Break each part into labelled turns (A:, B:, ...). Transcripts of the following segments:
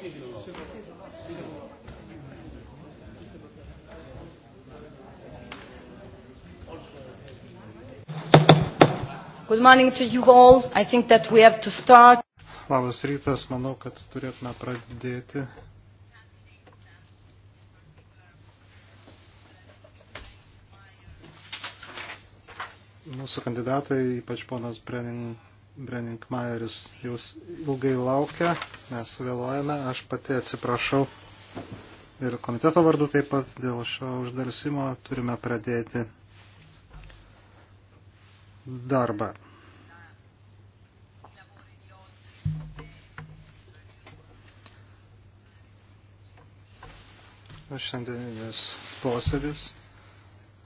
A: Good morning to you all. I think that we have to start.
B: Labas rytas, manau, kad turėtume pradėti. Mūsų kandidatai, ypač ponas Brenin Brenningmajeris jūs ilgai laukia, mes vėluojame, aš pati atsiprašau ir komiteto vardu taip pat dėl šio uždarsimo turime pradėti darbą. Šiandieninis posėdis,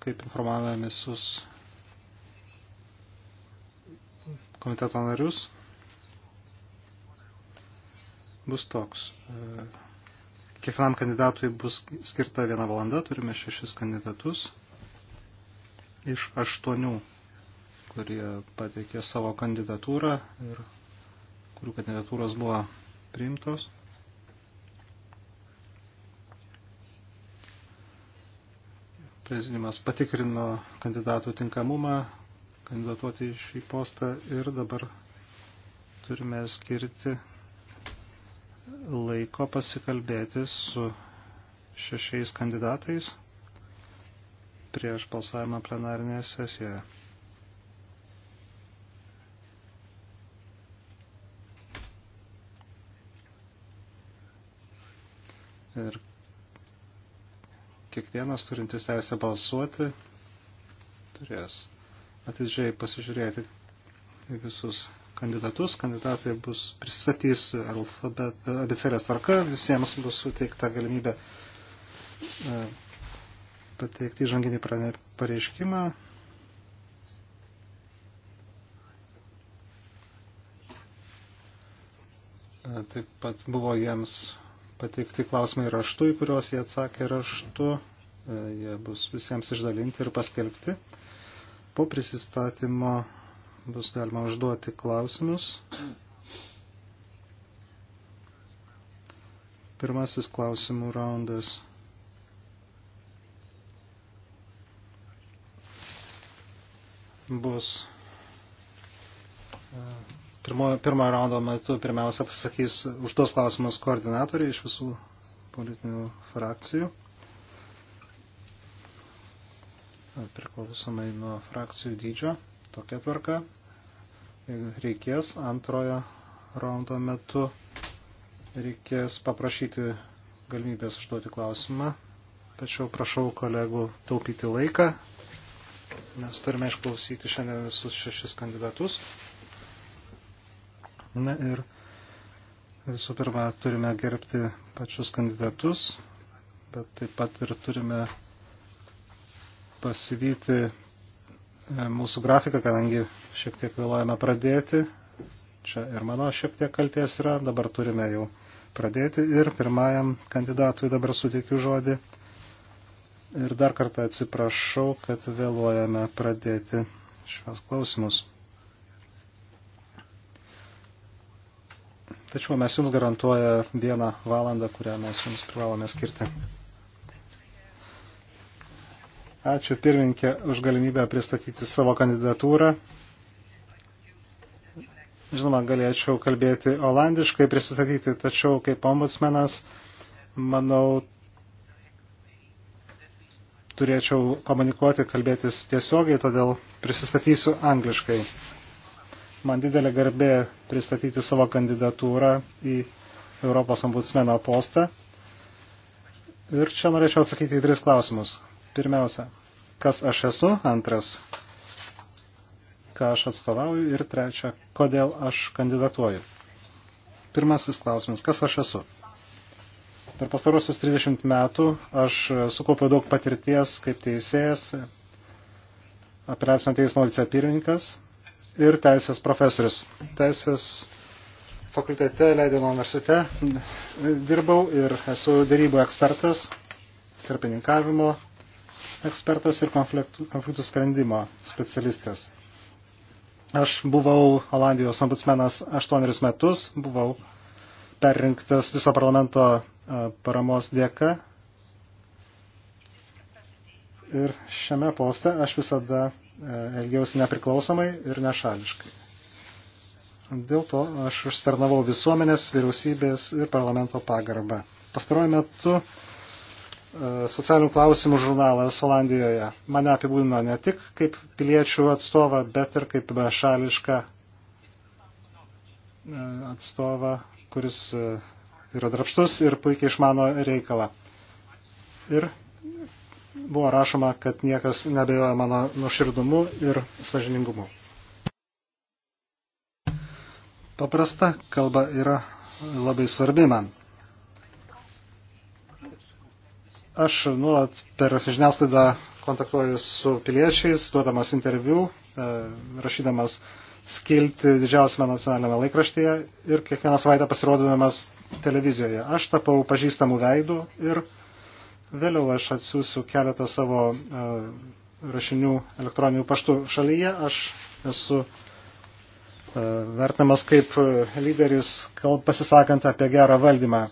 B: kaip informavome visus komiteto narius bus toks. E, kiekvienam kandidatui bus skirta viena valanda, turime šešis kandidatus iš aštuonių, kurie pateikė savo kandidatūrą ir kurių kandidatūros buvo priimtos. Prezidimas patikrino kandidatų tinkamumą, kandidatuoti į šį postą ir dabar turime skirti laiko pasikalbėti su šešiais kandidatais prieš balsavimą plenarinėje sesijoje. Ir kiekvienas turintis teisę balsuoti turės atidžiai pasižiūrėti visus kandidatus. Kandidatai bus pristatys abicelės tvarka, visiems bus suteikta galimybė e, pateikti įžanginį pareiškimą. E, taip pat buvo jiems pateikti klausimai raštu, į kuriuos jie atsakė raštu. E, jie bus visiems išdalinti ir paskelbti. Po prisistatymo bus galima užduoti klausimus. Pirmasis klausimų raundas. Bus e, pirmo, pirmojo raundo metu pirmiausia pasakys už tos klausimus koordinatoriai iš visų politinių frakcijų. priklausomai nuo frakcijų dydžio. Tokia tvarka reikės antrojo raundo metu reikės paprašyti galimybės užduoti klausimą, tačiau prašau kolegų taupyti laiką, nes turime išklausyti šiandien visus šešis kandidatus. Na ir visų pirma, turime gerbti pačius kandidatus, bet taip pat ir turime pasivyti e, mūsų grafiką, kadangi šiek tiek vėluojame pradėti. Čia ir mano šiek tiek kalties yra, dabar turime jau pradėti ir pirmajam kandidatui dabar suteikiu žodį. Ir dar kartą atsiprašau, kad vėluojame pradėti šios klausimus. Tačiau mes jums garantuoja vieną valandą, kurią mes jums privalome skirti. Ačiū pirminkė už galimybę pristatyti savo kandidatūrą. Žinoma, galėčiau kalbėti olandiškai, prisistatyti, tačiau kaip ombudsmenas, manau, turėčiau komunikuoti, kalbėtis tiesiogiai, todėl prisistatysiu angliškai. Man didelė garbė pristatyti savo kandidatūrą į Europos ombudsmeno postą. Ir čia norėčiau atsakyti į tris klausimus. Pirmiausia, kas aš esu, antras, ką aš atstovauju ir trečia, kodėl aš kandidatuoju. Pirmasis klausimas, kas aš esu? Per pastarosius 30 metų aš sukaupiau daug patirties kaip teisėjas, apeliacinio teismo vicepirmininkas ir teisės profesorius. Teisės fakultete Leidino universitete dirbau ir esu darybų ekspertas, tarpininkavimo ekspertas ir konfliktų, konfliktų sprendimo specialistas. Aš buvau Olandijos ombudsmenas aštuonerius metus, buvau perrinktas viso parlamento paramos dėka. Ir šiame poste aš visada elgiausi nepriklausomai ir nešališkai. Dėl to aš užstarnavau visuomenės, vyriausybės ir parlamento pagarbą. Pastaruoju metu E, socialinių klausimų žurnalas Olandijoje. Mane apibūdino ne tik kaip piliečių atstovą, bet ir kaip šališką e, atstovą, kuris e, yra drapštus ir puikiai išmano reikalą. Ir buvo rašoma, kad niekas nebejoja mano nuoširdumu ir sažiningumu. Paprasta kalba yra labai svarbi man. Aš nuolat per žiniasklaidą kontaktuoju su piliečiais, duodamas interviu, e, rašydamas skilti didžiausiame nacionalinėme laikraštyje ir kiekvieną savaitę pasirodydamas televizijoje. Aš tapau pažįstamų veidų ir vėliau aš atsiųsiu keletą savo e, rašinių elektroninių paštų šalyje. Aš esu e, vertinamas kaip lyderis, pasisakant apie gerą valdymą.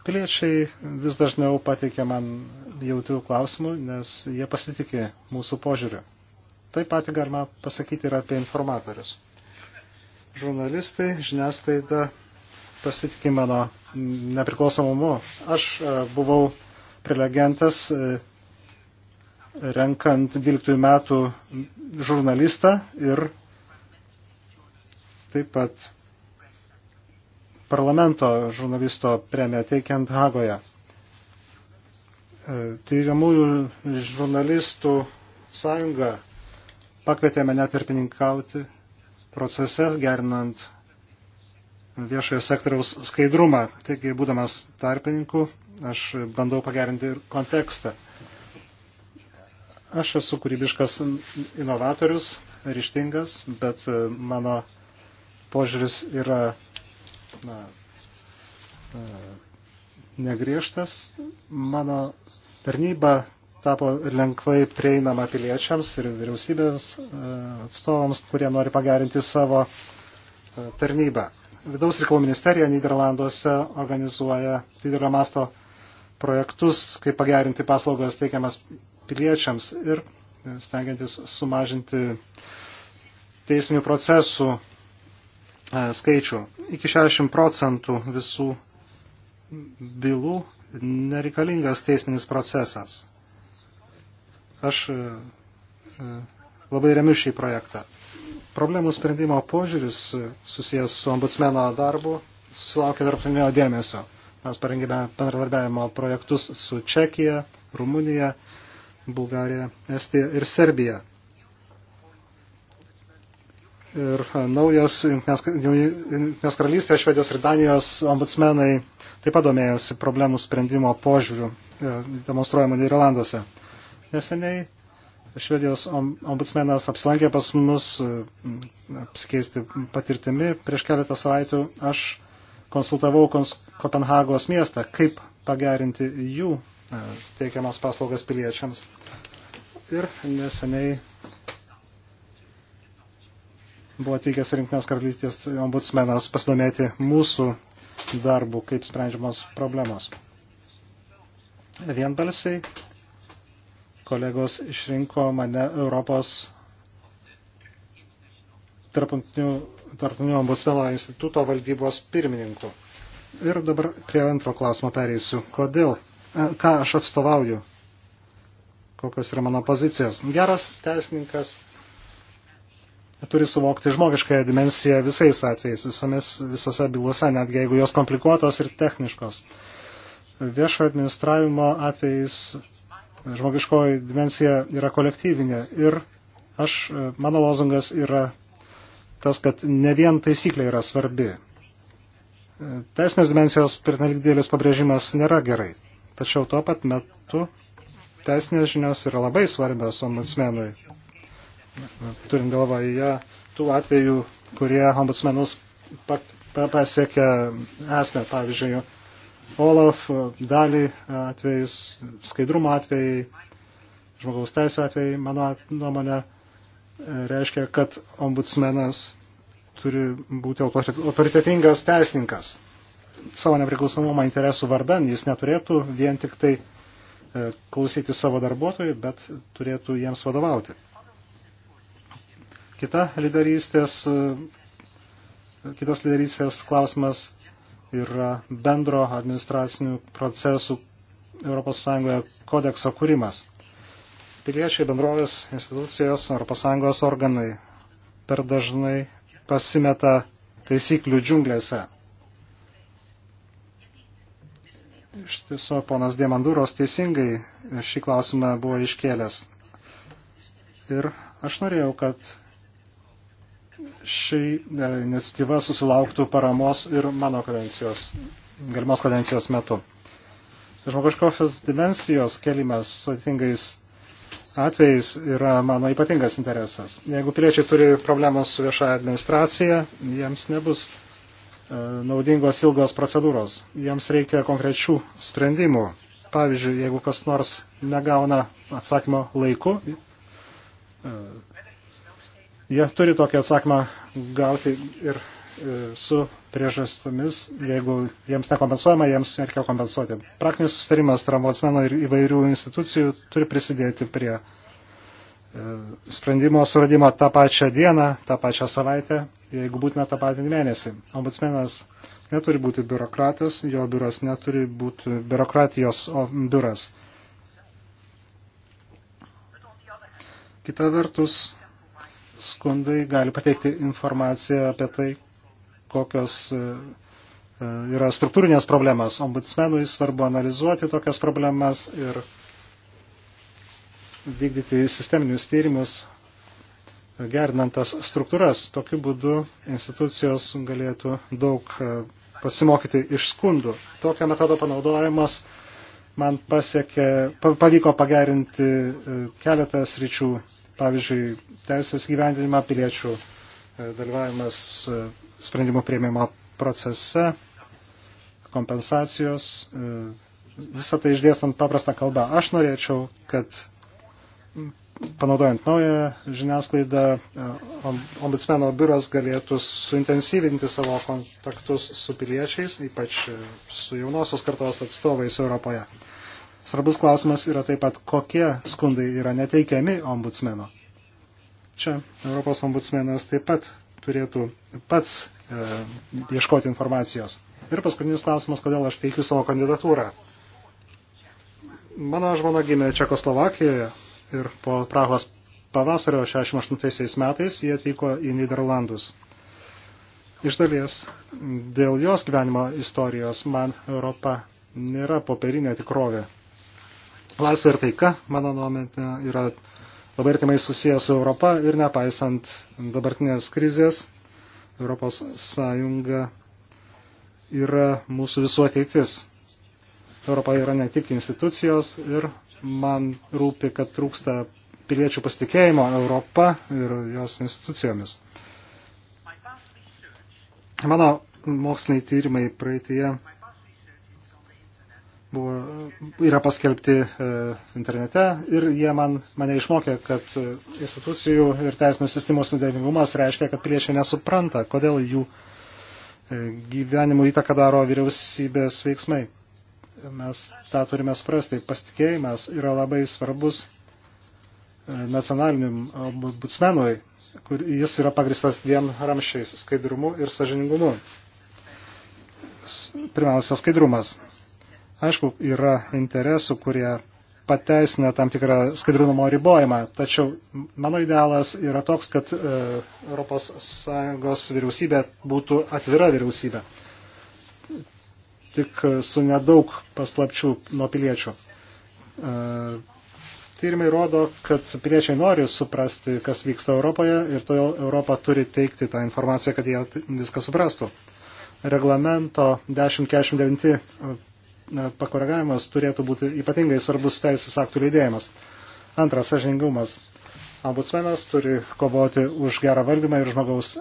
B: Piliečiai vis dažniau pateikia man jautrių klausimų, nes jie pasitikė mūsų požiūriu. Tai patį galima pasakyti ir apie informatorius. Žurnalistai, žiniasklaida pasitikė mano nepriklausomumu. Aš e, buvau prelegentas e, renkant 12 metų žurnalistą ir taip pat parlamento žurnalisto premiją teikiant Hagoje. E, tyriamųjų žurnalistų sąjunga pakvietė mane tarpininkauti procese, gerinant viešojo sektoriaus skaidrumą. Taigi, būdamas tarpininku, aš bandau pagerinti ir kontekstą. Aš esu kūrybiškas inovatorius, ryštingas, bet e, mano požiūris yra na, negriežtas. Mano tarnyba tapo lengvai prieinama piliečiams ir vyriausybės e, atstovams, kurie nori pagerinti savo e, tarnybą. Vidaus reikalų ministerija Niderlanduose organizuoja didelio masto projektus, kaip pagerinti paslaugas teikiamas piliečiams ir e, stengiantis sumažinti teisminių procesų E, skaičių. Iki 60 procentų visų bylų nereikalingas teisminis procesas. Aš e, e, labai remiu šį projektą. Problemų sprendimo požiūris susijęs su ombudsmeno darbu susilaukė tarptautinio dėmesio. Mes parengėme bendradarbiavimo projektus su Čekija, Rumunija, Bulgarija, Estija ir Serbija ir e, naujas Junktinės karalystės, Švedijos ir Danijos ombudsmenai taip pat domėjosi problemų sprendimo požiūrių e, demonstruojamų Nederlanduose. Neseniai Švedijos ombudsmenas apsilankė pas mus e, apsikeisti patirtimi. Prieš keletą savaičių aš konsultavau Kopenhagos miestą, kaip pagerinti jų teikiamas paslaugas piliečiams. Ir neseniai buvo atvykęs rinktinės karalystės ombudsmenas pasidomėti mūsų darbų, kaip sprendžiamos problemos. Vienbalsiai kolegos išrinko mane Europos tarptautinių ombudsmeno instituto valdybos pirmininku. Ir dabar prie antro klausimo pereisiu. Kodėl? E, ką aš atstovauju? Kokios yra mano pozicijos? Geras teisininkas turi suvokti žmogiškąją dimensiją visais atvejais, visomis, visose bylose, netgi jeigu jos komplikuotos ir techniškos. Viešo administravimo atvejais žmogiškoji dimensija yra kolektyvinė ir aš, mano lozungas yra tas, kad ne vien taisyklė yra svarbi. Teisinės dimensijos pernelik dėlis pabrėžimas nėra gerai, tačiau tuo pat metu teisinės žinios yra labai svarbios ombudsmenui turint galvoje tų atvejų, kurie ombudsmenus pasiekia esmę, pavyzdžiui, Olaf e, dalį e, atvejus, skaidrumo atvejai, žmogaus teisų atvejai, mano nuomonė, e, reiškia, kad ombudsmenas turi būti autoritetingas teisininkas. Savo nepriklausomumą interesų vardan jis neturėtų vien tik tai klausyti savo darbuotojų, bet turėtų jiems vadovauti. Kita lyderystės, e, kitas lyderystės klausimas yra bendro administracinių procesų ES kodekso kūrimas. Piliečiai, bendrovės, institucijos, ES organai per dažnai pasimeta taisyklių džiunglėse. Iš tiesų, ponas Diemanduros teisingai šį klausimą buvo iškėlęs. Ir aš norėjau, kad šiai e, iniciatyva susilauktų paramos ir mano kadencijos, galimos kadencijos metu. Žmogaškofės dimensijos kelimas sudėtingais atvejais yra mano ypatingas interesas. Jeigu piliečiai turi problemos su viešąja administracija, jiems nebus e, naudingos ilgos procedūros. Jiems reikia konkrečių sprendimų. Pavyzdžiui, jeigu kas nors negauna atsakymo laiku, e, Jie turi tokį atsakymą gauti ir e, su priežastomis, jeigu jiems nekompensuojama, jiems reikia kompensuoti. Praktinis sustarimas tarp ombudsmeno ir įvairių institucijų turi prisidėti prie e, sprendimo suradimo tą pačią dieną, tą pačią savaitę, jeigu būtina tą patį mėnesį. Ombudsmenas neturi būti biurokratas, jo biuras neturi būti biurokratijos biuras. Kita vertus, skundai gali pateikti informaciją apie tai, kokios e, e, yra struktūrinės problemas. Ombudsmenui svarbu analizuoti tokias problemas ir vykdyti sisteminius tyrimus, gerinant tas struktūras. Tokiu būdu institucijos galėtų daug e, pasimokyti iš skundų. Tokio metodo panaudojimas man pasiekė, pavyko pagerinti keletą sričių pavyzdžiui, teisės gyvendinimą, piliečių e, dalyvavimas e, sprendimų prieimimo procese, kompensacijos, e, visą tai išdėstant paprastą kalbą. Aš norėčiau, kad panaudojant naują žiniasklaidą, ombudsmeno biuras galėtų suintensyvinti savo kontaktus su piliečiais, ypač su jaunosios kartos atstovais Europoje. Svarbus klausimas yra taip pat, kokie skundai yra neteikiami ombudsmeno. Čia Europos ombudsmenas taip pat turėtų pats e, ieškoti informacijos. Ir paskutinis klausimas, kodėl aš teikiu savo kandidatūrą. Mano žmona gimė Čekoslovakijoje ir po Prahos pavasario 68 metais jie atvyko į Niderlandus. Iš dalies dėl jos gyvenimo istorijos man Europa nėra popierinė tikrovė. Laisvė ir taika, mano nuomenė, yra labai artimai susijęs su Europa ir nepaisant dabartinės krizės, Europos Sąjunga yra mūsų visų ateitis. Europa yra ne tik institucijos ir man rūpi, kad trūksta piliečių pasitikėjimo Europa ir jos institucijomis. Mano moksliniai tyrimai praeitie buvo, yra paskelbti e, internete ir jie man, mane išmokė, kad e, institucijų ir teisinių sistemų sudėvingumas reiškia, kad piliečiai nesupranta, kodėl jų e, gyvenimo įtaką daro vyriausybės veiksmai. Mes tą turime suprasti. Pasitikėjimas yra labai svarbus nacionaliniam ombudsmenui, kur jis yra pagristas dviem ramšiais - skaidrumu ir sažiningumu. Pirmiausia, skaidrumas Aišku, yra interesų, kurie pateisina tam tikrą skaidrinumo ribojimą, tačiau mano idealas yra toks, kad ES vyriausybė būtų atvira vyriausybė, tik su nedaug paslapčių nuo piliečių. E, tyrimai rodo, kad piliečiai nori suprasti, kas vyksta Europoje ir todėl Europa turi teikti tą informaciją, kad jie viską suprastų reglamento 1049 pakoregavimas turėtų būti ypatingai svarbus teisės aktų leidėjimas. Antras, sažiningumas. Ombudsmenas turi kovoti už gerą valdymą ir žmogaus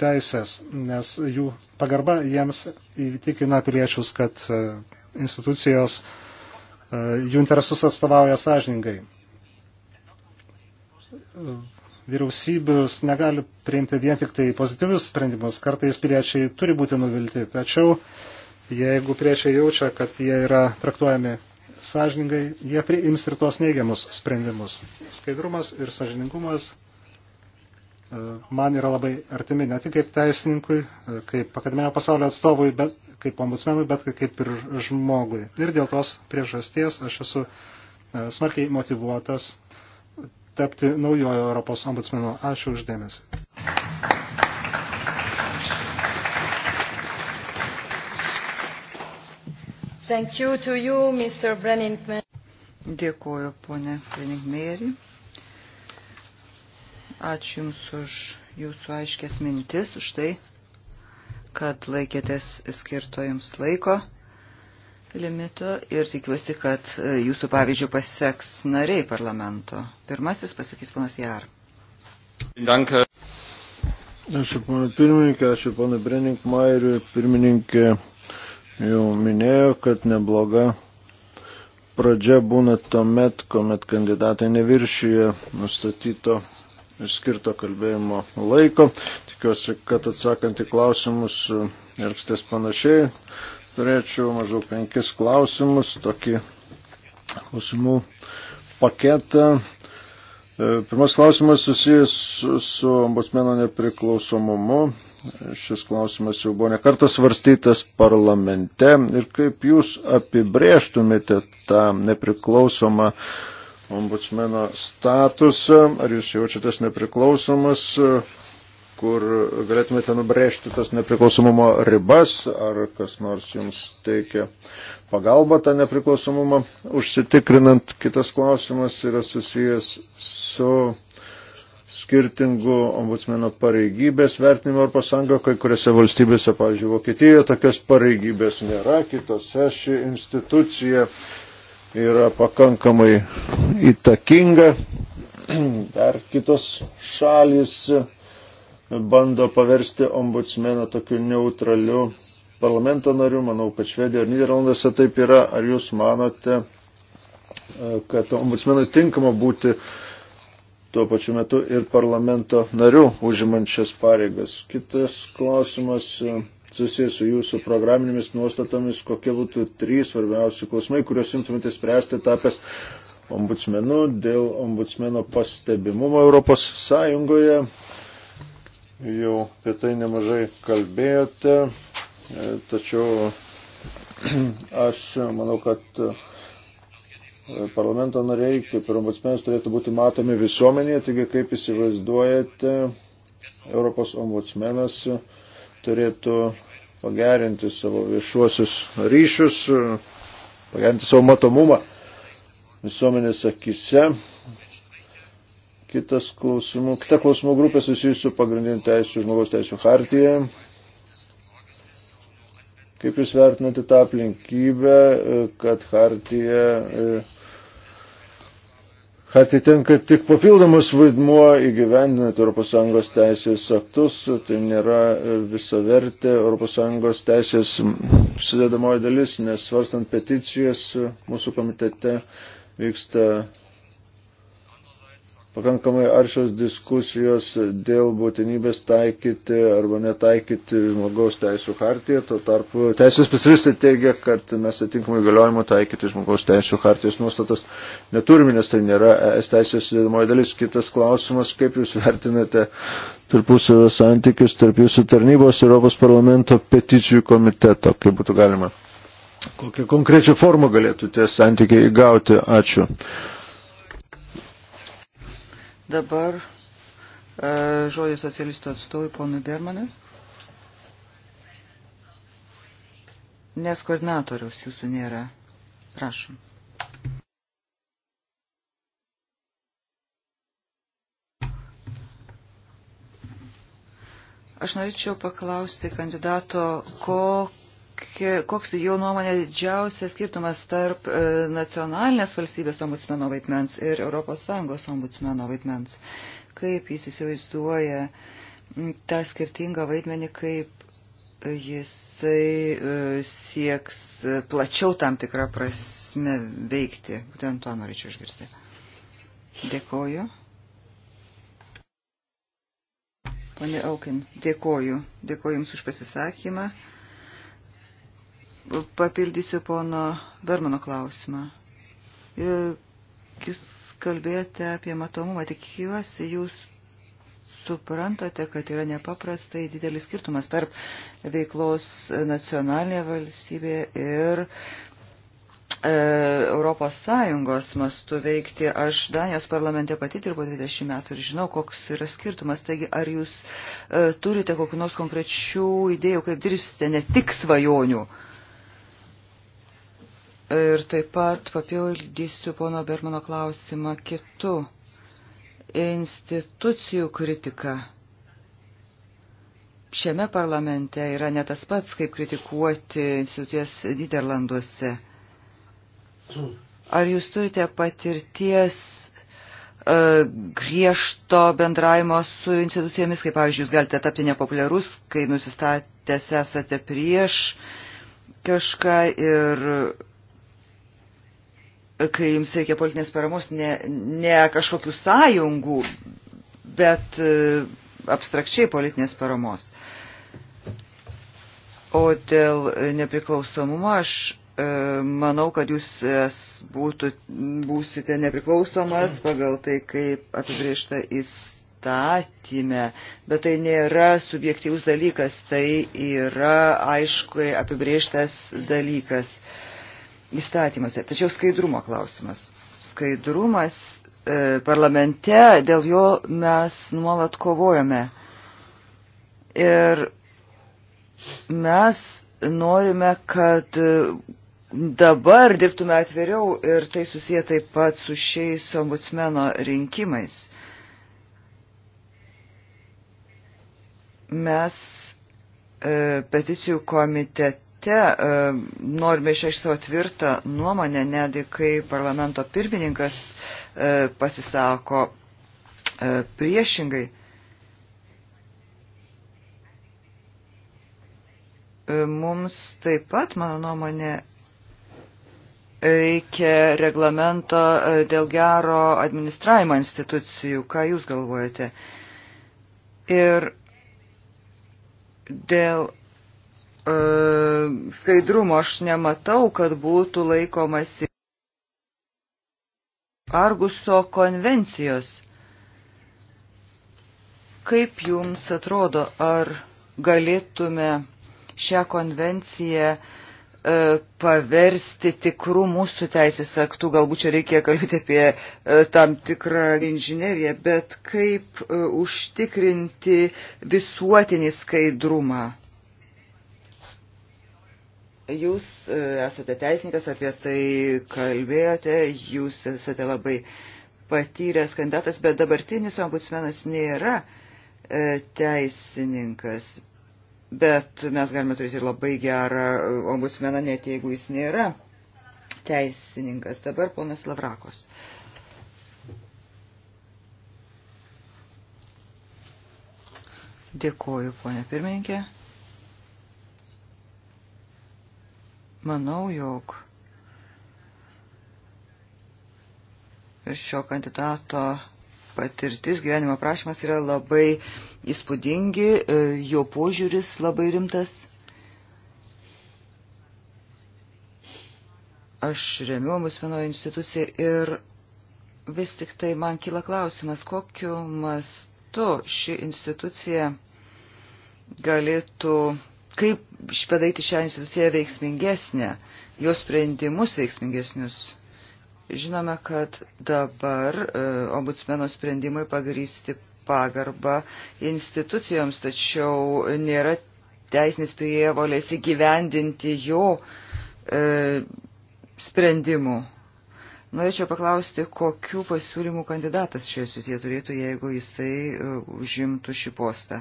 B: teisės, nes jų pagarba jiems įtikina piliečius, kad e, institucijos e, jų interesus atstovauja sąžiningai. Vyriausybės negali priimti vien tik tai pozityvius sprendimus, kartais piliečiai turi būti nuvilti, tačiau Jeigu priečiai jaučia, kad jie yra traktuojami sąžiningai, jie priims ir tuos neigiamus sprendimus. Skaidrumas ir sąžiningumas e, man yra labai artimi, ne tik kaip teisininkui, e, kaip akademinio pasaulio atstovui, bet kaip ombudsmenui, bet kaip ir žmogui. Ir dėl tos priežasties aš esu e, smarkiai motivuotas tapti naujojo Europos ombudsmenu. Ačiū uždėmesi.
C: Thank you to you, Mr. Brenningman.
A: Dėkuoju, ponė Brenningmeri. Ačiū Jums už Jūsų aiškės mintis, už tai, kad laikėtės skirto Jums laiko limito ir tikiuosi, kad e, jūsų pavyzdžių paseks nariai parlamento. Pirmasis pasakys panas Jar.
B: Danka.
D: Ačiū, pana pirmininkė, ačiū, pana Breninkmairiui, pirmininkė jau minėjo, kad nebloga pradžia būna tuomet, kuomet kandidatai neviršyje nustatyto skirto kalbėjimo laiko. Tikiuosi, kad atsakant į klausimus e, elgstės panašiai. Turėčiau maždaug penkis klausimus, tokį klausimų paketą. E, pirmas klausimas susijęs su ombudsmeno nepriklausomumu. Šis klausimas jau buvo nekartas svarstytas parlamente ir kaip jūs apibrėžtumėte tą nepriklausomą ombudsmeno statusą, ar jūs jaučiatės nepriklausomas, kur galėtumėte nubrėžti tas nepriklausomumo ribas, ar kas nors jums teikia pagalbą tą nepriklausomumą. Užsitikrinant kitas klausimas yra susijęs su skirtingų ombudsmeno pareigybės vertinimo Europos Sąjungoje, kai kuriuose valstybėse, pavyzdžiui, Vokietijoje tokios pareigybės nėra, kitose ši institucija yra pakankamai įtakinga, dar kitos šalis bando paversti ombudsmeną tokiu neutraliu parlamento nariu, manau, kad Švedija ir Niderlandose taip yra, ar jūs manote, e, kad ombudsmenui tinkama būti uh, tuo pačiu metu ir parlamento narių užimančias pareigas. Kitas klausimas e, susijęs su jūsų programinėmis nuostatomis, kokie būtų trys svarbiausi klausimai, kuriuos imtumėte spręsti tapęs ombudsmenu dėl ombudsmeno pastebimumo Europos Sąjungoje. Jau apie tai nemažai kalbėjote, e, tačiau aš manau, kad parlamento nariai, kaip ir ombudsmenas, turėtų būti matomi visuomenėje, taigi kaip įsivaizduojate, Europos ombudsmenas turėtų pagerinti savo viešuosius ryšius, pagerinti savo matomumą visuomenės akise. Kitas klausimų, kita klausimų grupė susijusiu pagrindinių teisų žmogaus teisų hartijoje Kaip Jūs vertinate tą aplinkybę, e, kad Hartija, e, Hartija tenka tik papildomas vaidmuo įgyvendinant ES teisės aktus, tai nėra e, visa vertė ES teisės sudėdamoji dalis, nes svarstant peticijas mūsų komitete vyksta pakankamai aršios diskusijos dėl būtinybės taikyti arba netaikyti žmogaus teisų hartiją. Tuo tarpu teisės specialistai teigia, kad mes atinkamai galiojimo taikyti žmogaus teisų hartijos nuostatas neturime, nes tai nėra es teisės sudėdamoji dalis. Kitas klausimas, kaip jūs vertinate tarpusavio santykius tarp jūsų tarnybos Europos parlamento peticijų komiteto, kaip būtų galima. Kokią konkrečią formą galėtų tie santykiai įgauti? Ačiū.
A: Dabar e, žodį socialistų atstovui ponui Bermanui. Nes koordinatoriaus jūsų nėra. Prašom. Aš norėčiau paklausti kandidato, ko kokie, koks jo nuomonė didžiausias skirtumas tarp e, nacionalinės valstybės ombudsmeno vaidmens ir ES ombudsmeno vaidmens? Kaip jis įsivaizduoja tą skirtingą vaidmenį, kaip jisai e, sieks e, plačiau tam tikrą prasme veikti. Būtent to norėčiau išgirsti. Dėkoju. Pane Aukin, dėkoju. Dėkoju Jums už pasisakymą papildysiu pono Bermano klausimą. E, jūs kalbėjote apie matomumą, tikiuosi, jūs suprantate, kad yra nepaprastai didelis skirtumas tarp veiklos nacionalinėje valstybėje ir e, Europos Sąjungos mastu veikti. Aš Danijos parlamente pati dirbo 20 metų ir žinau, koks yra skirtumas. Taigi, ar jūs e, turite kokiu nors konkrečių idėjų, kaip dirbsite, ne tik svajonių? Uh, Ir taip pat papildysiu pono Bermano klausimą kitų institucijų kritika. Šiame parlamente yra ne tas pats, kaip kritikuoti institucijas Niderlanduose. Ar jūs turite patirties e, griežto bendravimo su institucijomis, kaip pavyzdžiui, jūs galite tapti nepopuliarus, kai nusistatęs esate prieš kažką ir kai jums reikia politinės paramos, ne, ne kažkokių sąjungų, bet e, abstrakčiai politinės paramos. O dėl nepriklausomumo aš e, manau, kad jūs būtų, būsite nepriklausomas pagal tai, kaip apibriešta įstatymė, bet tai nėra subjektyvus dalykas, tai yra aiškui apibrieštas dalykas. Uh, įstatymuose. Tačiau skaidrumo klausimas. Skaidrumas e, parlamente, dėl jo mes nuolat kovojame. Ir mes norime, kad e, dabar dirbtume atviriau ir tai susiję taip pat su šiais ombudsmeno rinkimais. Mes e, peticijų komitete parlamente e, norime išreikšti savo tvirtą nuomonę, netgi kai parlamento pirmininkas e, pasisako e, priešingai. Mums taip pat, mano nuomonė, reikia reglamento dėl gero administravimo institucijų. Ką Jūs galvojate? Ir dėl E, skaidrumo aš nematau, kad būtų laikomasi Arguso konvencijos. Kaip jums atrodo, ar galėtume šią konvenciją e, paversti tikrų mūsų teisės aktų, galbūt čia reikia kalbėti apie e, tam tikrą inžineriją, bet kaip e, užtikrinti visuotinį skaidrumą? Jūs e, esate teisininkas, apie tai kalbėjote, jūs esate labai patyręs kandidatas, bet dabartinis ombudsmenas nėra e, teisininkas. Bet mes galime turėti ir labai gerą e, ombudsmeną, net jeigu jis nėra teisininkas. Dabar ponas Lavrakos. Dėkuoju, ponė pirmininkė. Manau, jog šio kandidato patirtis, gyvenimo prašymas yra labai įspūdingi, e, jo požiūris labai rimtas. Aš remiu mus vienoje institucijoje ir vis tik tai man kyla klausimas, kokiu mastu ši institucija galėtų kaip padaryti šią instituciją veiksmingesnę, jos sprendimus veiksmingesnius. Žinome, kad dabar e, ombudsmeno sprendimai pagrysti pagarbą institucijoms, tačiau nėra teisinės prievolės įgyvendinti jo e, sprendimų. Norėčiau paklausti, kokiu pasiūlymu kandidatas šioje srityje turėtų, jeigu jisai e, užimtų šį postą.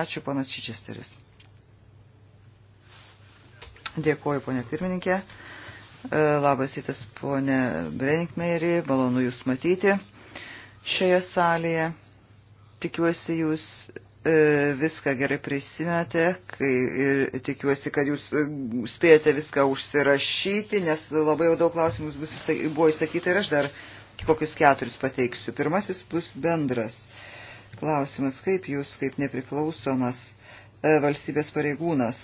A: Ačiū, panas Čičesteris. Dėkuoju, ponė pirmininkė. E, labas rytas, ponė Brenikmeiri, malonu Jūs matyti šioje salėje. Tikiuosi, Jūs e, viską gerai prisimete kai, ir tikiuosi, kad Jūs e, spėjate viską užsirašyti, nes labai jau daug klausimų bus, buvo įsakyta ir aš dar kokius keturis pateiksiu. Pirmasis bus bendras klausimas, kaip Jūs, kaip nepriklausomas valstybės pareigūnas,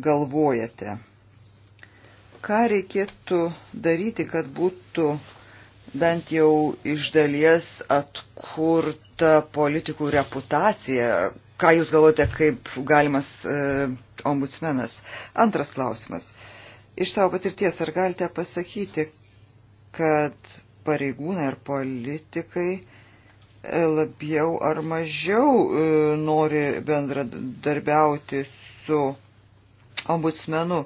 A: galvojate? Ką reikėtų daryti, kad būtų bent jau iš dalies atkurta politikų reputacija? Ką Jūs galvojate, kaip galimas e, ombudsmenas? Antras klausimas. Iš savo patirties, ar galite pasakyti, kad pareigūnai ar politikai e, labiau ar mažiau e, nori bendradarbiauti su ombudsmenų.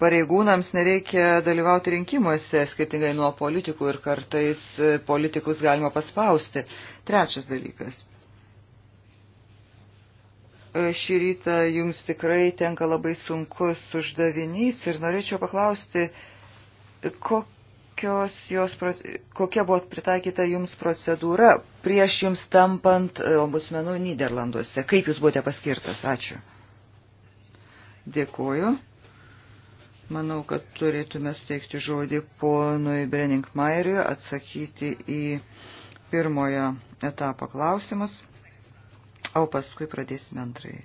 A: Pareigūnams nereikia dalyvauti rinkimuose, skirtingai nuo politikų ir kartais e, politikus galima paspausti. Trečias dalykas. E, šį rytą jums tikrai tenka labai sunkus uždavinys ir norėčiau paklausti, kokia kokios jos, kokia buvo pritaikyta jums procedūra prieš jums tampant e, ombudsmenų Niderlanduose? Kaip jūs buvote paskirtas? Ačiū. Dėkuoju. Manau, kad turėtume suteikti žodį ponui Breninkmairiui atsakyti į pirmojo etapo klausimus, o paskui pradėsime antrąjį.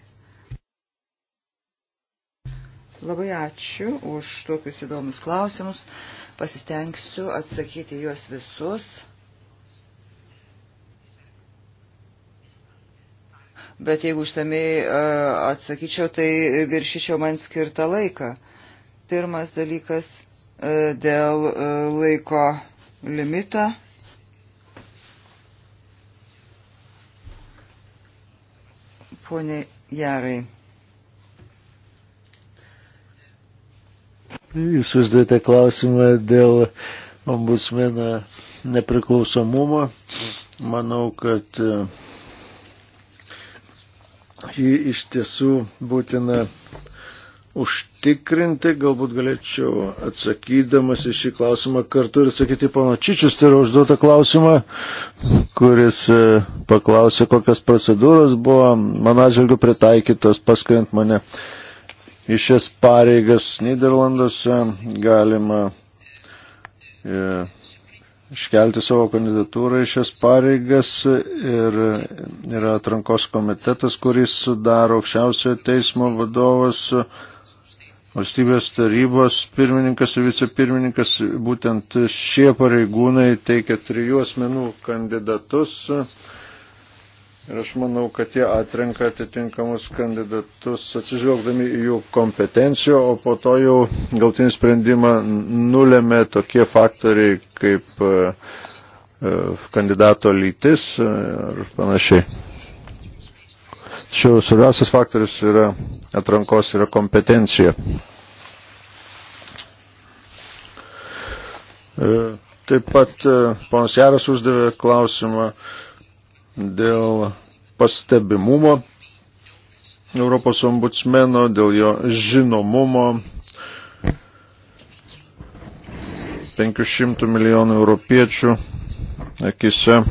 A: Labai ačiū už tokius įdomius klausimus. Pasistengsiu atsakyti juos visus. bet jeigu išsamei e, atsakyčiau, tai viršyčiau man skirtą laiką. Pirmas dalykas e, dėl e, laiko limito. Pone Jarai.
D: Jūs uždėte klausimą dėl ombudsmeno nepriklausomumo. Manau, kad uh, jį iš tiesų būtina užtikrinti, galbūt galėčiau atsakydamas į šį klausimą kartu ir sakyti pono Čičius, tai yra užduota klausimą, kuris e, paklausė, kokias procedūros buvo man atžvilgiu pritaikytas paskrint mane į šias pareigas Niderlanduose galima. Yeah iškelti savo kandidatūrą į šias pareigas ir yra atrankos komitetas, kuris sudaro aukščiausiojo teismo vadovas, valstybės tarybos pirmininkas ir vicepirmininkas. Būtent šie pareigūnai teikia trijų asmenų kandidatus Ir aš manau, kad jie atrenka atitinkamus kandidatus, atsižvelgdami į jų kompetenciją, o po to jau galtinį sprendimą nulėmė tokie faktoriai kaip e, e, kandidato lytis ir e, panašiai. Tačiau svarbiausias faktorius yra atrankos yra kompetencija. Taip pat ponas Jaras uždavė klausimą dėl pastebimumo Europos ombudsmeno, dėl jo žinomumo 500 milijonų europiečių akise.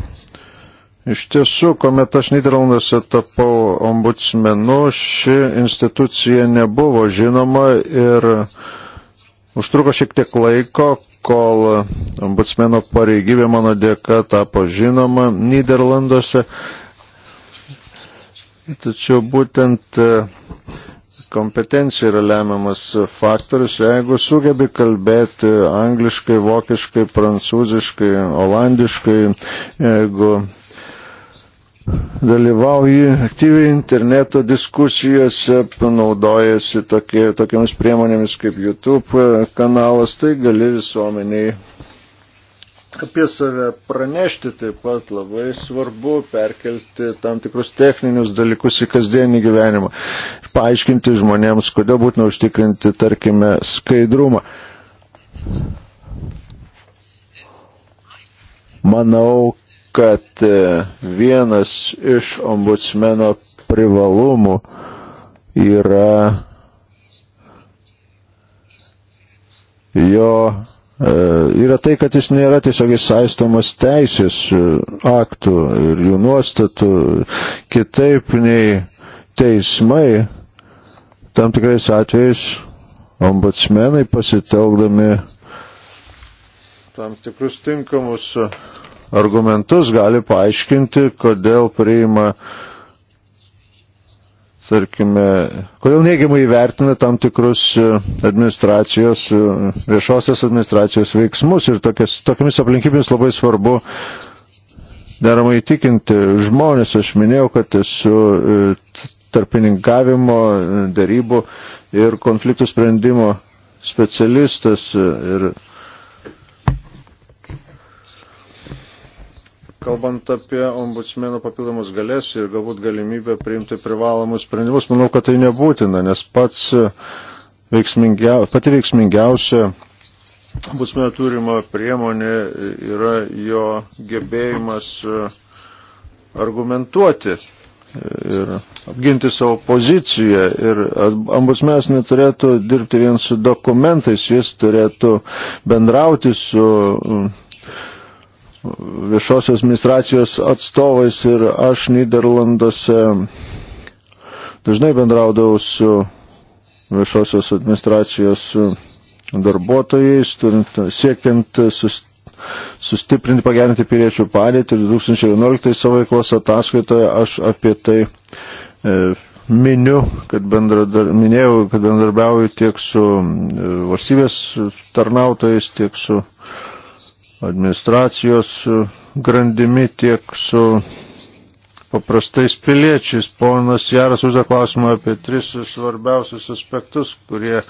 D: Iš tiesų, kuomet aš Niderlanduose tapau ombudsmenu, ši institucija nebuvo žinoma ir užtruko šiek tiek laiko, kol e, ombudsmeno pareigybė mano dėka tapo žinoma Niderlanduose. Tačiau būtent e, kompetencija yra lemiamas faktorius. Jeigu sugebi kalbėti angliškai, vokiškai, prancūziškai, olandiškai, jeigu dalyvauji aktyviai interneto diskusijose, naudojasi tokie, tokiamis priemonėmis kaip YouTube e, kanalas, tai gali visuomeniai apie save pranešti taip pat labai svarbu perkelti tam tikrus techninius dalykus į kasdienį gyvenimą ir paaiškinti žmonėms, kodėl būtina užtikrinti, tarkime, skaidrumą. Manau, kad e, vienas iš ombudsmeno privalumų yra jo e, yra tai, kad jis nėra tiesiog įsaistomas teisės e, aktų ir jų nuostatų, kitaip nei teismai, tam tikrais atvejais ombudsmenai pasitelkdami tam tikrus tinkamus argumentus, gali paaiškinti, kodėl priima, tarkime, kodėl neigiamai įvertina tam tikrus e, administracijos, e, viešosios administracijos veiksmus ir tokias, tokiamis aplinkybėmis labai svarbu deramai įtikinti žmonės. Aš minėjau, kad esu e, tarpininkavimo, darybų ir konfliktų sprendimo specialistas ir Kalbant apie ombudsmeno papildomus galės ir galbūt galimybę priimti privalomus sprendimus, manau, kad tai nebūtina, nes pats e, veiksmingia, pati veiksmingiausia ombudsmeno turima priemonė yra jo gebėjimas e, argumentuoti e, ir apginti savo poziciją. Ir ambusmės neturėtų dirbti vien su dokumentais, jis turėtų bendrauti su viešosios administracijos atstovais ir aš Niderlanduose dažnai bendraudavau su viešosios administracijos darbuotojais, turint, siekiant sus, sustiprinti, pagerinti piliečių padėtį. 2011 savo veiklos ataskaitoje aš apie tai e, miniu, kad bendradar, minėjau, kad bendradarbiauju tiek su e, valstybės tarnautojais, tiek su e, administracijos e, grandimi, tiek su paprastais piliečiais. Ponas Jaras uždė klausimą apie tris svarbiausius aspektus, kurie e,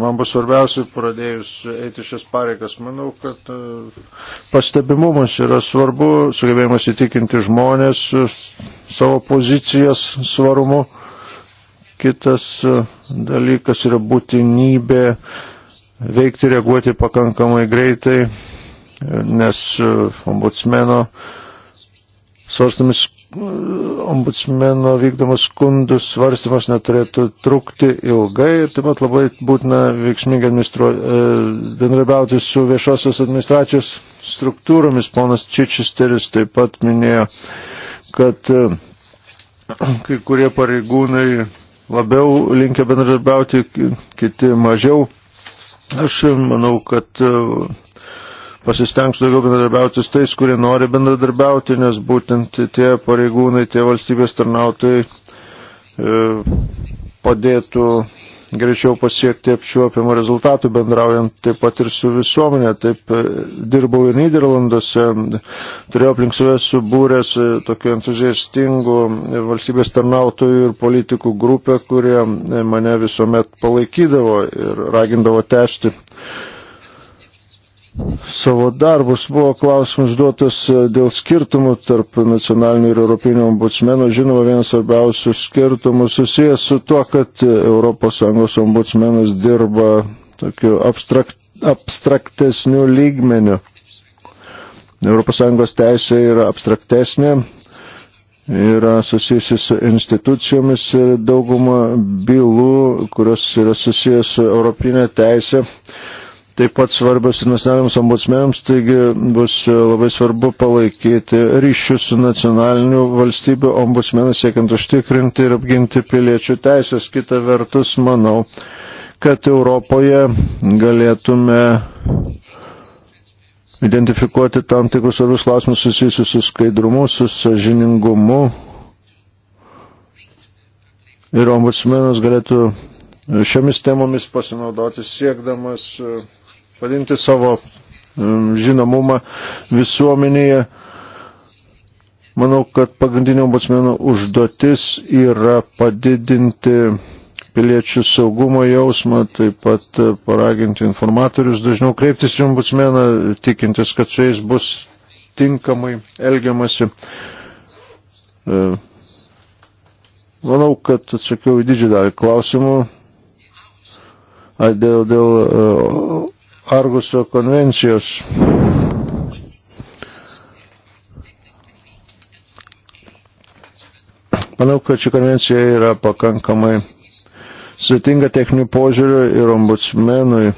D: man bus svarbiausia pradėjus eiti šias pareigas. Manau, kad e, pastebimumas yra svarbu, sugebėjimas įtikinti žmonės savo pozicijas svarumu. Kitas dalykas yra būtinybė uh, veikti, reaguoti pakankamai greitai, nes e, ombudsmeno svarstamis ombudsmeno vykdomas skundus svarstymas neturėtų trukti ilgai ir taip pat labai būtina veiksmingai e, bendrabiauti su viešosios administracijos struktūromis. Ponas Čičisteris taip pat minėjo, kad e, kai kurie pareigūnai labiau linkia bendradarbiauti, kiti mažiau Aš manau, kad e, pasistengsiu daugiau bendradarbiauti su tais, kurie nori bendradarbiauti, nes būtent tie pareigūnai, tie valstybės tarnautojai e, padėtų greičiau pasiekti apčiuopiamų rezultatų, bendraujant taip pat ir su visuomenė. Taip e, dirbau ir Niderlanduose, turėjau aplink save subūręs e, tokių entuziastingų valstybės tarnautojų ir politikų grupę, kurie e, mane visuomet palaikydavo ir ragindavo tęsti savo darbus. Buvo klausimas duotas e, dėl skirtumų tarp nacionalinių ir europinio ombudsmenų. Žinoma, vienas svarbiausių skirtumų susijęs su tuo, kad ES ombudsmenas dirba tokiu abstrakt, abstraktesniu lygmeniu. ES teisė yra abstraktesnė, yra susijusi su institucijomis ir dauguma bylų, kurios yra susijęs su europinė teisė taip pat svarbios ir nacionaliniams ombudsmenams, taigi bus e, labai svarbu palaikyti ryšius su nacionaliniu valstybių ombudsmenas, siekiant užtikrinti ir apginti piliečių teisės. Kita vertus, manau, kad Europoje galėtume identifikuoti tam tikrus svarbius klausimus susijusius su skaidrumu, su sažiningumu. Ir ombudsmenas galėtų šiomis temomis pasinaudoti siekdamas uh, padinti savo mm, žinomumą visuomenėje. Manau, kad pagrindinio ombudsmeno užduotis yra padidinti piliečių saugumo jausmą, taip pat paraginti informatorius dažniau kreiptis į ombudsmeną, tikintis, kad su jais bus tinkamai elgiamasi. E, manau, kad atsakiau į didžiąją dalį klausimų dėl, dėl e, Arguso konvencijos. Manau, kad ši konvencija yra pakankamai sutinga techninių požiūrių ir ombudsmenui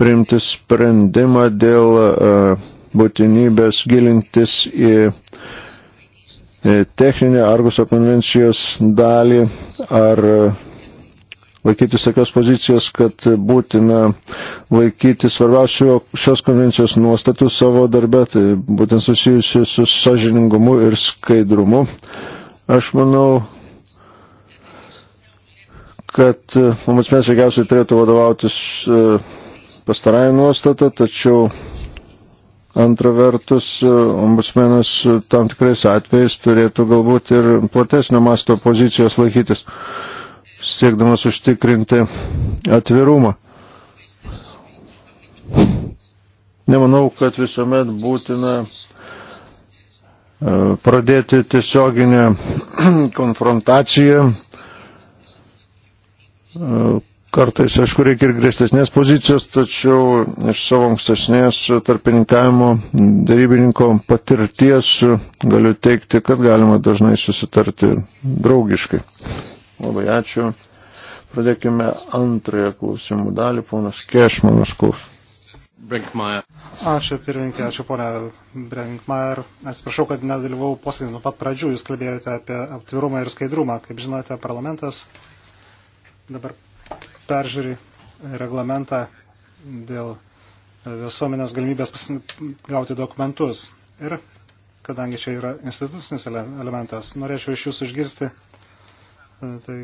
D: priimti sprendimą dėl e, būtinybės gilintis į techninę Arguso konvencijos dalį ar laikytis tokios pozicijos, kad būtina laikyti svarbiausių šios konvencijos nuostatų savo darbę, tai būtent susijusiu su sažiningumu ir skaidrumu. Aš manau, kad e, mums mes veikiausiai turėtų vadovautis e, pastarąją nuostatą, tačiau Antra vertus, e, ombudsmenas tam tikrais atvejais turėtų galbūt ir platesnio masto pozicijos laikytis siekdamas užtikrinti atvirumą. Nemanau, kad visuomet būtina e, pradėti tiesioginę konfrontaciją. E, kartais, aišku, reikia ir grėstesnės pozicijos, tačiau iš savo ankstesnės tarpininkavimo darybininko patirties galiu teikti, kad galima dažnai susitarti draugiškai. Labai ačiū. Pradėkime antrąją klausimų dalį, ponas Kešmanas klausimas.
C: Brinkmaier.
B: Ačiū pirmininkė, ačiū ponia Brinkmaier. Atsiprašau, kad nedalyvau posėdį nuo pat pradžių. Jūs kalbėjote apie atvirumą ir skaidrumą. Kaip žinote, parlamentas dabar peržiūri reglamentą dėl visuomenės galimybės gauti dokumentus. Ir kadangi čia yra institucinis elementas, norėčiau iš jūsų išgirsti E, tai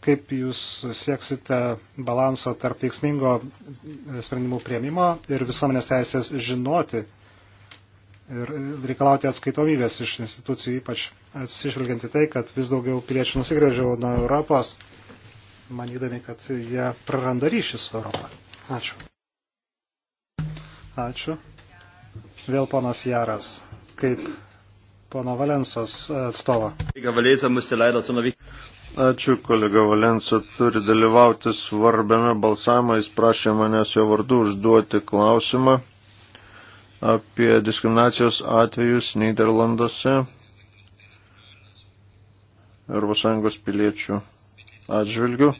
B: kaip jūs sieksite balanso tarp veiksmingo e, sprendimų prieimimo ir visuomenės teisės žinoti ir reikalauti atskaitomybės iš institucijų, ypač atsižvelgiant į tai, kad vis daugiau piliečių nusigrėžiau nuo Europos, manydami, kad jie praranda ryšį su Europą. Ačiū. Ačiū. Vėl ponas Jaras, kaip pono Valensos atstovą.
D: Ačiū, kolega Valenso turi dalyvauti svarbiame balsavime. Jis prašė manęs jo vardu užduoti klausimą apie diskriminacijos atvejus Niderlanduose Europos Sąjungos piliečių atžvilgių,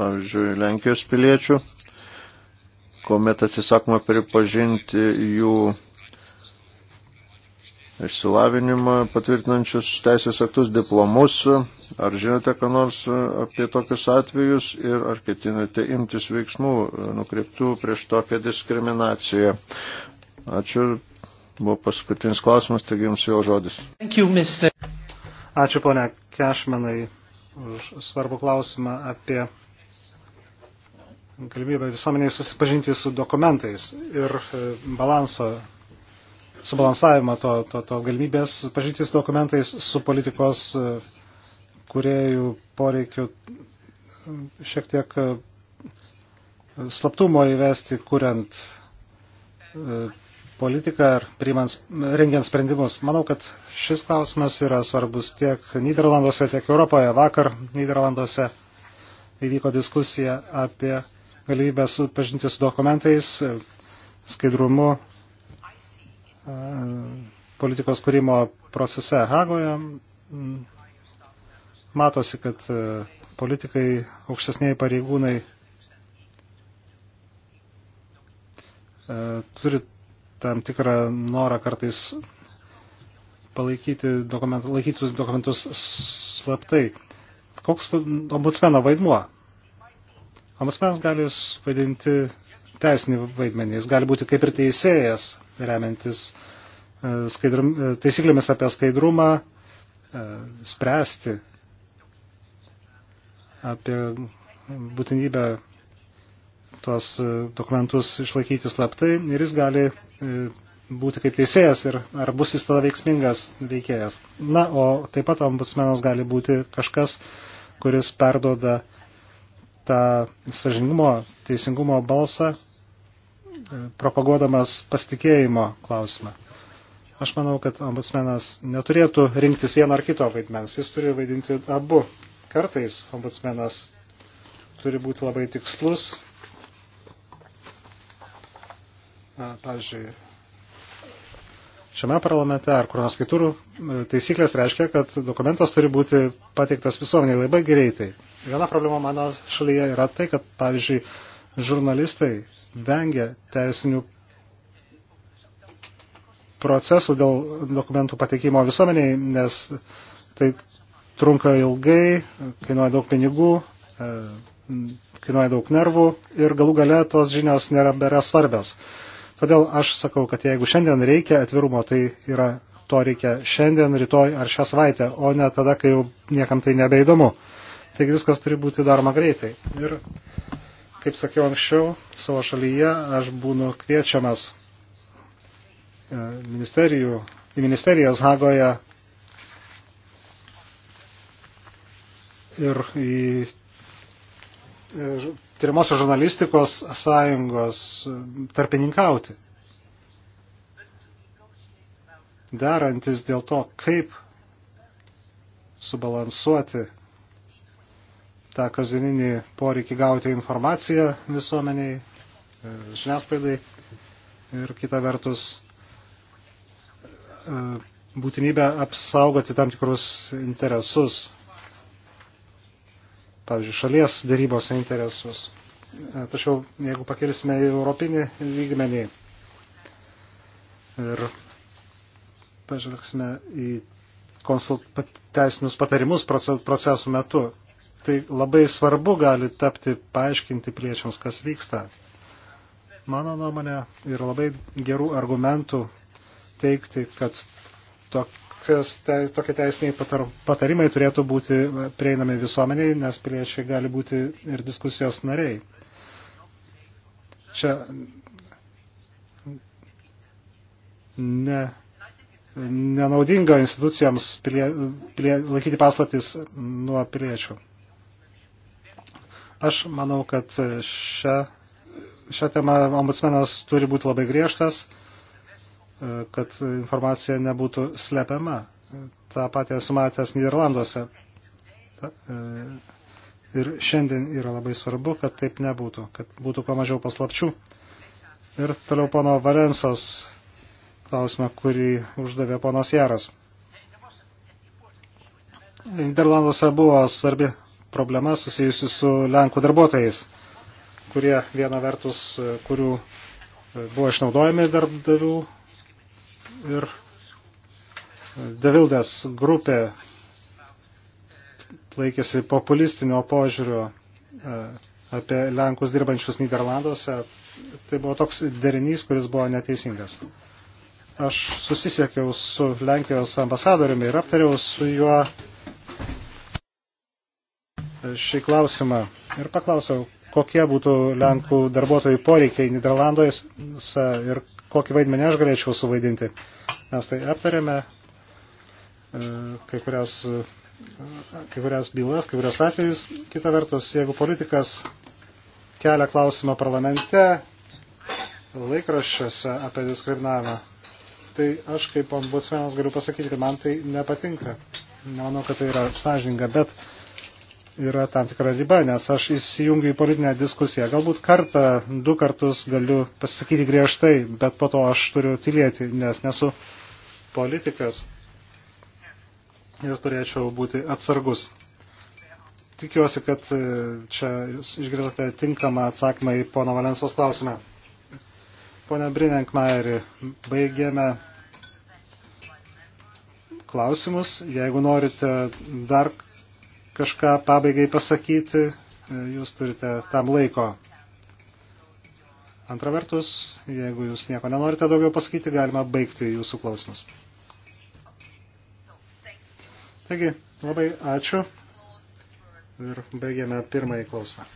D: pavyzdžiui, Lenkijos piliečių, kuomet atsisakoma pripažinti jų išsilavinimą patvirtinančius teisės aktus diplomus. Ar žinote, ką nors apie tokius atvejus ir ar ketinate imtis veiksmų nukreiptų prieš tokią diskriminaciją? Ačiū. Buvo paskutinis klausimas, taigi jums vėl žodis.
B: You, Ačiū, ponia Kešmanai, už svarbų klausimą apie galimybę visuomeniai susipažinti su dokumentais ir balanso subalansavimą to, to, to galimybės pažintis dokumentais su politikos e, kuriejų poreikiu e, šiek tiek e, slaptumo įvesti, kuriant politiką ir rengiant sprendimus. Manau, kad šis klausimas yra svarbus tiek Niderlanduose, tiek Europoje. Vakar Niderlanduose įvyko diskusija apie galimybę supažinti su dokumentais, skaidrumu E, politikos kūrimo procese Hagoje matosi, kad e, politikai, aukštesniai pareigūnai e, turi tam tikrą norą kartais palaikyti dokumentus, laikytus dokumentus slaptai. Koks ombudsmeno vaidmuo? Ombudsmenas gali vaidinti teisinį vaidmenį, jis gali būti kaip ir teisėjas, remiantis e, skaidrum, e, taisyklėmis apie skaidrumą, e, spręsti apie būtinybę tuos dokumentus išlaikyti slaptai ir jis gali būti kaip teisėjas ir ar bus jis tada veiksmingas veikėjas. Na, o taip pat ombudsmenas gali būti kažkas, kuris perdoda tą sažingumo, teisingumo balsą propaguodamas pasitikėjimo klausimą. Aš manau, kad ombudsmenas neturėtų rinktis vieno ar kito vaidmens. Jis turi vaidinti abu. Kartais ombudsmenas turi būti labai tikslus. Na, pavyzdžiui, šiame parlamente ar kur nors kitur e, taisyklės reiškia, kad dokumentas turi būti pateiktas visuomeniai labai greitai. Viena problema mano šalyje yra tai, kad, pavyzdžiui, žurnalistai vengia teisinių procesų dėl dokumentų pateikimo visuomeniai, nes tai trunka ilgai, kainuoja daug pinigų, e, kainuoja daug nervų ir galų gale tos žinios nėra bėra svarbios. Todėl aš sakau, kad jeigu šiandien reikia atvirumo, tai yra to reikia šiandien, rytoj ar šią savaitę, o ne tada, kai jau niekam tai nebeįdomu. Taigi viskas turi būti daroma greitai. Ir Kaip sakiau anksčiau, savo šalyje aš būnu kviečiamas e, ministerijų, į ministerijas Hagoje ir į e, tyrimosios žurnalistikos sąjungos e, tarpininkauti. Darantis dėl to, kaip subalansuoti tą kasdieninį poreikį gauti informaciją visuomeniai, e, žiniasklaidai ir kita vertus e, būtinybę apsaugoti tam tikrus interesus, pavyzdžiui, šalies darybos interesus. E, tačiau jeigu pakirsime į europinį lygmenį ir pažvelgsime į konsult, teisinius patarimus procesų metu, tai labai svarbu gali tapti paaiškinti piliečiams, kas vyksta. Mano nuomonė yra labai gerų argumentų teikti, kad tokios, te, tokie teisiniai patar, patarimai turėtų būti prieinami visuomeniai, nes piliečiai gali būti ir diskusijos nariai. Čia ne, nenaudinga institucijams pilie, pilie, laikyti paslaptis nuo piliečių. Aš manau, kad šią, šią temą ombudsmenas turi būti labai griežtas, e, kad informacija nebūtų slepiama. Ta patį esu matęs Niderlanduose. E, ir šiandien yra labai svarbu, kad taip nebūtų, kad būtų kuo mažiau paslapčių. Ir toliau pono Valensos klausimą, kurį uždavė ponas Jaras. Niderlanduose buvo svarbi problema susijusi su Lenkų darbuotojais, kurie viena vertus, e, kurių e, buvo išnaudojami darbdavių ir e, Devildas grupė laikėsi populistinio požiūrio apie Lenkus dirbančius Niderlanduose. Tai buvo toks derinys, kuris buvo neteisingas. Aš susisiekiau su Lenkijos ambasadoriumi ir aptariau su juo šį klausimą ir paklausiau, kokie būtų Lenkų darbuotojų poreikiai Niderlanduose ir kokį vaidmenį aš galėčiau suvaidinti. Mes tai aptarėme e, kai kurias, e, kai kurias bylas, kai kurias atvejus. Kita vertus, jeigu politikas kelia klausimą parlamente, laikraščiuose apie diskriminavimą, tai aš kaip ombudsmenas galiu pasakyti, kad man tai nepatinka. Nemanau, kad tai yra sąžininga, bet yra tam tikra riba, nes aš įsijungiu į politinę diskusiją. Galbūt kartą, du kartus galiu pasakyti griežtai, bet po to aš turiu tylėti, nes nesu politikas ir turėčiau būti atsargus. Tikiuosi, kad e, čia jūs išgirdote tinkamą atsakymą į pono Valensos klausimą. Pone Brinenkmajerį, baigėme klausimus. Jeigu norite dar kažką pabaigai pasakyti, jūs turite tam laiko. Antra vertus, jeigu jūs nieko nenorite daugiau pasakyti, galima baigti jūsų klausimus. Taigi, labai ačiū ir baigiame pirmąjį klausimą.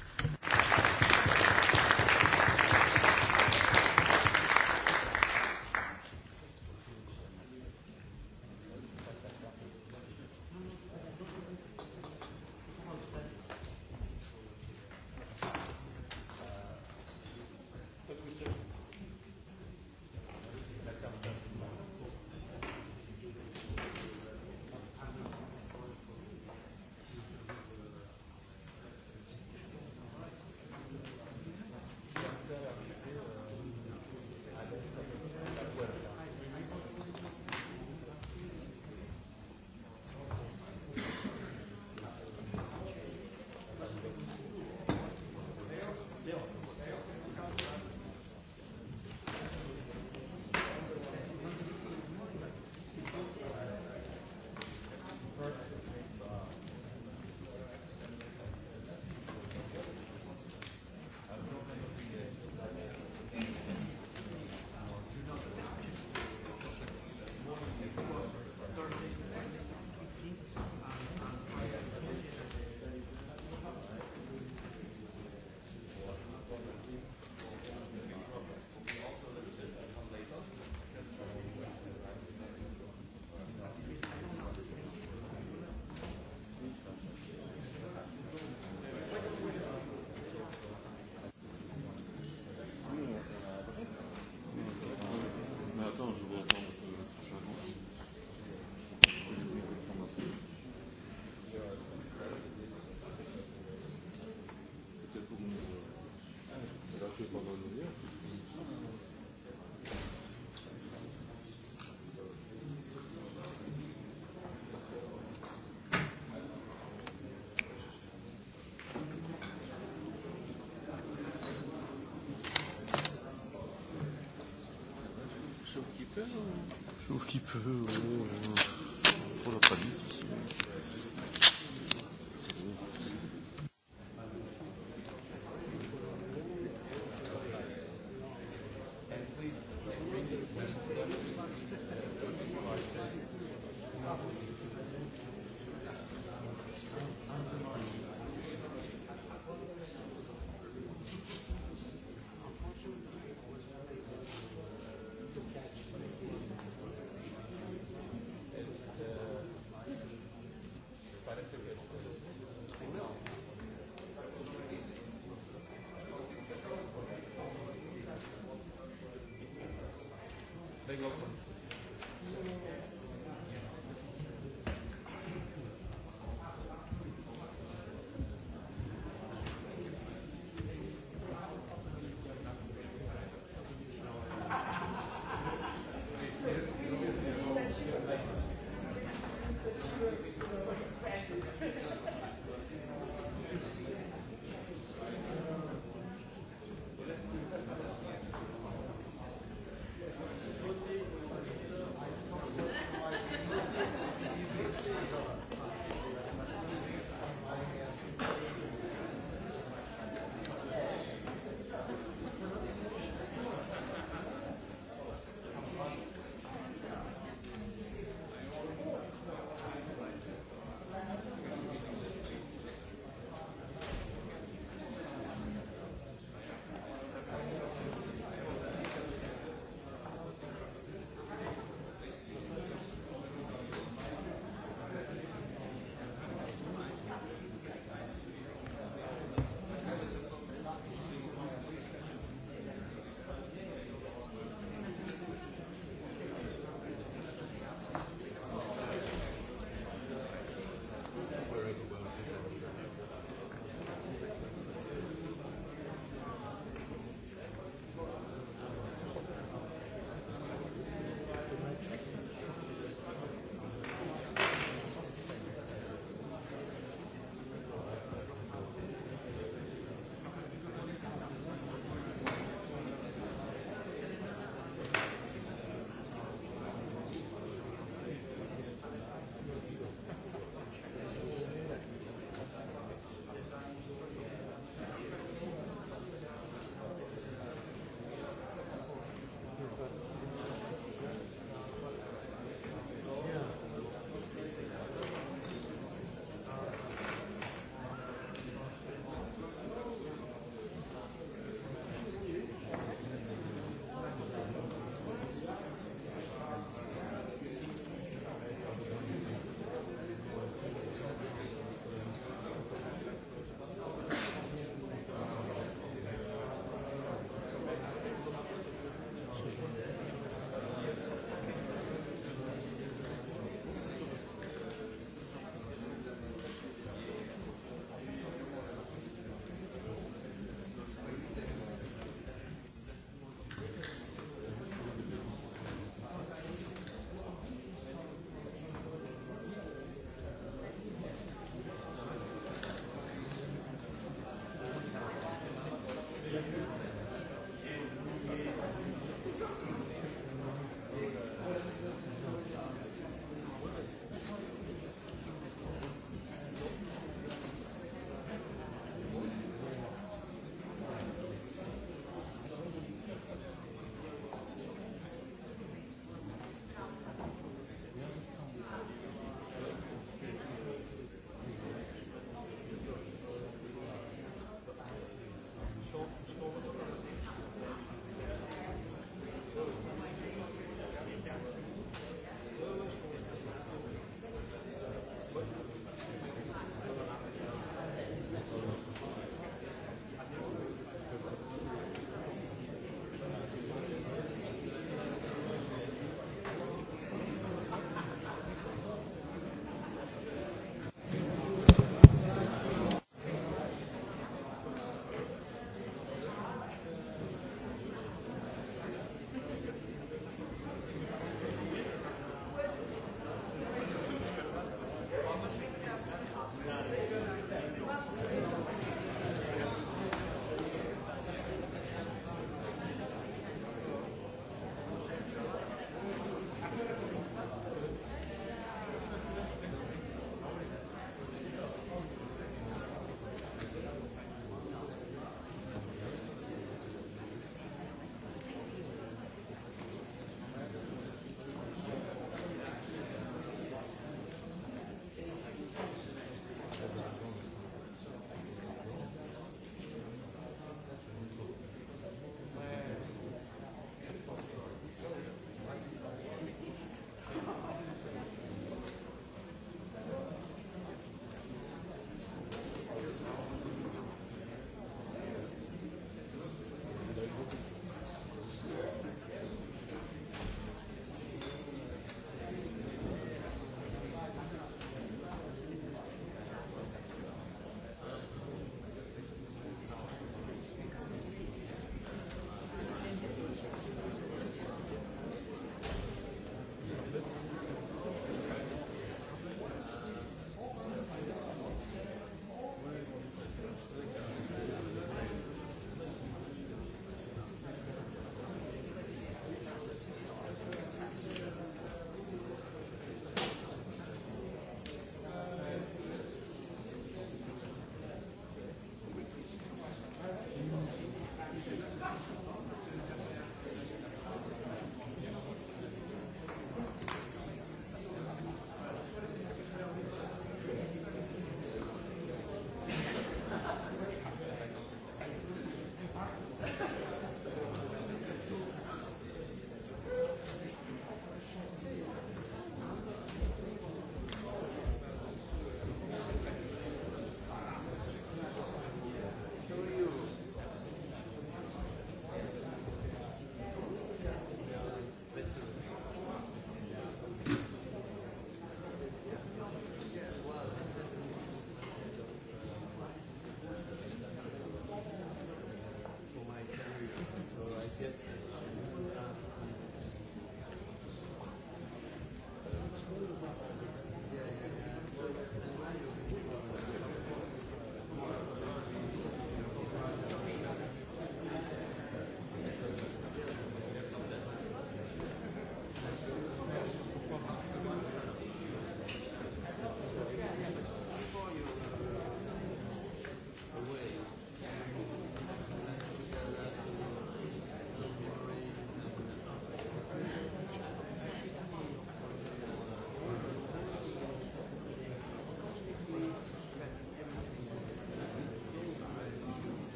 C: They go from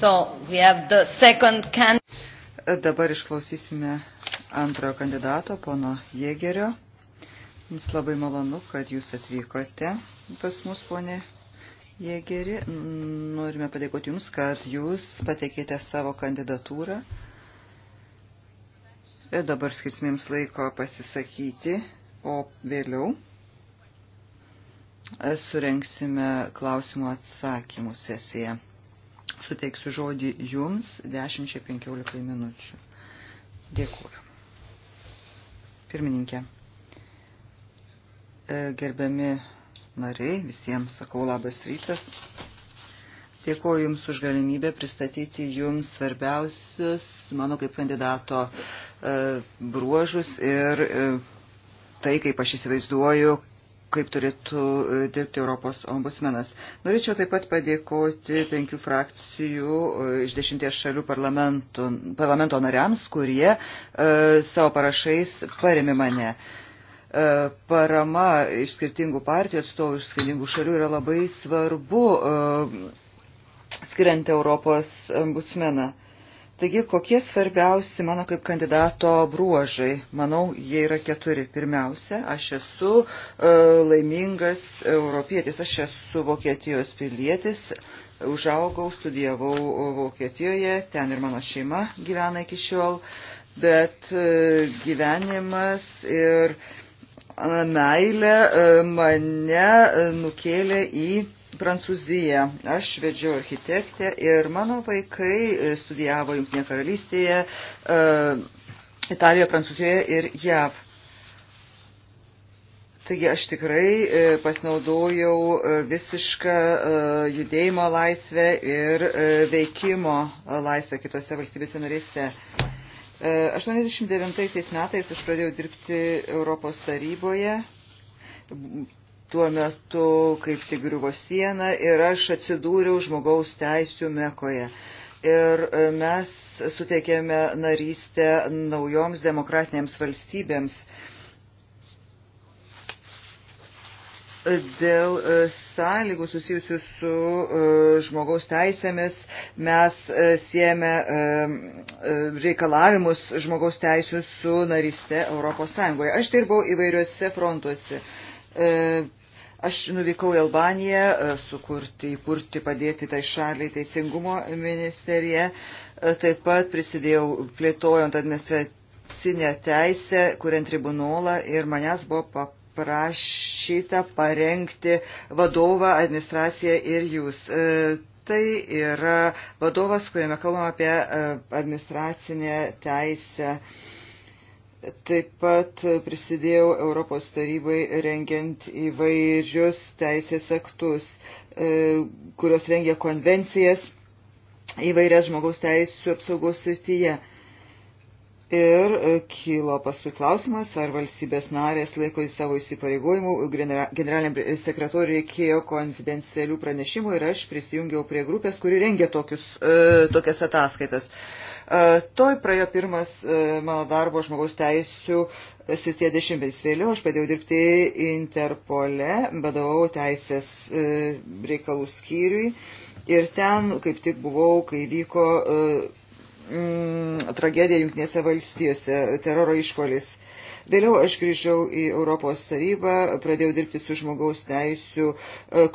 A: So can... Dabar išklausysime antrojo kandidato, pono Jėgerio. Mums labai malonu, kad jūs atvykote pas mus, ponė Jėgeri. Norime padėkoti jums, kad jūs pateikėte savo kandidatūrą. Ir dabar skirsime jums laiko pasisakyti, o vėliau surenksime klausimų atsakymų sesiją suteiksiu žodį jums 10-15 minučių. Dėkuoju. Pirmininkė, e, gerbiami nariai, visiems sakau labas rytas. Dėkuoju Jums už galimybę pristatyti Jums svarbiausius mano kaip kandidato e, bruožus ir e, tai, kaip aš įsivaizduoju, kaip turėtų e, dirbti Europos ombudsmenas. Norėčiau taip pat padėkoti penkių frakcijų e, iš dešimties šalių parlamento nariams, kurie e, savo parašais paremė mane. E, parama iš skirtingų partijų atstovų iš skirtingų šalių yra labai svarbu e, skiriant Europos ombudsmeną. E, Taigi, kokie svarbiausi mano kaip kandidato bruožai? Manau, jie yra keturi. Pirmiausia, aš esu e, laimingas europietis, aš esu Vokietijos pilietis, užaugau, studijavau Vokietijoje, ten ir mano šeima gyvena iki šiol, bet e, gyvenimas ir e, meilė e, mane e, nukėlė į Prancūziją. Aš vedžiau architektę ir mano vaikai e, studijavo Junktinėje karalystėje, e, Italijoje, Prancūzijoje ir JAV. Taigi aš tikrai e, pasinaudojau visišką judėjimo laisvę ir veikimo laisvę kitose valstybėse narėse. 89 metais aš pradėjau dirbti Europos taryboje tuo metu kaip tik griuvo siena ir aš atsidūriau žmogaus teisų mekoje. Ir e, mes suteikėme narystę naujoms demokratinėms valstybėms. Dėl e, sąlygų susijusių su e, žmogaus teisėmis mes siejame reikalavimus žmogaus teisų su nariste Europos Sąjungoje. Aš dirbau įvairiuose frontuose Aš nuvykau į Albaniją, e, sukurti, įkurti, padėti tai šaliai teisingumo ministerija. E, taip pat prisidėjau plėtojant administracinę teisę, kuriant tribunolą ir manęs buvo paprašyta parengti vadovą, administraciją ir jūs. E, tai yra vadovas, kuriame kalbam apie administracinę teisę Taip pat prisidėjau Europos tarybai rengiant įvairius teisės aktus, e, kurios rengia konvencijas įvairias žmogaus teisų apsaugos srityje. Ir e, kilo paskui klausimas, ar valstybės narės laiko į savo įsipareigojimų. Generaliniam sekretoriui reikėjo konfidencialių pranešimų ir aš prisijungiau prie grupės, kuri rengia tokius, e, tokias ataskaitas. E, E, toj praėjo pirmas e, mano darbo žmogaus teisų srityje dešimtmetis. Vėliau aš pradėjau dirbti Interpole, vadovau teisės e, reikalų skyriui ir ten kaip tik buvau, kai vyko tragedija Junktinėse valstijose, teroro išpolis. Uh, Vėliau aš grįžau į Europos tarybą, pradėjau dirbti su žmogaus teisų e,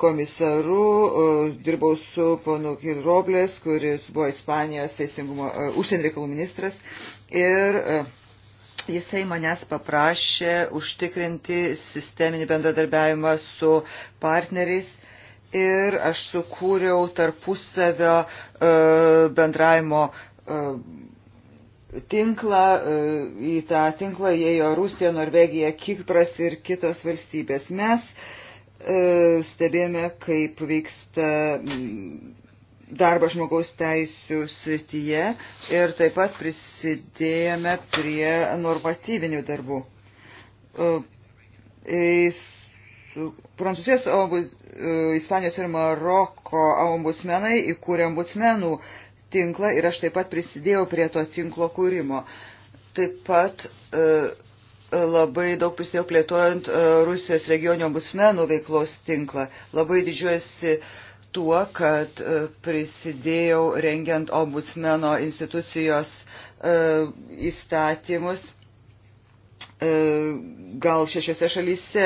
A: komisaru, e, dirbau su ponu Kilroblės, kuris buvo Ispanijos teisingumo e, užsienio reikalų ministras. Ir, jisai manęs paprašė užtikrinti sisteminį bendradarbiavimą su partneriais ir aš sukūriau tarpusavio bendravimo tinklą, e, į tą tinklą įėjo Rusija, Norvegija, Kipras ir kitos valstybės. Mes e, stebėjome, kaip vyksta mm, darbas žmogaus teisų srityje ir taip pat prisidėjome prie normatyvinių darbų. E, Prancūzijos, Ispanijos ir Maroko ombudsmenai įkūrė ombudsmenų uh, tinklą ir aš taip pat prisidėjau prie to tinklo kūrimo. Taip pat e, e, labai daug prisidėjau plėtojant e, Rusijos regionio busmenų veiklos tinklą. Labai didžiuojasi tuo, kad prisidėjau rengiant ombudsmeno institucijos įstatymus gal šešiose šalyse,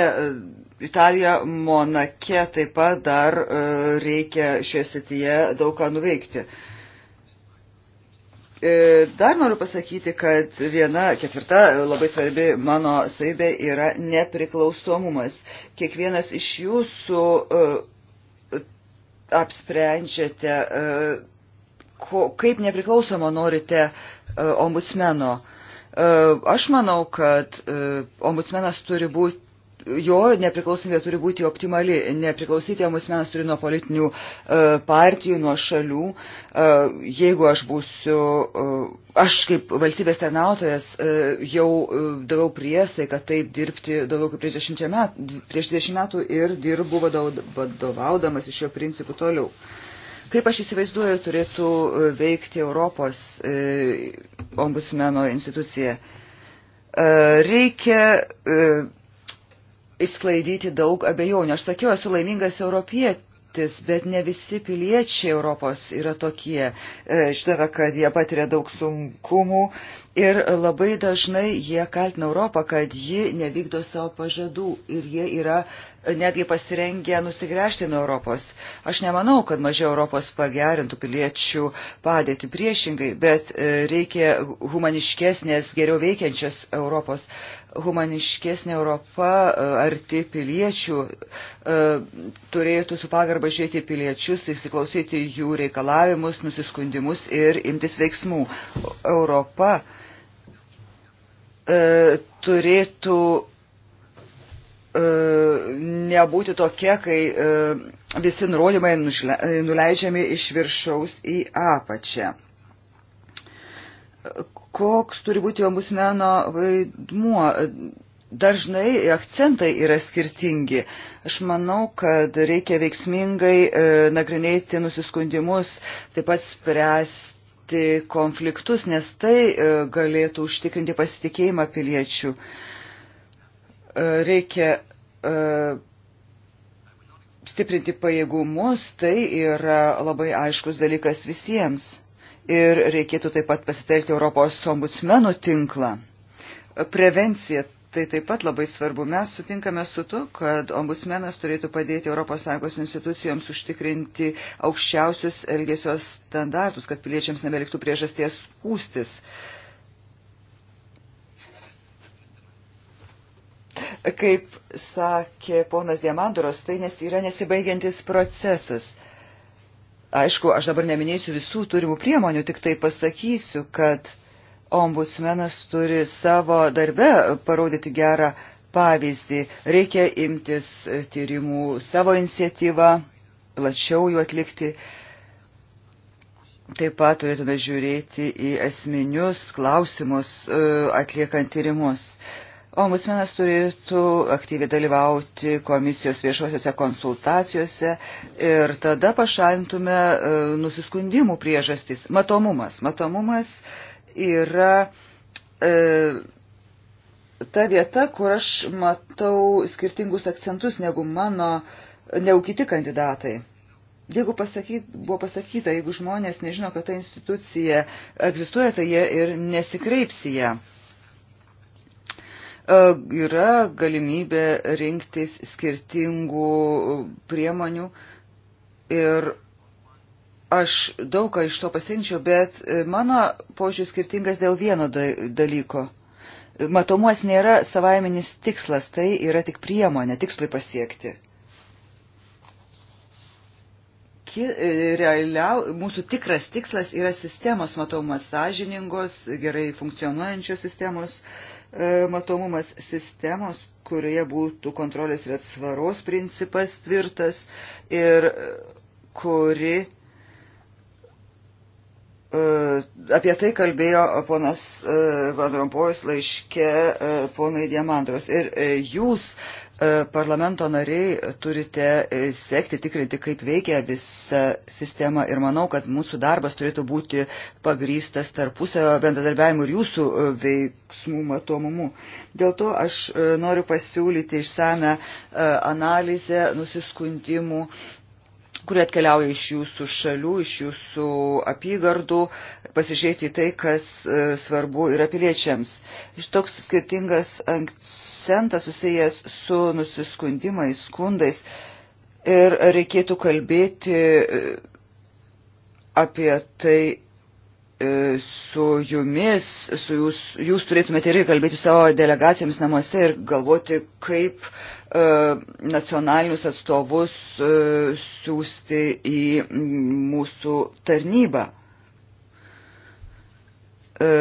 A: Italija, Monake taip pat dar reikia šioje srityje daug ką nuveikti. E, dar noriu pasakyti, kad viena ketvirta labai svarbi mano savybė yra nepriklausomumas. Kiekvienas iš jūsų e, apsprendžiate, e, kaip nepriklausomo norite ombudsmeno. Aš manau, kad ombudsmenas turi būti jo nepriklausomybė turi būti optimali. Nepriklausyti ombudsmenas turi nuo politinių e, partijų, nuo šalių. E, jeigu aš būsiu, e, aš kaip valstybės tarnautojas jau daviau priesaiką taip dirbti daugiau kaip prieš 20 metų, prieš 20 metų ir dirbu vadovaudamas iš šio principų toliau. Kaip aš įsivaizduoju, turėtų veikti Europos ombudsmeno institucija? Reikia išsklaidyti daug abejonių. Aš sakiau, esu laimingas europietis, bet ne visi piliečiai Europos yra tokie. Žinome, kad jie patiria daug sunkumų ir labai dažnai jie kaltina Europą, kad ji nevykdo savo pažadų ir jie yra netgi pasirengę nusigręžti nuo Europos. Aš nemanau, kad mažiau Europos pagerintų piliečių padėti priešingai, bet e, reikia humaniškesnės, geriau veikiančios Europos. Humaniškesnė Europa e, arti piliečių e, turėtų su pagarba žiūrėti piliečius, įsiklausyti jų reikalavimus, nusiskundimus ir imtis veiksmų. Europa turėtų E, nebūti tokia, kai e, visi nurodymai nuleidžiami iš viršaus į apačią. Koks turi būti ombusmeno vaidmuo? Dažnai akcentai yra skirtingi. Aš manau, kad reikia veiksmingai e, nagrinėti nusiskundimus, taip pat spręsti konfliktus, nes tai galėtų užtikrinti pasitikėjimą piliečių. E, E, reikia e, stiprinti pajėgumus, tai yra labai aiškus dalykas visiems. Ir reikėtų taip pat pasitelkti Europos ombudsmenų tinklą. Prevencija tai taip pat labai svarbu. Mes sutinkame su to, kad ombudsmenas turėtų padėti ES institucijoms užtikrinti aukščiausius elgesio standartus, kad piliečiams nebeliktų priežasties skūstis. Uh, Kaip sakė ponas Diamandoros, tai nes yra nesibaigiantis procesas. Aišku, aš dabar neminėsiu visų turimų priemonių, tik tai pasakysiu, kad ombudsmenas turi savo darbe parodyti gerą pavyzdį. Reikia imtis tyrimų savo iniciatyvą, plačiau jų atlikti. Taip pat turėtume žiūrėti į esminius klausimus e, atliekant tyrimus. Ombudsmenas turėtų aktyviai dalyvauti komisijos viešuosiuose konsultacijose ir tada pašalintume e, nusiskundimų priežastis. Matomumas. Matomumas yra e, ta vieta, kur aš matau skirtingus akcentus negu mano, negu kiti kandidatai. Jeigu pasakyt, buvo pasakyta, jeigu žmonės nežino, kad ta institucija egzistuoja, tai jie ir nesikreips į ją. Ja E, yra galimybė rinktis skirtingų priemonių ir aš daug ką iš to pasirinčiau, bet mano požiūris skirtingas dėl vieno dalyko. Matomuos nėra savaiminis tikslas, tai yra tik priemonė tikslui pasiekti. E, realiau, mūsų tikras tikslas yra sistemos matomas sąžiningos, gerai funkcionuojančios sistemos, uh, E, matomumas sistemos, kurioje būtų kontrolės ir atsvaros principas tvirtas ir e, kuri e, Apie tai kalbėjo ponas Vandrompojus laiške ponai Diamandros. Ir jūs E, parlamento nariai turite e, sekti, tikrinti, kaip veikia visa sistema ir manau, kad mūsų darbas turėtų būti pagrystas tarpusavio bendradarbiavimu ir jūsų e, veiksmų matomumu. Dėl to aš noriu pasiūlyti išsame analizę nusiskundimų kurie atkeliauja iš jūsų šalių, iš jūsų apygardų, pasižiūrėti į tai, kas e, svarbu yra piliečiams. Iš toks skirtingas akcentas susijęs su nusiskundimais, skundais ir reikėtų kalbėti e, apie tai E, su jumis, su jūs, jūs turėtumėte irgi kalbėti savo delegacijoms namuose ir galvoti, kaip e, nacionalinius atstovus e, siūsti į mūsų tarnybą. E,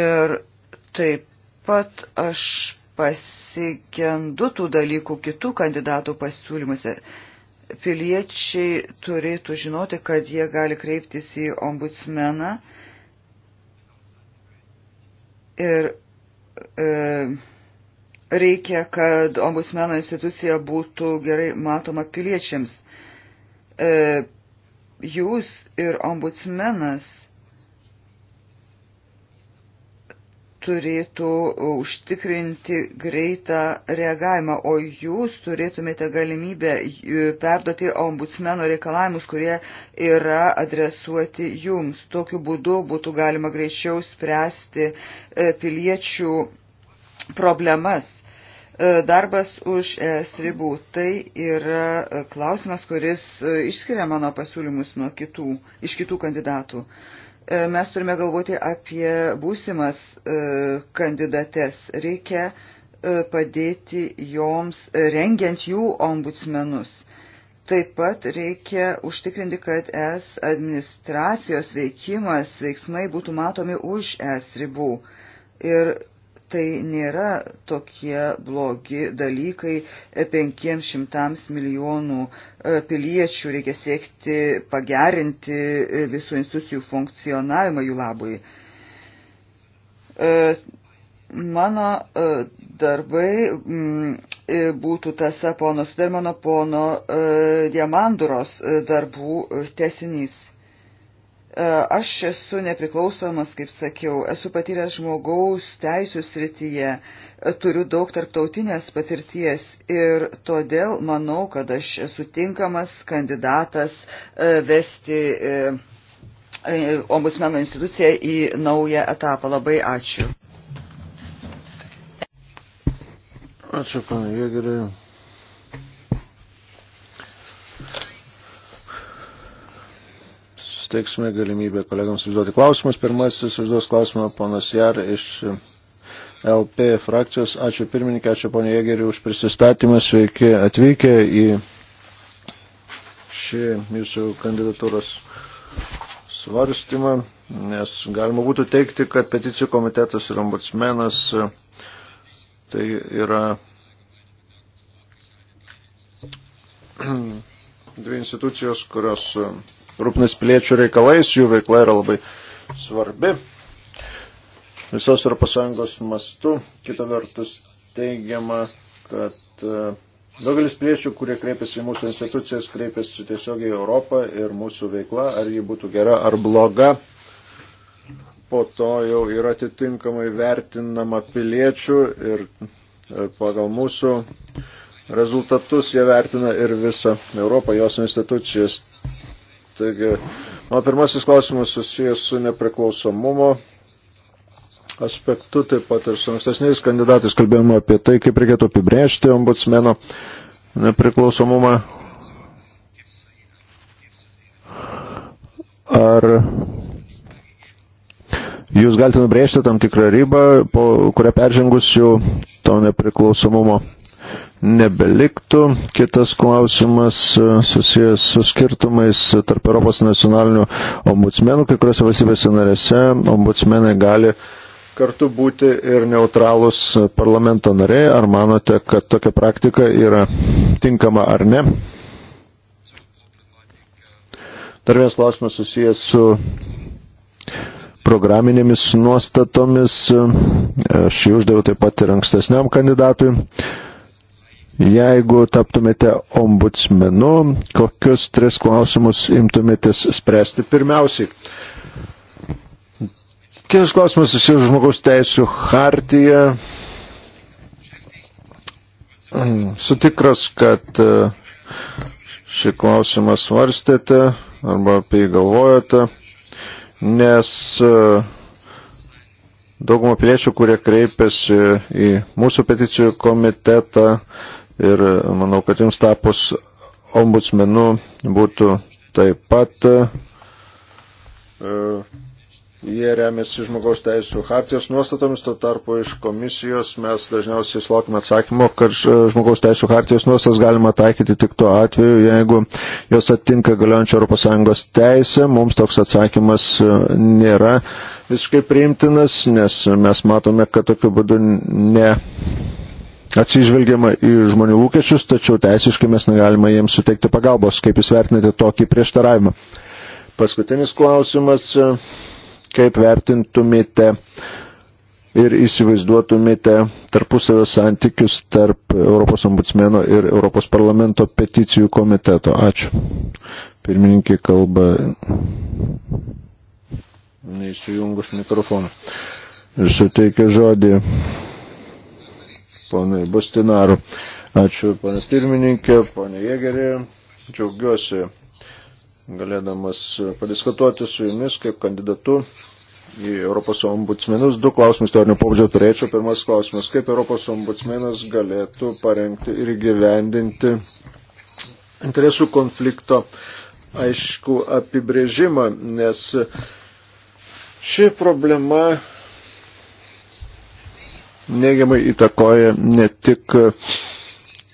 A: ir taip pat aš pasigendu tų dalykų kitų kandidatų pasiūlymuose. E, piliečiai turėtų žinoti, kad jie gali kreiptis į ombudsmeną ir e, reikia, kad ombudsmeno institucija būtų gerai matoma piliečiams. E, jūs ir ombudsmenas turėtų e, užtikrinti greitą reagavimą, o jūs turėtumėte galimybę e, perduoti ombudsmeno reikalavimus, kurie yra adresuoti jums. Tokiu būdu būtų galima greičiau spręsti e, piliečių problemas. Darbas už ES ribų tai yra klausimas, kuris išskiria mano pasiūlymus nuo kitų, iš kitų kandidatų. Uh, E, mes turime galvoti apie būsimas e, kandidates. Reikia e, padėti joms rengiant jų ombudsmenus. Taip pat reikia užtikrinti, kad es administracijos veikimas, veiksmai būtų matomi už es ribų. Ir tai nėra tokie blogi dalykai. 500 milijonų e, piliečių reikia siekti pagerinti e, visų institucijų funkcionavimą jų labui. E, mano darbai mm, būtų tasa pono Sudermano, pono Diamanduros darbų tesinys. E, aš esu nepriklausomas, kaip sakiau, esu patyręs žmogaus teisų srityje, e, turiu daug tarptautinės patirties ir todėl manau, kad aš esu tinkamas kandidatas e, vesti ombudsmeno instituciją į naują etapą. Labai ačiū.
D: Ačiū, panai Jėgeriai. suteiksime galimybę kolegams užduoti klausimus. Pirmasis užduos klausimą ponas Jar iš LP frakcijos. Ačiū pirmininkė, ačiū ponė Jėgerį už prisistatymą. Sveiki atvykę į šį jūsų kandidatūros svarstymą, nes galima būtų teikti, kad peticijų komitetas ir ombudsmenas tai yra dvi institucijos, kurios rūpinas piliečių reikalais, jų veikla yra labai svarbi. Visos Europos Sąjungos mastu, kita vertus, teigiama, kad e, daugelis piliečių, kurie kreipiasi į mūsų institucijas, kreipiasi tiesiogiai į Europą ir mūsų veikla, ar ji būtų gera ar bloga, po to jau yra atitinkamai vertinama piliečių ir e, pagal mūsų rezultatus jie vertina ir visą Europą, jos institucijas. Taigi, mano pirmasis klausimas susijęs su nepriklausomumo aspektu, taip pat ir su ankstesniais kandidatais kalbėjome apie tai, kaip reikėtų apibrėžti ombudsmeno nepriklausomumą. Ar Jūs galite nubrėžti tam tikrą ribą, po kurią peržengus jau to nepriklausomumo nebeliktų. Kitas klausimas e, susijęs su skirtumais tarp Europos nacionalinių ombudsmenų. Kai kuriuose valstybėse narėse ombudsmenai gali kartu būti ir neutralus parlamento nariai. Ar manote, kad tokia praktika yra tinkama ar ne? Dar vienas klausimas susijęs su programinėmis nuostatomis. Aš jį uždaviau taip pat ir ankstesniam kandidatui. Jeigu taptumėte ombudsmenu, kokius tris klausimus imtumėtės spręsti pirmiausiai? Kitas klausimas susijęs žmogaus teisų hartija. Sutikras, kad e, šį klausimą svarstėte arba apie jį galvojate nes e, daugumą piliečių, kurie kreipiasi į mūsų peticijų komitetą ir e, manau, kad jums tapus ombudsmenu būtų taip pat e, Jie remiasi žmogaus teisų hartijos nuostatomis, to tarpu iš komisijos mes dažniausiai slaukime atsakymo, kad žmogaus teisų hartijos nuostatas galima taikyti tik tuo atveju, jeigu jos atitinka galiojančio ES teisę, mums toks atsakymas e, nėra visiškai priimtinas, nes mes matome, kad tokiu būdu ne atsižvelgiama į žmonių lūkesčius, tačiau teisiškai mes negalime jiems suteikti pagalbos, kaip jūs vertinate tokį prieštaravimą. Paskutinis klausimas e, kaip vertintumėte ir įsivaizduotumėte tarpusavio santykius tarp Europos ombudsmeno ir Europos parlamento peticijų komiteto. Ačiū. Pirmininkė kalba neįsijungus mikrofoną. Ir suteikia žodį ponai Bustinaru. Ačiū, ponai pirmininkė, ponai Jėgerė. Džiaugiuosi galėdamas padiskutuoti su jumis kaip kandidatu į Europos ombudsmenus. Du klausimus teorinio pobūdžio turėčiau. Pirmas klausimas, kaip Europos ombudsmenas galėtų parengti ir gyvendinti interesų konflikto aišku apibrėžimą, nes ši problema neigiamai įtakoja ne tik uh,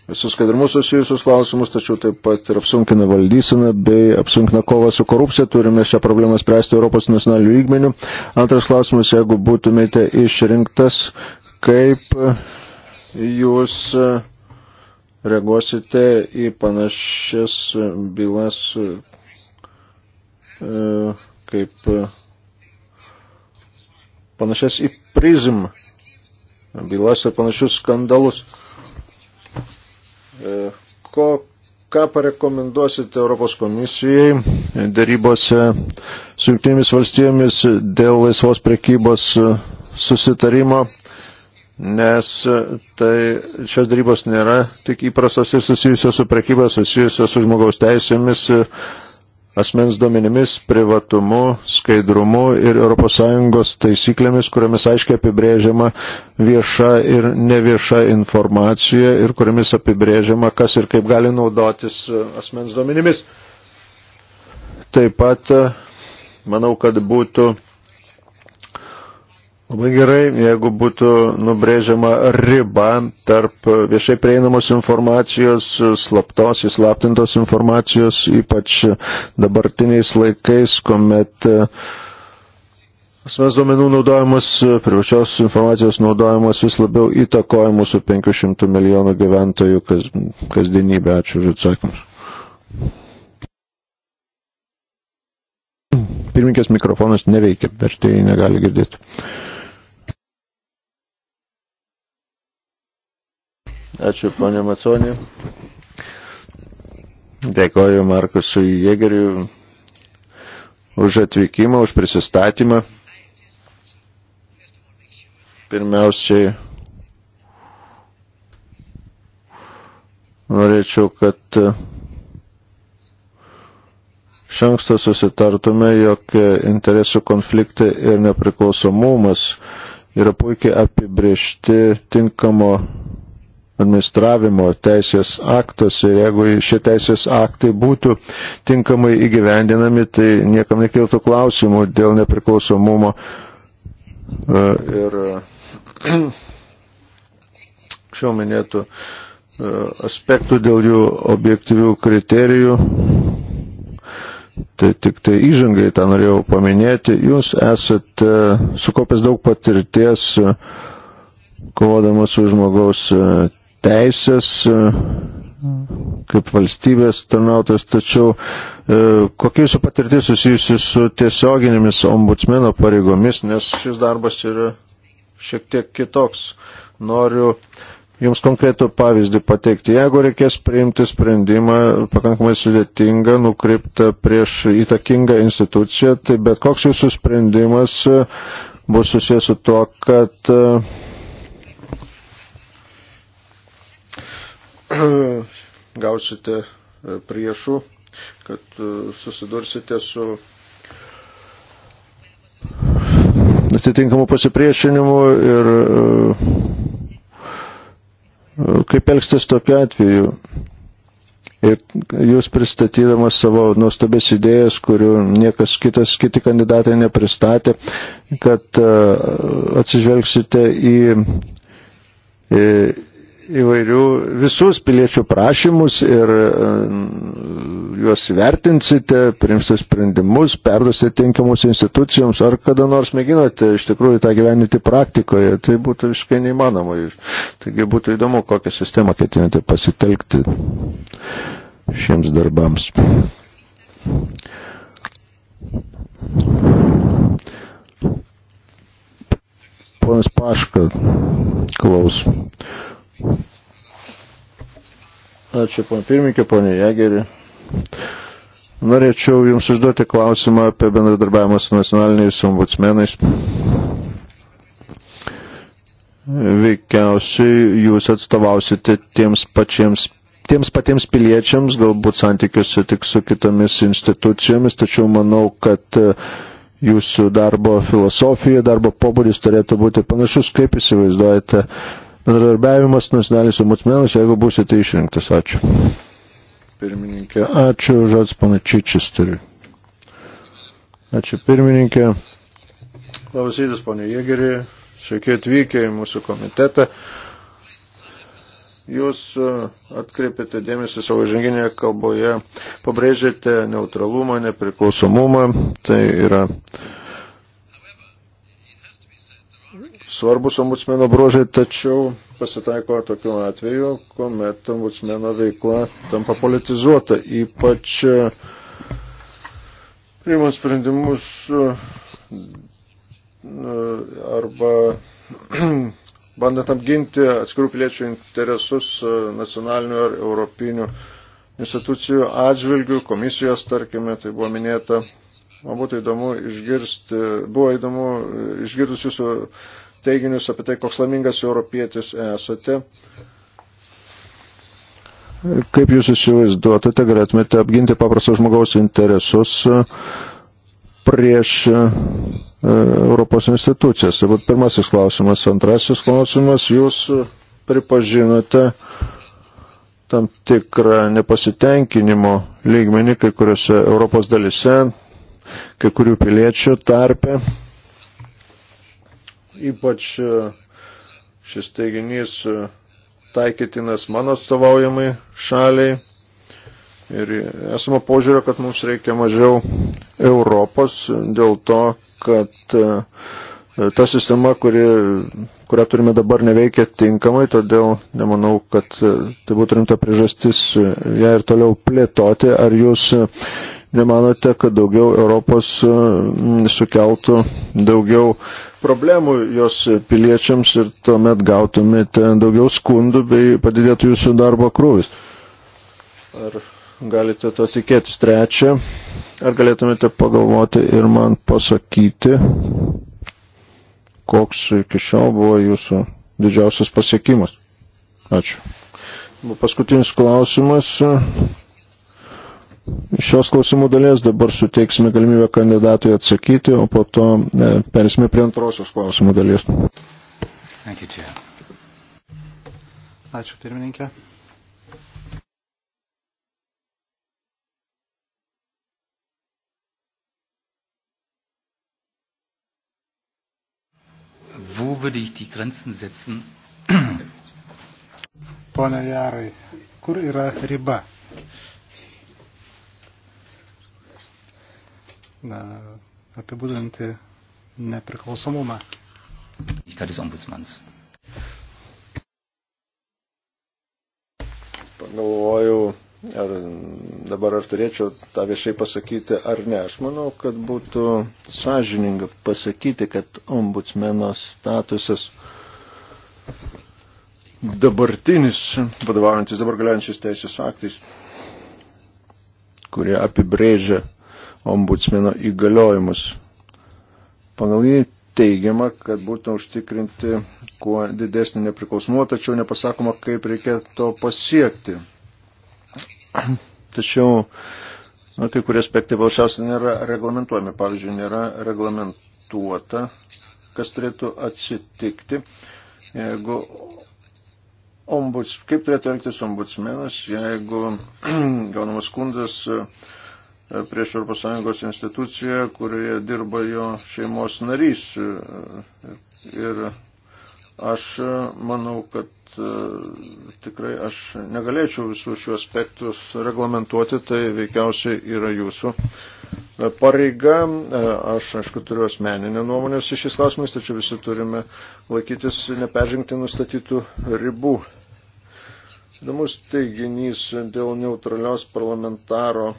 D: visus kadrimus susijusius klausimus, tačiau taip pat ir apsunkina valdyseną bei apsunkina kovą su korupcija. Turime šią problemą spręsti Europos nacionalių lygmenių. Antras klausimas, jeigu būtumėte išrinktas, kaip jūs e, reaguosite į panašias bylas e, kaip e, panašias į prizm bylas ir panašius skandalus. E, ko, ką parekomenduosite Europos komisijai darybose su jungtinėmis valstybėmis dėl laisvos prekybos e, susitarimo? nes e, tai šios darybos nėra tik įprastos ir susijusios su prekyba, susijusios su žmogaus teisėmis, asmens duomenimis, privatumu, skaidrumu ir ES taisyklėmis, kuriamis aiškiai apibrėžiama vieša ir nevieša informacija ir kuriamis apibrėžiama, kas ir kaip gali naudotis e, asmens duomenimis. Taip pat e, manau, kad būtų Labai gerai, jeigu būtų nubrėžiama riba tarp viešai prieinamos informacijos, slaptos, įslaptintos informacijos, ypač dabartiniais laikais, kuomet e, asmens duomenų naudojimas, privačios informacijos naudojimas vis labiau įtakoja mūsų 500 milijonų gyventojų kas, kasdienybę. Ačiū už atsakymus. Pirminkės mikrofonas neveikia, vertėjai negali girdėti. Ačiū, ponė Maconė. Dėkoju Markusui Jėgeriu už atvykimą, už prisistatymą. Pirmiausiai norėčiau, kad šankstą susitartume, jog interesų konfliktai ir nepriklausomumas yra puikiai apibriežti tinkamo administravimo teisės aktas ir jeigu šie teisės aktai būtų tinkamai įgyvendinami, tai niekam nekiltų klausimų dėl nepriklausomumo e, ir šiuo e, minėtų e, aspektų dėl jų objektyvių kriterijų. Tai tik tai įžangai tą norėjau paminėti. Jūs esate sukopęs daug patirties kovodamas už žmogaus teisės e, kaip valstybės tarnautojas, tačiau e, kokia jūsų patirtis susijusi su tiesioginėmis ombudsmeno pareigomis, nes šis darbas yra šiek tiek kitoks. Noriu Jums konkretų pavyzdį pateikti. Jeigu reikės priimti sprendimą pakankamai sudėtingą, nukreiptą prieš įtakingą instituciją, tai bet koks jūsų sprendimas e, bus susijęs su tuo, kad uh, gausite e, priešų, kad e, susidursite su atitinkamu pasipriešinimu ir e, kaip elgstis tokiu atveju. Ir jūs pristatydamas savo nuostabės idėjas, kurių niekas kitas, kiti kandidatai nepristatė, kad atsižvelgsite į, į įvairių visus piliečių prašymus ir juos vertinsite, priimsite sprendimus, perdosite tinkamus institucijoms, ar kada nors mėginote iš tikrųjų tą gyveninti praktikoje, tai būtų visiškai neįmanoma. Taigi būtų įdomu, kokią sistemą ketinate pasitelkti šiems darbams. Ponas Paška klaus. Ačiū, pan pirmininkė, ponė Jėgerį. Norėčiau Jums užduoti klausimą apie bendradarbiavimą su nacionaliniais ombudsmenais. Veikiausiai Jūs atstovausite tiems pačiems tiems patiems piliečiams, galbūt santykiuose tik su kitomis institucijomis, tačiau manau, kad e, jūsų darbo filosofija, darbo pobūdis turėtų būti panašus, kaip įsivaizduojate uh, bendradarbiavimas nacionalinis ombudsmenas, jeigu būsite išrinktas. Ačiū. Pirmininkė, ačiū, žodis panačičius turiu. Ačiū pirmininkė. Labas rytas, ponė Jėgerį. Sveiki atvykę į mūsų komitetą. Jūs e, atkreipėte dėmesį savo žanginėje kalboje, pabrėžėte neutralumą, nepriklausomumą. Tai yra uh, svarbus ombudsmeno bruožai, tačiau pasitaiko tokiu atveju, kuomet ombudsmeno veikla tampa politizuota, ypač e, priimant sprendimus e, e, arba bandant apginti atskirų piliečių interesus nacionalinių ar europinių institucijų atžvilgių, komisijos tarkime, tai buvo minėta Man būtų įdomu išgirsti, buvo įdomu išgirdus jūsų teiginius apie tai, koks laimingas europietis esate. Kaip jūs įsivaizduotate, galėtumėte apginti paprasto žmogaus interesus prieš e, Europos institucijas? Tai būtų pirmasis klausimas. Antrasis klausimas, jūs pripažinote tam tikrą nepasitenkinimo lygmenį kai kuriuose Europos dalise, kai kurių piliečių tarpe Ypač e, šis teiginys e, taikytinas mano atstovaujamai šaliai. Ir esama požiūrio, kad mums reikia mažiau Europos dėl to, kad e, ta sistema, kuri, kurią turime dabar, neveikia tinkamai, todėl nemanau, kad tai būtų rimta priežastis ją ir toliau plėtoti. Ar jūs Nemanote, kad daugiau Europos e, sukeltų daugiau problemų jos piliečiams ir tuomet gautumėte daugiau skundų bei padidėtų jūsų darbo krūvis? Ar galite to tikėtis trečią? Ar galėtumėte pagalvoti ir man pasakyti, koks iki šiol buvo jūsų didžiausias pasiekimas? Ačiū. Paskutinis klausimas Šios klausimų dalies dabar suteiksime galimybę kandidatui atsakyti, o po to e, persime prie antrosios klausimų dalies.
B: You, Ačiū pirmininkė.
C: Wo würde ich die Grenzen
B: setzen? Pone Jarai, kur yra riba? na, apibūdinti nepriklausomumą.
D: Pagalvojau, ar dabar ar turėčiau tą viešai pasakyti ar ne. Aš manau, kad būtų sąžininga pasakyti, kad ombudsmeno statusas dabartinis, vadovaujantis dabar galiančiais teisės aktais, kurie apibrėžia ombudsmeno įgaliojimus. Pagal jį teigiama, kad būtų užtikrinti kuo didesnį nepriklausomumą, tačiau nepasakoma, kaip reikėtų to pasiekti. Tačiau na, kai kurie aspektai paprasčiausiai nėra reglamentuojami. Pavyzdžiui, nėra reglamentuota, kas turėtų atsitikti, jeigu ombuds, kaip turėtų elgtis ombudsmenas, jeigu gaunamas skundas prieš ES instituciją, kurioje dirba jo šeimos narys. Ir aš manau, kad e, tikrai aš negalėčiau visų šių aspektų reglamentuoti, tai veikiausiai yra jūsų e, pareiga. E, aš, aišku, turiu asmeninę nuomonę su šis klausimais, tačiau visi turime laikytis neperžengti nustatytų ribų. Įdomus teiginys dėl neutralios parlamentaro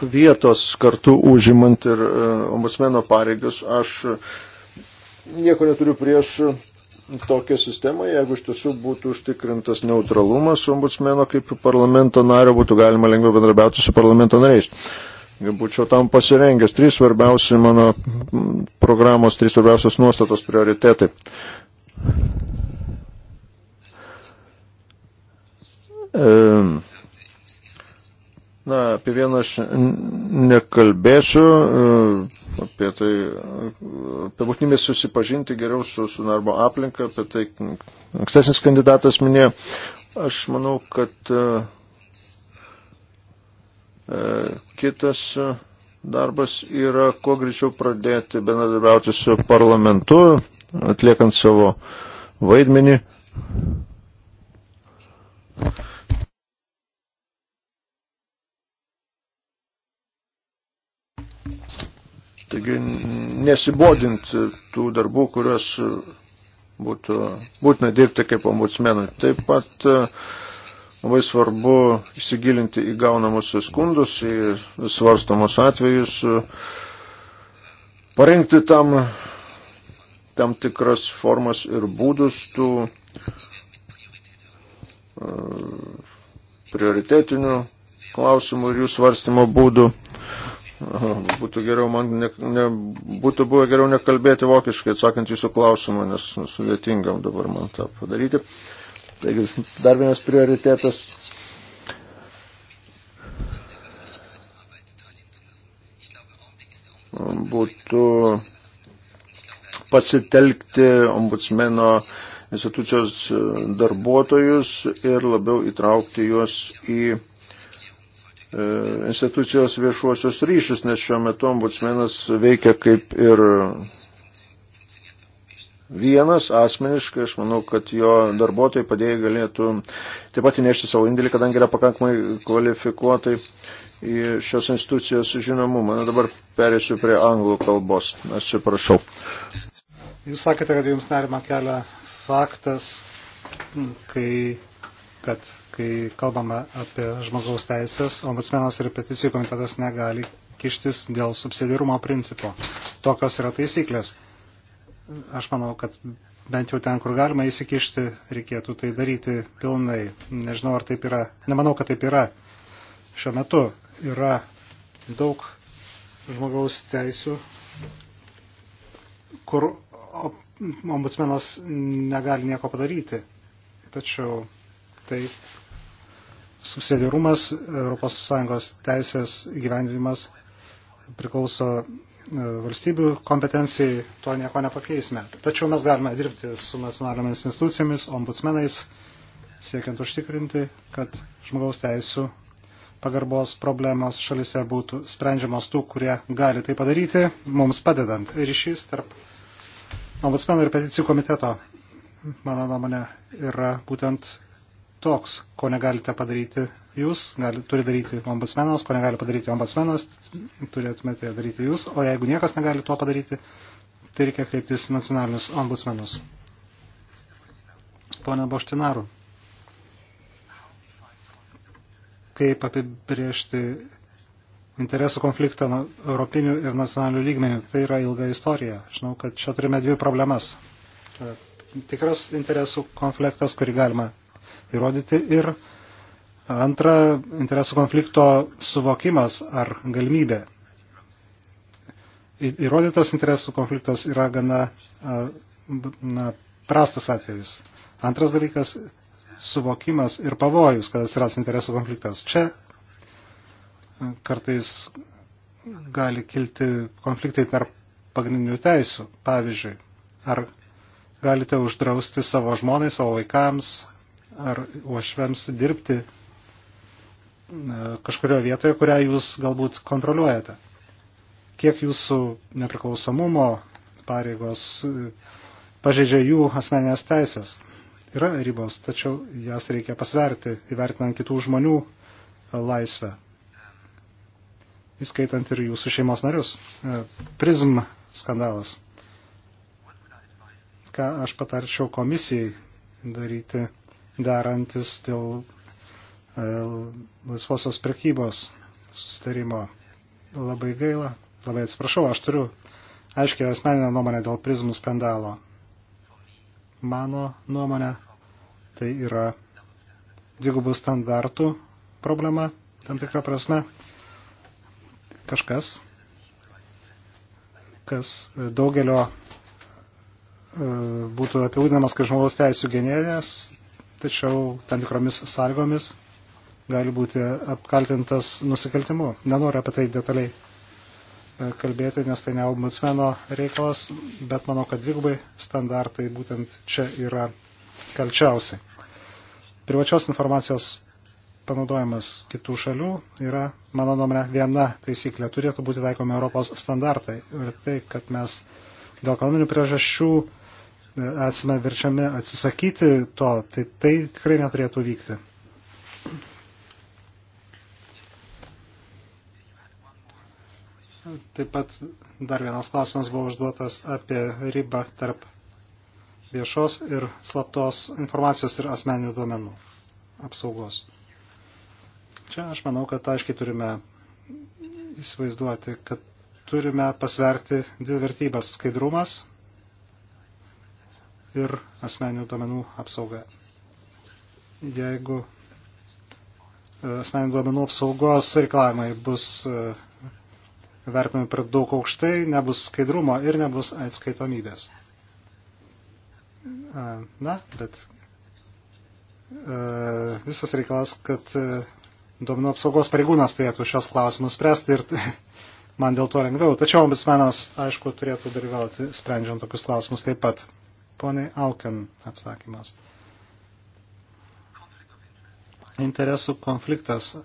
D: daug vietos kartu užimant ir e, ombudsmeno pareigas. Aš nieko neturiu prieš tokią sistemą, jeigu iš tiesų būtų užtikrintas neutralumas ombudsmeno kaip parlamento nario, būtų galima lengviau bendrabiauti su parlamento nariais. Būčiau tam pasirengęs. Trys svarbiausi mano programos, trys svarbiausios nuostatos prioritetai. E, Na, apie vieną aš nekalbėsiu, e, apie tai, apie būtinybę susipažinti geriau su, su darbo aplinka, apie tai ankstesnis kandidatas minėjo. Aš manau, kad e, e kitas darbas yra kuo greičiau pradėti bendradarbiauti su parlamentu, atliekant savo vaidmenį. Thank you. Taigi nesibodint tų darbų, kuriuos būtų būtina dirbti kaip ombudsmenui. Taip pat e, labai svarbu įsigilinti į gaunamus skundus, į svarstamus atvejus, parengti tam, tam tikras formas ir būdus tų e, prioritetinių klausimų ir jų svarstymo būdų. Būtų, geriau, man ne, ne, būtų buvę geriau nekalbėti vokiškai, atsakant jūsų klausimą, nes sudėtingam dabar man tą padaryti. Taigi, dar vienas prioritetas. Būtų pasitelkti ombudsmeno institucijos darbuotojus ir labiau įtraukti juos į E, institucijos viešuosius ryšius, nes šiuo metu ombudsmenas veikia kaip ir vienas asmeniškai, aš manau, kad jo darbuotojai padėjai galėtų taip pat įnešti savo indėlį, kadangi yra pakankamai kvalifikuotai į šios institucijos žinomumą. Na dabar perėsiu prie anglų kalbos, atsiprašau.
B: Jūs sakėte, kad jums nerima kelia faktas, kai, kad kai kalbame apie žmogaus teisės, ombudsmenas ir peticijų komitetas negali kištis dėl subsidiarumo principo. Tokios yra taisyklės. Aš manau, kad bent jau ten, kur galima įsikišti, reikėtų tai daryti pilnai. Nežinau, ar taip yra. Nemanau, kad taip yra. Šiuo metu yra daug žmogaus teisų, kur ombudsmenas negali nieko padaryti. Tačiau tai subsidiarumas, ES teisės įgyvendinimas priklauso e, valstybių kompetencijai, to nieko nepakeisime. Tačiau mes galime dirbti su nacionalinėmis institucijomis, ombudsmenais, siekiant užtikrinti, kad žmogaus teisų pagarbos problemos šalise būtų sprendžiamos tų, kurie gali tai padaryti, mums padedant. Ryšys tarp ombudsmeno ir peticijų komiteto, mano nuomonė, yra būtent toks, ko negalite padaryti jūs, gali, turi daryti ombudsmenas, ko negali padaryti ombudsmenas, turėtumėte daryti jūs, o jeigu niekas negali to padaryti, tai reikia kreiptis nacionalinius ombudsmenus. Pone Boštinaru, kaip apibriežti interesų konfliktą na, europinių ir nacionalinių lygmenių. Tai yra ilga istorija. Žinau, kad čia turime dvi problemas. Tikras interesų konfliktas, kurį galima įrodyti. Ir antra, interesų konflikto suvokimas ar galimybė. Įrodytas interesų konfliktas yra gana na, prastas atvejis. Antras dalykas - suvokimas ir pavojus, kad atsiras interesų konfliktas. Čia kartais gali kilti konfliktai tarp pagrindinių teisų. Pavyzdžiui, ar galite uždrausti savo žmonai, savo vaikams ar uošviams dirbti e, kažkurioje vietoje, kurią jūs galbūt kontroliuojate. Kiek jūsų nepriklausomumo pareigos e, pažeidžia jų asmeninės teisės. Yra ribos, tačiau jas reikia pasverti, įvertinant kitų žmonių e, laisvę, įskaitant ir jūsų šeimos narius. Prism skandalas. Ką aš patarčiau komisijai daryti darantis dėl e, laisvosios prekybos sustarimo. Labai gaila, labai atsiprašau, aš turiu aiškiai asmeninę nuomonę dėl prizmų skandalo. Mano nuomonė tai yra dvigubų standartų problema, tam tikrą prasme. Kažkas, kas daugelio e, būtų apibūdinamas kaip žmogaus teisų gynėjas, tačiau tam tikromis sąlygomis gali būti apkaltintas nusikaltimu. Nenoriu apie tai detaliai e, kalbėti, nes tai ne ombudsmeno reikalas, bet manau, kad dvigubai standartai būtent čia yra kalčiausi. Privačios informacijos panaudojimas kitų šalių yra, mano nuomonė, viena taisyklė. Turėtų būti taikomi Europos standartai. Ir tai, kad mes dėl ekonominių priežasčių esame verčiami atsisakyti to, tai tai tikrai neturėtų vykti. Taip pat dar vienas klausimas buvo užduotas apie ribą tarp viešos ir slaptos informacijos ir asmeninių duomenų apsaugos. Čia aš manau, kad aiškiai turime įsivaizduoti, kad turime pasverti dvi vertybės - skaidrumas ir asmeninių duomenų apsaugą. Jeigu e, asmeninių duomenų apsaugos reikalavimai bus e, vertinami per daug aukštai, nebus skaidrumo ir nebus atskaitomybės. E, na, bet visas reikalas, kad duomenų apsaugos pareigūnas turėtų šios klausimus spręsti ir man dėl to lengviau. Tačiau ombudsmenas, aišku, turėtų dalyvauti sprendžiant tokius klausimus taip pat. Pone Auken atsakymas. Interesų konfliktas e,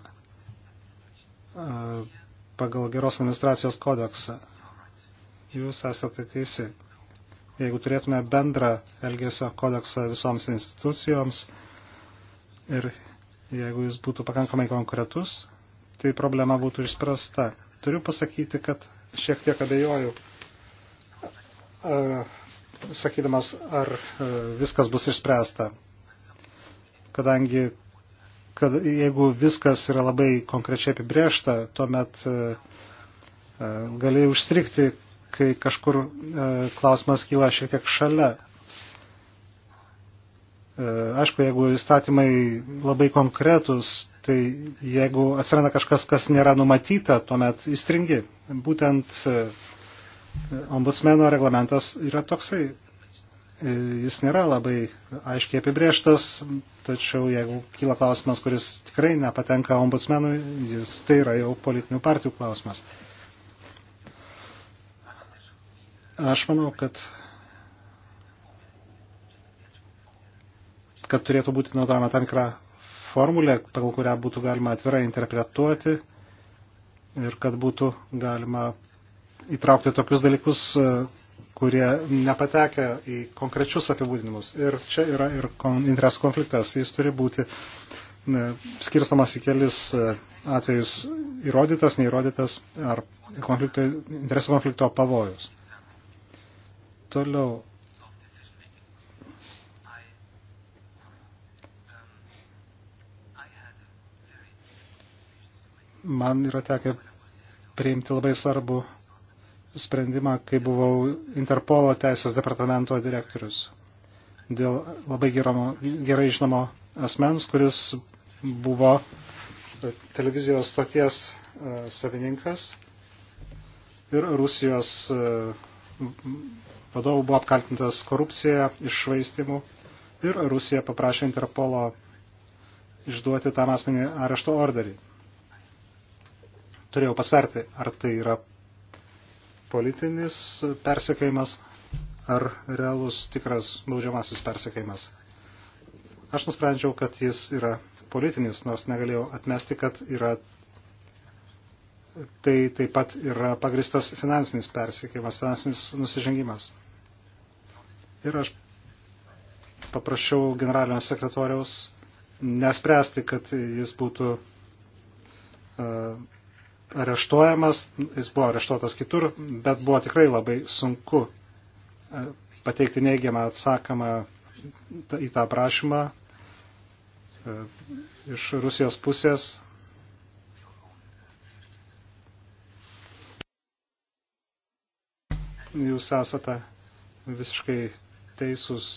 B: pagal geros administracijos kodeksą. Jūs esate teisi. Jeigu turėtume bendrą elgesio kodeksą visoms institucijoms ir jeigu jis būtų pakankamai konkretus, tai problema būtų išspręsta. Turiu pasakyti, kad šiek tiek abejoju, e, sakydamas, ar e, viskas bus išspręsta. Kadangi, kad jeigu viskas yra labai konkrečiai apibriešta, tuomet e, e, gali užstrikti, kai kažkur klausimas kyla šiek tiek šalia. Aišku, jeigu įstatymai labai konkretus, tai jeigu atsiranda kažkas, kas nėra numatyta, tuomet įstringi. Būtent ombudsmeno reglamentas yra toksai. E, jis nėra labai aiškiai apibrieštas, tačiau jeigu kyla klausimas, kuris tikrai nepatenka ombudsmenui, jis tai yra jau politinių partijų klausimas. Aš manau, kad, kad turėtų būti naudojama tam tikra formulė, pagal kurią būtų galima atvirai interpretuoti ir kad būtų galima įtraukti tokius dalykus, e, kurie nepatekia į konkrečius apibūdinimus. Ir čia yra ir interesų konfliktas. Jis turi būti e, skirstamas į kelis e, atvejus įrodytas, neįrodytas ar konflikto, interesų konflikto pavojus. Toliau. Man yra tekę priimti labai svarbu sprendimą, kai buvau Interpolo teisės departamento direktorius. Dėl labai geramo, gerai žinomo asmens, kuris buvo televizijos stoties e, savininkas ir Rusijos e, vadovų buvo apkaltintas korupcija, iššvaistimu ir Rusija paprašė Interpolo išduoti tam asmenį arešto orderį. Turėjau pasverti, ar tai yra politinis persekėjimas ar realus tikras baudžiamasis persekėjimas. Aš nusprendžiau, kad jis yra politinis, nors negalėjau atmesti, kad yra tai taip pat yra pagristas finansinis persiekėjimas, finansinis nusižengimas. Ir aš paprašiau generalinio sekretoriaus nespręsti, kad jis būtų uh, areštuojamas, jis buvo areštuotas kitur, bet buvo tikrai labai sunku e, pateikti neigiamą atsakamą į tą prašymą e, iš Rusijos pusės. Jūs esate visiškai teisūs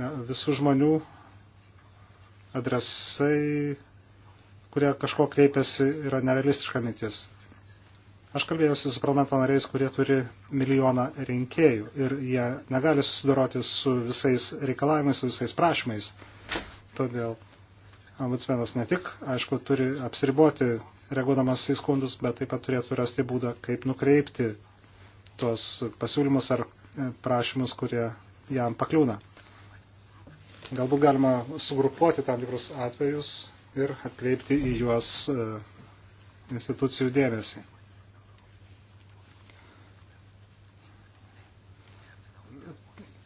B: e, visų žmonių adresai kurie kažko kreipiasi, yra nerealistiška mintis. Aš kalbėjausi su parlamento nariais, kurie turi milijoną rinkėjų ir jie negali susidoroti su visais reikalavimais, su visais prašymais. Todėl ombudsmenas ne tik, aišku, turi apsiriboti reaguodamas į skundus, bet taip pat turėtų rasti būdą, kaip nukreipti tuos pasiūlymus ar e, prašymus, kurie jam pakliūna. Galbūt galima sugrupuoti tam tikrus atvejus ir atkreipti į juos e, institucijų dėmesį.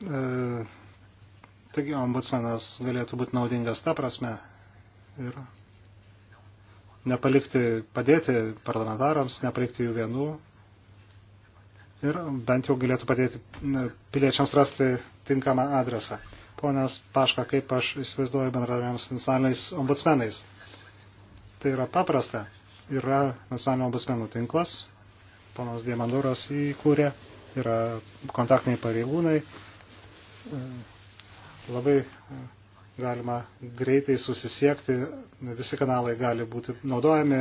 B: E, taigi ombudsmenas galėtų būti naudingas ta prasme ir nepalikti, padėti parlamentarams, nepalikti jų vienų ir bent jau galėtų padėti piliečiams rasti tinkamą adresą ponas Paška, kaip aš įsivaizduoju bendravimams su nacionaliniais ombudsmenais. Tai yra paprasta. Yra nacionalinio ombudsmenų tinklas, ponas Diemanduras įkūrė, yra kontaktiniai pareigūnai. Labai galima greitai susisiekti, visi kanalai gali būti naudojami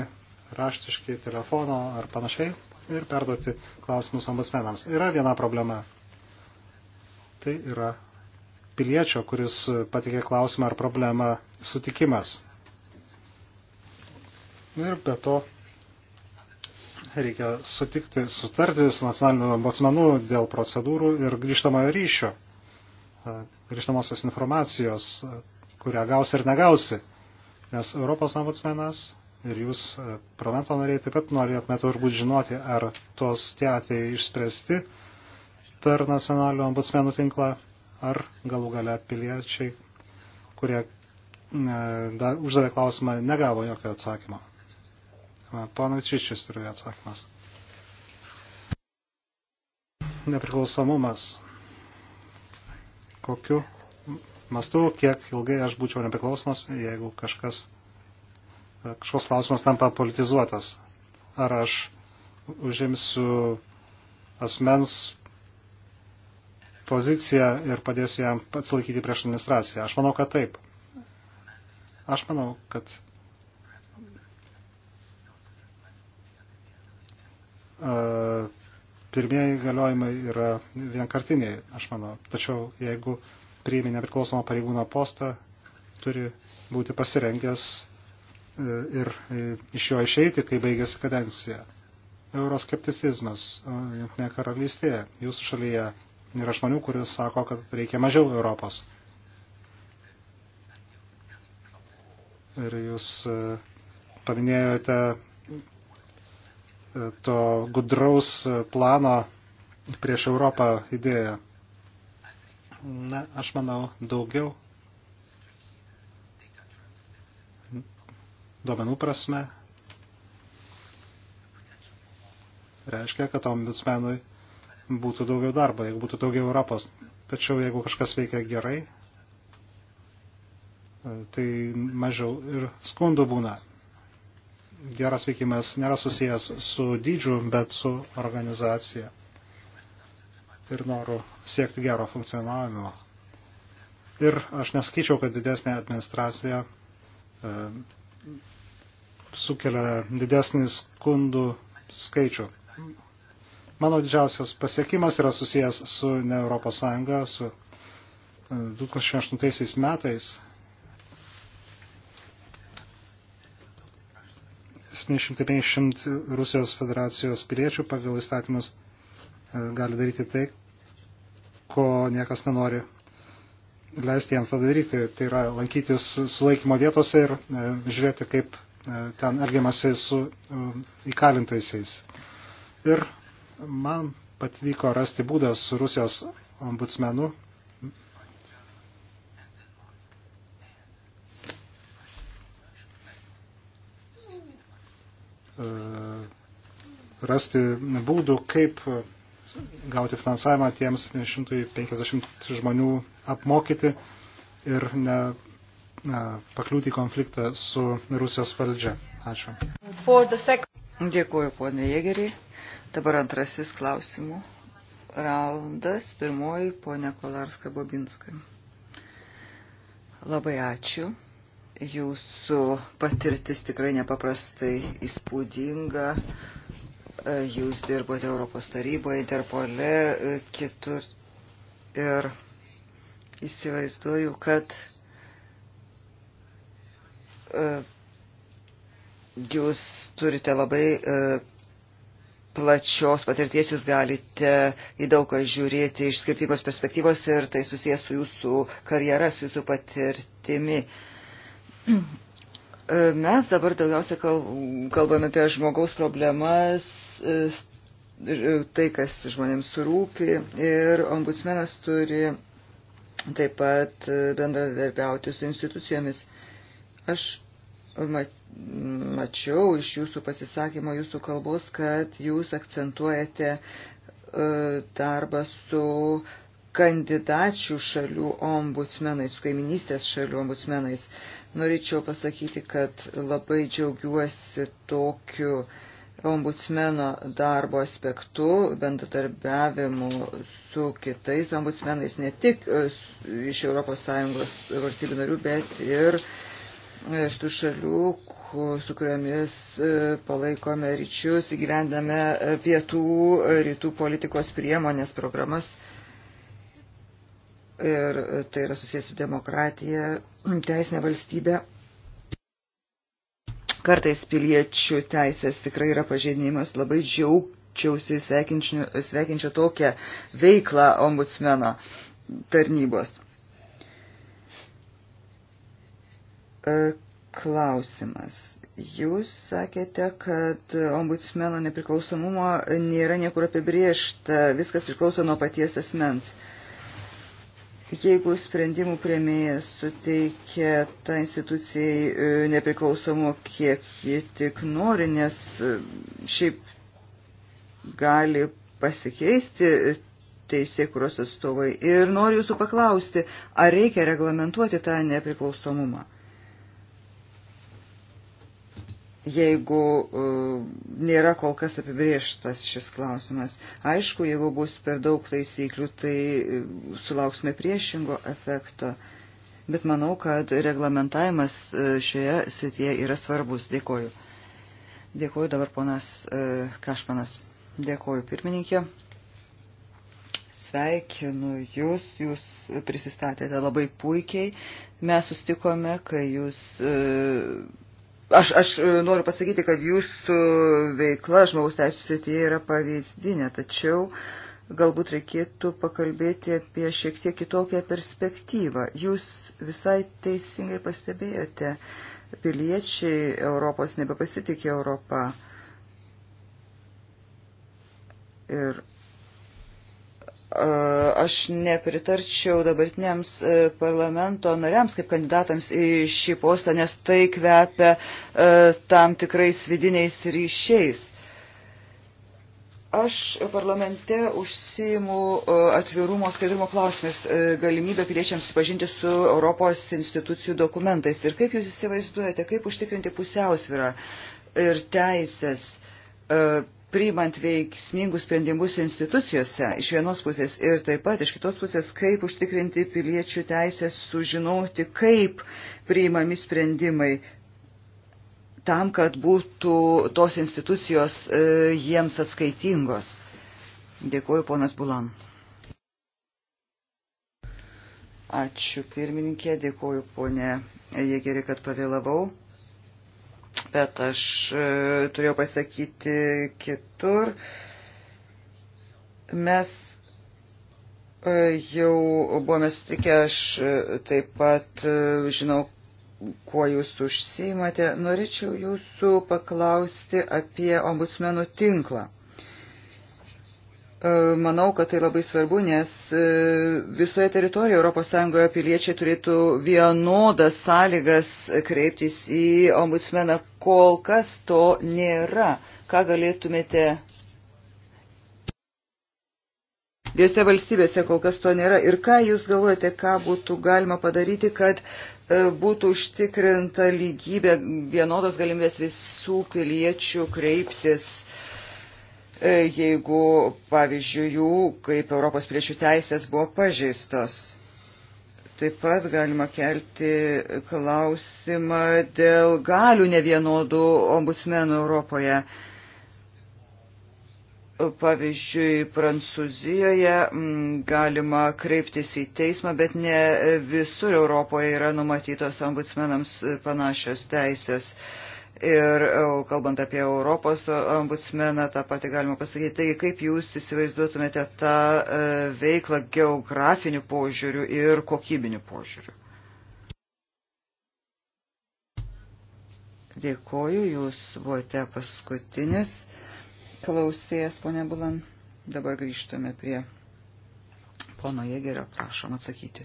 B: raštiškai, telefono ar panašiai ir perduoti klausimus ombudsmenams. Yra viena problema. Tai yra piliečio, kuris patikė klausimą ar problemą sutikimas. Ir be to reikia sutikti, sutarti su nacionaliniu ombudsmenu dėl procedūrų ir grįžtamojo ryšio, grįžtamosios informacijos, kurią gausi ir negausi. Nes Europos ombudsmenas ir jūs, parlamento nariai, taip pat norėtumėte turbūt žinoti, ar tos tie atvejai išspręsti per nacionalinio ombudsmenų tinklą ar galų gale piliečiai, kurie e, da, uždavė klausimą, negavo jokio atsakymo. E, Pono Čičius yra atsakymas. Nepriklausomumas. Kokiu mastu, kiek ilgai aš būčiau nepriklausomas, jeigu kažkas, e, kažkoks klausimas tampa politizuotas. Ar aš užimsiu asmens poziciją ir padėsiu jam atsilaikyti prieš administraciją. Aš manau, kad taip. Aš manau, kad uh, pirmieji galiojimai yra vienkartiniai, aš manau. Tačiau jeigu priimi nepriklausomą pareigūną postą, turi būti pasirengęs e, ir e, iš jo išeiti, kai baigėsi kadencija. Euroskepticizmas Junktinėje karalystėje, jūsų šalyje Yra žmonių, kuris sako, kad reikia mažiau Europos. Ir jūs e, paminėjote e, to gudraus e, plano prieš Europą idėją. Na, aš manau, daugiau duomenų prasme reiškia, kad ombudsmenui būtų daugiau darbo, jeigu būtų daugiau Europos. Tačiau jeigu kažkas veikia gerai, e, tai mažiau ir skundų būna. Geras veikimas nėra susijęs su dydžiu, bet su organizacija ir noru siekti gero funkcionavimo. Ir aš neskaičiau, kad didesnė administracija e, sukelia didesnį skundų skaičių. Mano didžiausias pasiekimas yra susijęs su ne Europos Sąjunga, su 2008 e, metais 750 Rusijos federacijos piliečių pagal įstatymus e, gali daryti tai, ko niekas nenori leisti jiems tą daryti. Tai yra lankytis sulaikymo vietose ir e, žiūrėti, kaip ten elgiamasi su įkalintaisiais. Ir Man patvyko rasti būdą su Rusijos ombudsmenu. E, rasti būdų, kaip gauti finansavimą tiems 150 žmonių apmokyti ir ne, ne, pakliūti į konfliktą su Rusijos valdžia. Ačiū.
A: Dėkuoju, ponė Jėgeriai. Dabar antrasis klausimų raundas. Pirmoji ponia Kolarska Bobinska. Labai ačiū. Jūsų patirtis tikrai nepaprastai įspūdinga. Jūs dirbote Europos taryboje, Interpole, kitur. Ir įsivaizduoju, kad e, jūs turite labai e, plačios patirties jūs galite į daugą žiūrėti iš skirtingos perspektyvos ir tai susijęs su jūsų karjera, su jūsų patirtimi. Mes dabar daugiausia kalbame apie žmogaus problemas, tai, kas žmonėms rūpi ir ombudsmenas turi taip pat bendradarbiauti su institucijomis. Aš mačiau iš jūsų pasisakymo, jūsų kalbos, kad jūs akcentuojate e, darbą su kandidačių šalių ombudsmenais, su kaiminystės šalių ombudsmenais. Norėčiau pasakyti, kad labai džiaugiuosi tokiu ombudsmeno darbo aspektu, bendradarbiavimu su kitais ombudsmenais, ne tik e, iš ES valstybių narių, bet ir uh, iš tų šalių, su kuriomis e, palaikome ryčius, įgyvendame e, pietų, e, rytų politikos priemonės programas. Ir tai yra susijęs su demokratija, teisinė valstybė. Kartais piliečių teisės tikrai yra pažeidimas. Labai džiaugčiausi sveikinčio tokią veiklą ombudsmeno tarnybos. E, klausimas. Jūs sakėte, kad ombudsmeno nepriklausomumo nėra niekur apibriešta, viskas priklauso nuo paties asmens. Jeigu sprendimų prieimėjas suteikia tą institucijai e, nepriklausomo, kiek ji tik nori, nes e, šiaip gali pasikeisti teisėkuros atstovai. Ir noriu jūsų paklausti, ar reikia reglamentuoti tą nepriklausomumą? jeigu e, nėra kol kas apibrieštas šis klausimas. Aišku, jeigu bus per daug taisyklių, tai e, sulauksime priešingo efekto. Bet manau, kad reglamentavimas e, šioje srityje yra svarbus. Dėkoju. Dėkoju dabar ponas Kašpanas. Dėkoju pirmininkė. Sveikinu jūs, jūs prisistatėte labai puikiai. Mes sustikome, kai jūs Aš, aš e, noriu pasakyti, kad jūsų veikla žmogaus teisų srityje yra pavyzdinė, tačiau galbūt reikėtų pakalbėti apie šiek tiek kitokią perspektyvą. Jūs visai teisingai pastebėjote, piliečiai Europos nebepasitikė Europą. Ir Aš nepritarčiau dabartiniams e, parlamento nariams kaip kandidatams į šį postą, nes tai kvepia e, tam tikrais vidiniais ryšiais. Aš parlamente užsijimu e, atvirumo skaidrimo klausimais galimybę piliečiams susipažinti su Europos institucijų dokumentais. Ir kaip jūs įsivaizduojate, kaip užtikrinti pusiausvyrą ir teisės priimant veiksmingus sprendimus institucijose iš vienos pusės ir taip pat iš kitos pusės, kaip užtikrinti piliečių teisės sužinoti, kaip priimami sprendimai tam, kad būtų tos institucijos e, jiems atskaitingos. Dėkuoju, ponas Bulan. Ačiū pirmininkė, dėkuoju ponė Jėgeri, kad pavėlavau bet aš e, turėjau pasakyti kitur. Mes e, jau buvome sutikę, aš e, taip pat žinau, kuo jūs užsiimate. Norėčiau jūsų paklausti apie ombudsmenų tinklą. E, manau, kad tai labai svarbu, nes e, visoje teritorijoje ES piliečiai turėtų vienodas sąlygas kreiptis į ombudsmeną. Kol kas to nėra. Ką galėtumėte. Visose valstybėse kol kas to nėra. Ir ką jūs galvojate, ką būtų galima padaryti, kad e, būtų užtikrinta lygybė, vienodos galimybės visų piliečių kreiptis uh, E, jeigu, pavyzdžiui, jų kaip Europos piliečių teisės buvo pažeistos. Taip pat galima kelti klausimą dėl galių nevienodų ombudsmenų Europoje. Pavyzdžiui, Prancūzijoje galima kreiptis į teismą, bet ne visur Europoje yra numatytos ombudsmenams panašios teisės. Ir e, kalbant apie Europos ombudsmeną, tą patį galima pasakyti. Taigi, kaip jūs įsivaizduotumėte tą e, veiklą geografiniu požiūriu ir kokybiniu požiūriu? Dėkoju, jūs buvote paskutinis klausėjas, ponė Bulan. Dabar grįžtame prie pono Jėgerio, prašom atsakyti.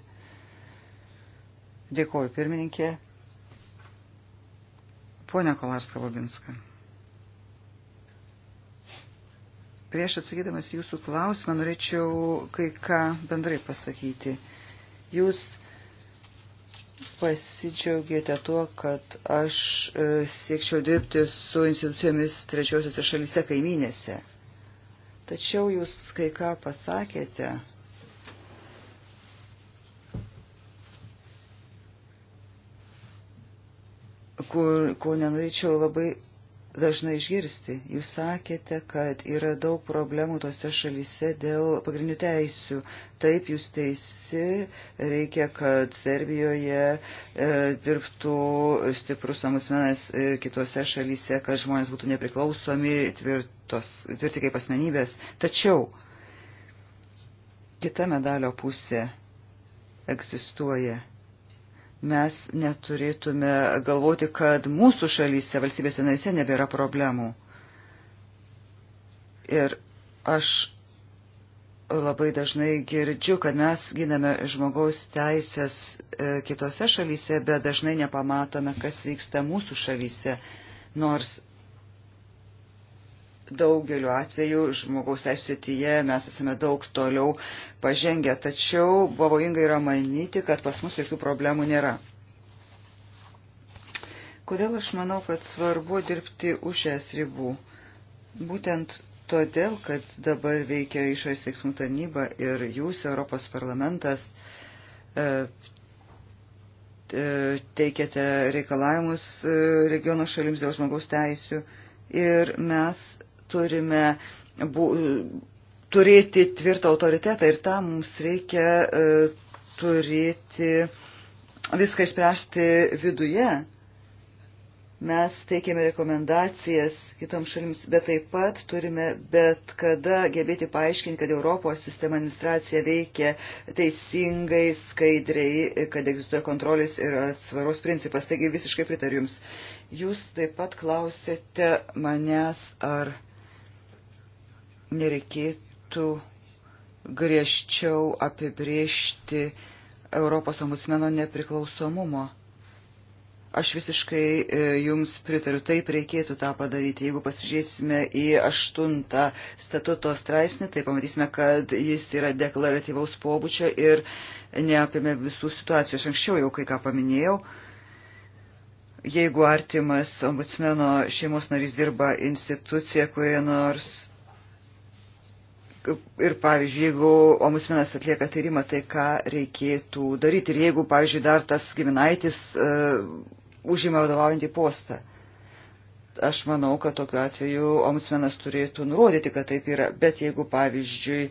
A: Dėkoju, pirmininkė. Pone Kolarska Bobinska. Prieš atsakydamas jūsų klausimą norėčiau kai ką bendrai pasakyti. Jūs pasidžiaugėte tuo, kad aš e, siekčiau dirbti su institucijomis trečiosiuose šalyse kaiminėse. Tačiau jūs kai ką pasakėte, kur, ko nenorėčiau labai dažnai išgirsti. Jūs sakėte, kad yra daug problemų tose šalyse dėl pagrindinių teisių. Taip, jūs teisi, reikia, kad Serbijoje e, dirbtų stiprus amusmenas e, kitose šalyse, kad žmonės būtų nepriklausomi, tvirtos, tvirti kaip asmenybės. Tačiau kita medalio pusė egzistuoja mes neturėtume galvoti, kad mūsų šalyse, valstybėse narise nebėra problemų. Ir aš labai dažnai girdžiu, kad mes giname žmogaus teisės e, kitose šalyse, bet dažnai nepamatome, kas vyksta mūsų šalyse, nors daugeliu atveju žmogaus teisų srityje mes esame daug toliau pažengę, tačiau pavojinga yra manyti, kad pas mus jokių problemų nėra. Kodėl aš manau, kad svarbu dirbti už šias ribų? Būtent todėl, kad dabar veikia išorės veiksmų tarnyba ir jūs, Europos parlamentas, e, e, teikiate reikalavimus e, regiono šalims dėl žmogaus teisių ir mes turime bu, turėti tvirtą autoritetą ir tam mums reikia e, turėti viską išspręsti viduje. Mes teikėme rekomendacijas kitoms šalims, bet taip pat turime bet kada gebėti paaiškinti, kad Europos sistema administracija veikia teisingai, skaidriai, kad egzistuoja kontrolės ir atsvaros principas. Taigi visiškai pritariu Jums. Jūs taip pat klausėte manęs, ar nereikėtų griežčiau apibriežti Europos ombudsmeno nepriklausomumo. Aš visiškai e, jums pritariu, taip reikėtų tą padaryti. Jeigu pasižiūrėsime į aštuntą statuto straipsnį, tai pamatysime, kad jis yra deklaratyvaus pobūdžio ir neapėmė visų situacijų. Aš anksčiau jau kai ką paminėjau. Jeigu artimas ombudsmeno šeimos narys dirba institucija, kurioje nors ir, pavyzdžiui, jeigu omusmenas atlieka tyrimą, tai ką reikėtų daryti ir jeigu, pavyzdžiui, dar tas giminaitis uh, užima vadovaujantį postą. Aš manau, kad tokiu atveju ombudsmenas turėtų nurodyti, kad taip yra, bet jeigu, pavyzdžiui,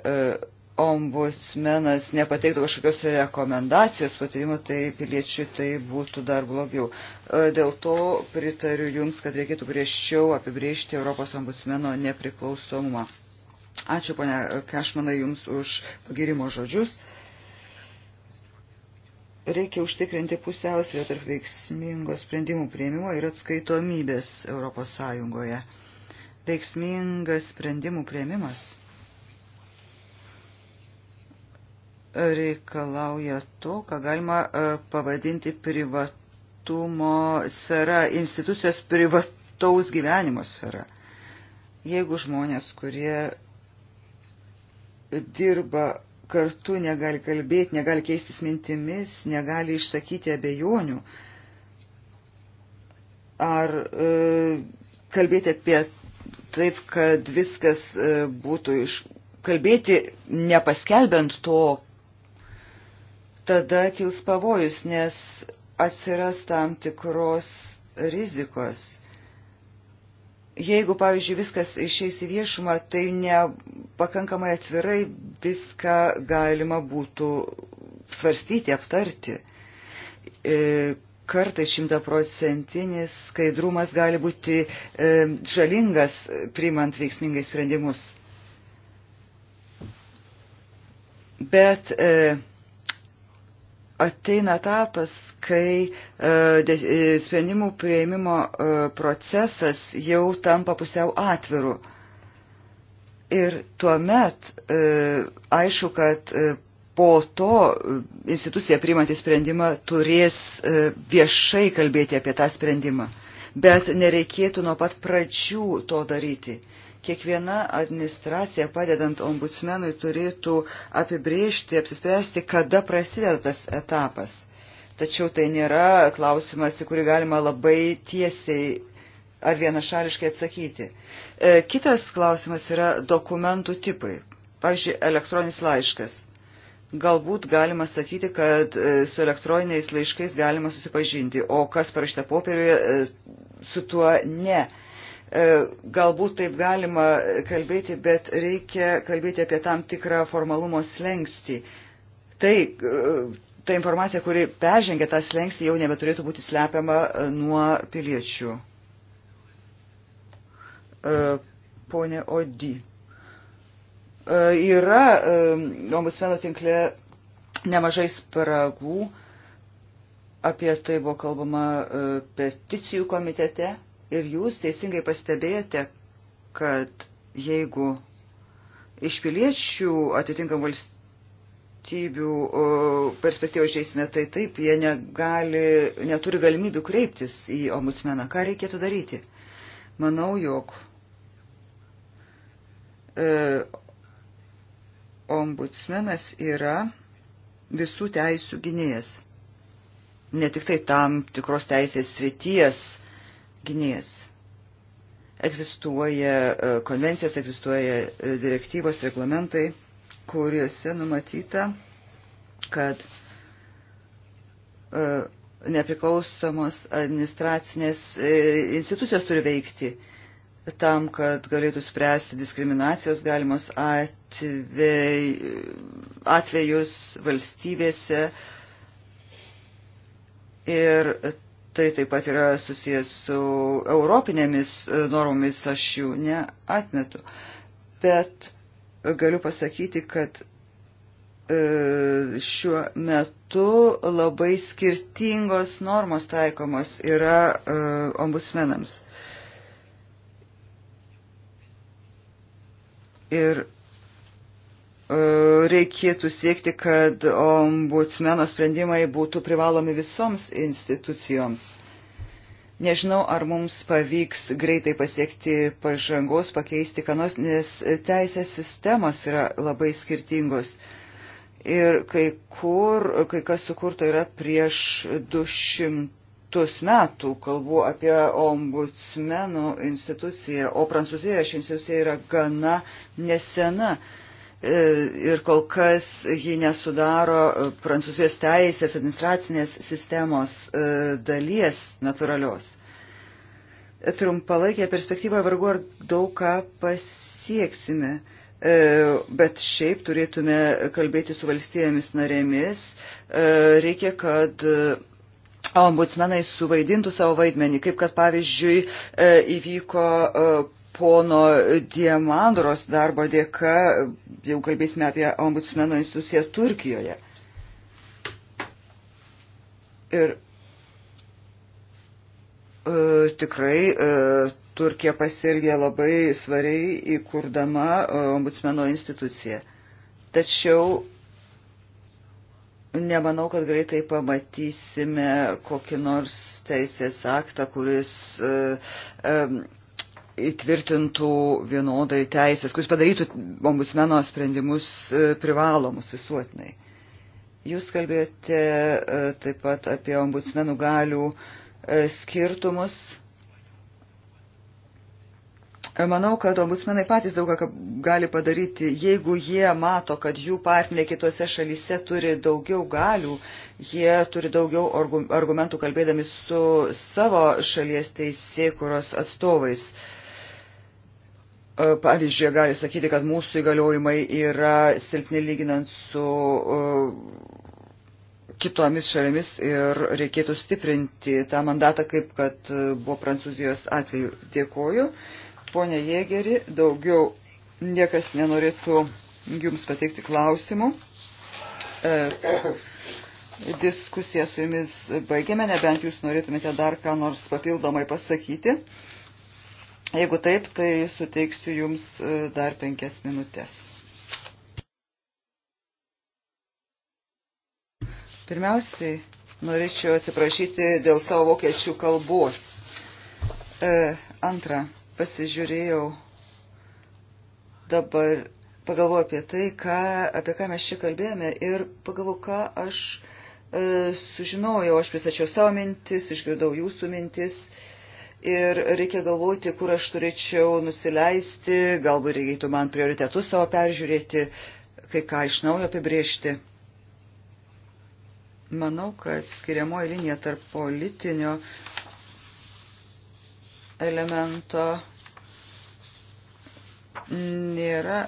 A: uh, ombudsmenas nepateiktų kažkokios rekomendacijos patarimo, tai piliečiui tai būtų dar blogiau. E, dėl to pritariu Jums, kad reikėtų griežčiau apibriežti Europos ombudsmeno nepriklausomumą. Ačiū, ponia Kešmanai, Jums už pagirimo žodžius. Reikia užtikrinti pusiausvę tarp veiksmingo sprendimų prieimimo ir atskaitomybės Europos Sąjungoje. Veiksmingas sprendimų prieimimas reikalauja to, ką galima e, pavadinti privatumo sfera, institucijos privataus gyvenimo sfera. Jeigu žmonės, kurie dirba kartu, negali kalbėti, negali keistis mintimis, negali išsakyti abejonių. Ar e, kalbėti apie taip, kad viskas e, būtų iš. kalbėti nepaskelbent to, tada kils pavojus, nes atsiras tam tikros rizikos jeigu, pavyzdžiui, viskas išeis į viešumą, tai nepakankamai atvirai viską galima būtų svarstyti, aptarti. E, kartais šimtaprocentinis skaidrumas gali būti e, žalingas, priimant veiksmingai sprendimus. Bet e, ateina etapas, kai e, e, sprendimų prieimimo e, procesas jau tampa pusiau atviru. Ir tuomet aišku, kad po to institucija priimantį sprendimą turės viešai kalbėti apie tą sprendimą. Bet nereikėtų nuo pat pradžių to daryti. Kiekviena administracija, padedant ombudsmenui, turėtų apibriežti, apsispręsti, kada prasideda tas etapas. Tačiau tai nėra klausimas, į kurį galima labai tiesiai ar vienašališkai atsakyti. E, kitas klausimas yra dokumentų tipai. Pavyzdžiui, elektroninis laiškas. Galbūt galima sakyti, kad e, su elektroniniais laiškais galima susipažinti, o kas parašyta popieriuje, e, su tuo ne. E, galbūt taip galima kalbėti, bet reikia kalbėti apie tam tikrą formalumo slengstį. Tai e, ta informacija, kuri peržengia tą slengstį, jau nebeturėtų būti slepiama e, nuo piliečių. Pone Odi. Yra ombudsmeno tinkle nemažai spragų. Apie tai buvo kalbama peticijų komitete. Ir jūs teisingai pastebėjote, kad jeigu iš piliečių atitinkam valstybių perspektyvos žiaisime, tai taip, jie negali, neturi galimybių kreiptis į ombudsmeną. Ką reikėtų daryti? Manau, jog e, ombudsmenas yra visų teisų gynėjas. Ne tik tai tam tikros teisės srities gynėjas. Egzistuoja e, konvencijos, egzistuoja e, direktyvos, reglamentai, kuriuose numatyta, kad e, nepriklausomos administracinės institucijos turi veikti tam, kad galėtų spręsti diskriminacijos galimos atvej, atvejus valstybėse. Ir Tai taip pat yra susijęs su europinėmis e, normomis, aš jų neatmetu. Bet galiu pasakyti, kad e, šiuo metu labai skirtingos normos taikomos yra e, ombudsmenams. Ir E, reikėtų siekti, kad ombudsmeno sprendimai būtų privalomi visoms institucijoms. Nežinau, ar mums pavyks greitai pasiekti pažangos, pakeisti kanos, nes teisės sistemos yra labai skirtingos. Ir kai, kur, kai kas sukurta yra prieš 200 metų, kalbu apie ombudsmenų instituciją, o Prancūzijoje ši institucija yra gana nesena. Uh, E, ir kol kas ji nesudaro prancūzijos teisės administracinės sistemos e, dalies natūralios. Trumpalaikėje perspektyvoje vargu ar daug ką pasieksime e, bet šiaip turėtume kalbėti su valstybėmis narėmis. Reikia, kad ombudsmenai suvaidintų savo vaidmenį, kaip kad pavyzdžiui įvyko pono Diamandros darbo dėka, jau kalbėsime apie ombudsmeno instituciją Turkijoje. Ir e, tikrai e, Turkija pasirgė labai svariai įkurdama e, ombudsmeno instituciją. Tačiau nemanau, kad greitai pamatysime kokį nors teisės aktą, kuris e, e, įtvirtintų vienodai teisės, kuris padarytų ombudsmeno sprendimus e, privalomus visuotinai. Jūs kalbėjote e, taip pat apie ombudsmenų galių e, skirtumus. Manau, kad ombudsmenai patys daug ką gali padaryti, jeigu jie mato, kad jų partneriai kitose šalyse turi daugiau galių, jie turi daugiau argumentų kalbėdami su savo šalies teisėkuros atstovais. Uh, E, pavyzdžiui, gali sakyti, kad mūsų įgaliojimai yra silpni lyginant su e, kitomis šalimis ir reikėtų stiprinti tą mandatą, kaip kad e, buvo Prancūzijos atveju. Dėkoju. Pone Jėgeri, daugiau niekas nenorėtų jums pateikti klausimų. Diskusiją su jumis baigėme, nebent jūs norėtumėte dar ką nors papildomai pasakyti. Jeigu taip, tai suteiksiu Jums e, dar penkias minutės. Pirmiausiai norėčiau atsiprašyti dėl savo vokiečių kalbos. E, antra, pasižiūrėjau dabar, pagalvoju apie tai, ką, apie ką mes čia kalbėjome ir pagalvoju, ką aš e, sužinojau. Aš pristačiau savo mintis, išgirdau jūsų mintis. E, ir reikia galvoti, kur aš turėčiau nusileisti, galbūt reikėtų man prioritetus savo peržiūrėti, kai ką iš naujo apibriežti. Manau, kad skiriamoji linija tarp politinio elemento nėra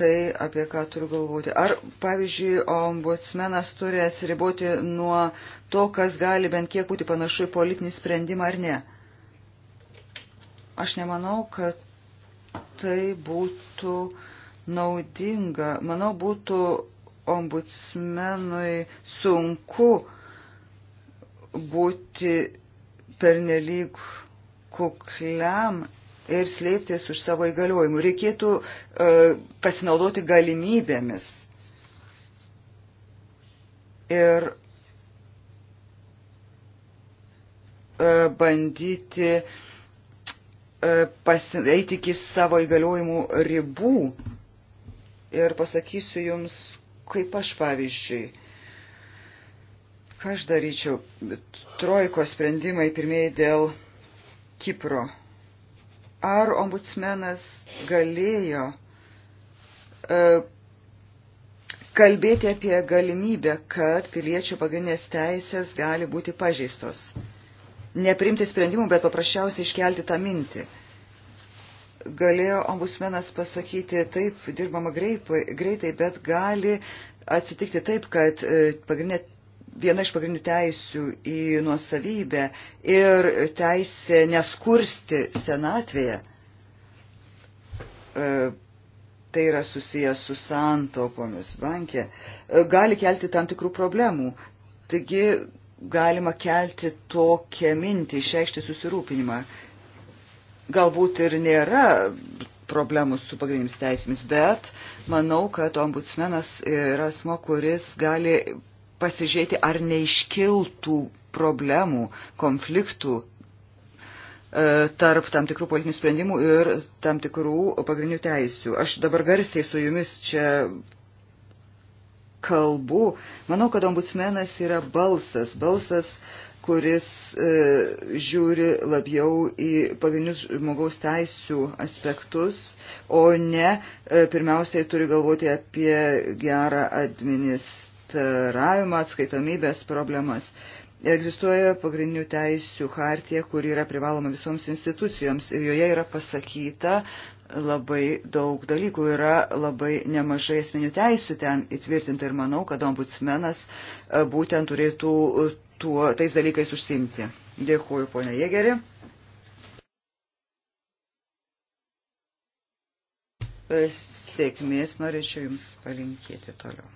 A: tai, apie ką turiu galvoti. Ar, pavyzdžiui, ombudsmenas turi atsiriboti nuo to, kas gali bent kiek būti panašu į politinį sprendimą ar ne? Aš nemanau, kad tai būtų naudinga. Manau, būtų ombudsmenui sunku būti pernelyg kukliam ir slėptis už savo įgaliojimų. Reikėtų uh, pasinaudoti galimybėmis. Ir uh, bandyti uh, eiti iki savo įgaliojimų ribų. Ir pasakysiu jums, kaip aš pavyzdžiui, ką aš daryčiau. Trojko sprendimai pirmieji dėl Kipro. Ar ombudsmenas galėjo e, kalbėti apie galimybę, kad piliečių pagrindinės teisės gali būti pažeistos? neprimti sprendimų, bet paprasčiausiai iškelti tą mintį. Galėjo ombusmenas pasakyti, taip, dirbama greitai, bet gali atsitikti taip, kad e, pagrindinė viena iš pagrindinių teisių į nuosavybę ir teisė neskursti senatvėje. E, tai yra susijęs su santopomis bankė, e, gali kelti tam tikrų problemų. Taigi galima kelti tokią mintį, išreikšti susirūpinimą. Galbūt ir nėra problemų su pagrindinėmis teisėmis, bet manau, kad ombudsmenas yra asmo, kuris gali pasižiūrėti, ar neiškiltų problemų, konfliktų e, tarp tam tikrų politinių sprendimų ir tam tikrų pagrindinių teisių. Aš dabar garsiai su jumis čia kalbų. Manau, kad ombudsmenas yra balsas, balsas, kuris e, žiūri labiau į pagrindinius žmogaus teisų aspektus, o ne e, pirmiausiai turi galvoti apie gerą administravimą, atskaitomybės problemas. Egzistuoja pagrindinių teisių hartija, kur yra privaloma visoms institucijoms ir joje yra pasakyta, labai daug dalykų, yra labai nemažai esminių teisių ten įtvirtinta ir manau, kad ombudsmenas e, būtent turėtų e, tuo, tais dalykais užsimti. Dėkuoju, ponia Jėgeri. E, sėkmės norėčiau Jums palinkėti toliau.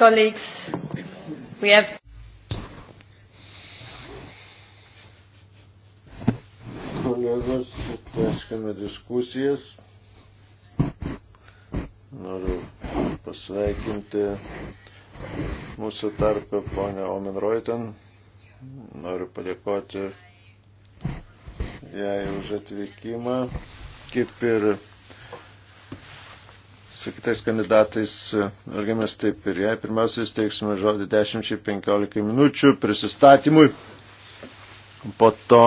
C: colleagues, we have.
D: Kolegos, tęskime diskusijas. Noriu pasveikinti mūsų tarpę ponę Omen Reuten. Noriu padėkoti jai už atvykimą. Kaip ir su kitais kandidatais elgiamės taip ir jai. Pirmiausia, steiksime žodį 10-15 minučių prisistatymui. Po to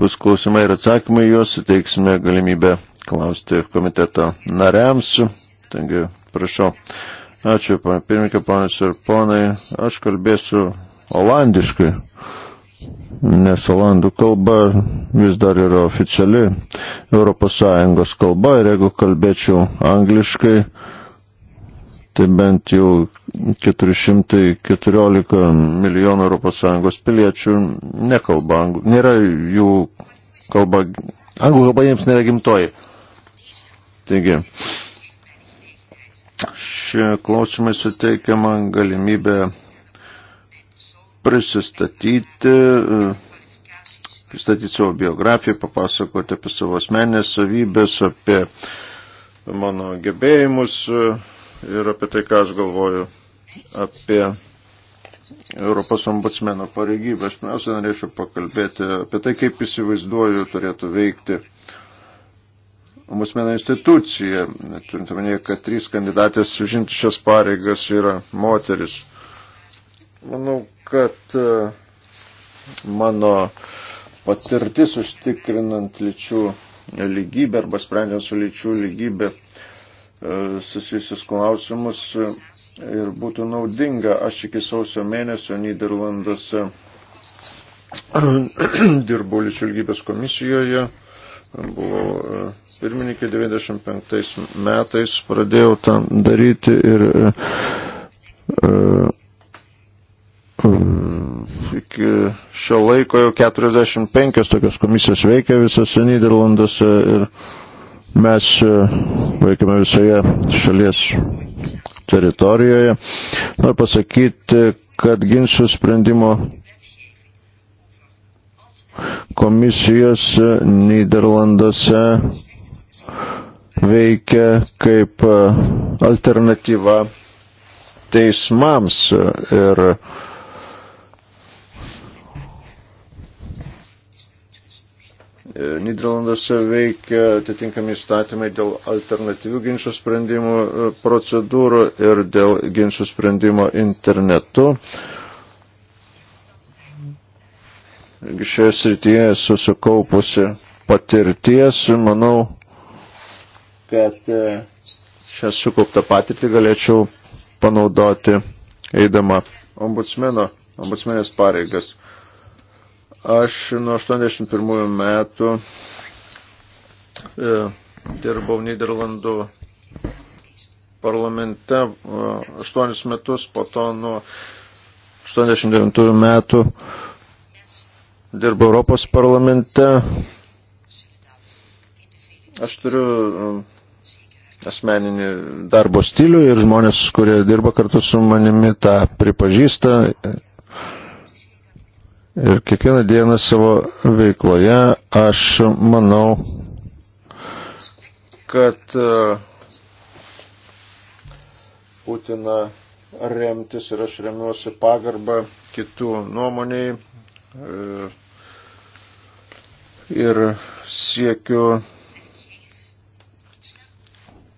D: bus klausimai ir atsakymai, juos suteiksime galimybę klausti komiteto nariams. Taigi, prašau. Ačiū, pirmininkė, ponas ir ponai. Aš kalbėsiu olandiškai nes olandų kalba vis dar yra oficiali ES kalba ir jeigu kalbėčiau angliškai, tai bent jau 414 milijonų ES piliečių nekalba anglų, nėra jų kalba, anglų kalba jiems nėra gimtoji. Taigi, šie klausimai suteikia man galimybę prisistatyti, e, pristatyti savo biografiją, papasakoti apie savo asmenės savybės, apie mano gebėjimus e, ir apie tai, ką aš galvoju apie Europos ombudsmeno pareigybę. Aš pirmiausia norėčiau pakalbėti apie tai, kaip įsivaizduoju turėtų veikti ombudsmeno institucija. Turint omenyje, kad trys kandidatės užimti šias pareigas yra moteris. Manau, kad e, mano patirtis užtikrinant lyčių lygybę arba sprendžiant su lyčių lygybė e, susijusius klausimus e, ir būtų naudinga. Aš iki sausio mėnesio Niderlanduose dirbau lyčių lygybės komisijoje, buvau pirmininkė 95 metais, pradėjau tam daryti ir Mm, iki šio laiko jau 45 tokios komisijos veikia visose Niderlanduose ir mes e, veikiame visoje šalies teritorijoje. Noriu pasakyti, kad ginčių sprendimo komisijos e, Niderlanduose veikia kaip e, alternatyva teismams ir Niderlanduose veikia atitinkami įstatymai dėl alternatyvių ginčių sprendimų e, procedūrų ir dėl ginčių sprendimo internetu. Šioje srityje susikaupusi patirties, manau, kad e, šią sukauptą patirtį galėčiau panaudoti eidama ombudsmeno, ombudsmenės pareigas. Aš nuo 81 metų e, dirbau Niderlandų parlamente 8 e, metus, po to nuo 89 metų dirbu Europos parlamente. Aš turiu e, asmeninį darbo stilių ir žmonės, kurie dirba kartu su manimi, tą pripažįsta Ir kiekvieną dieną savo veikloje aš manau, kad Putina e, remtis ir aš remiuosi pagarbą kitų nuomoniai e, ir siekiu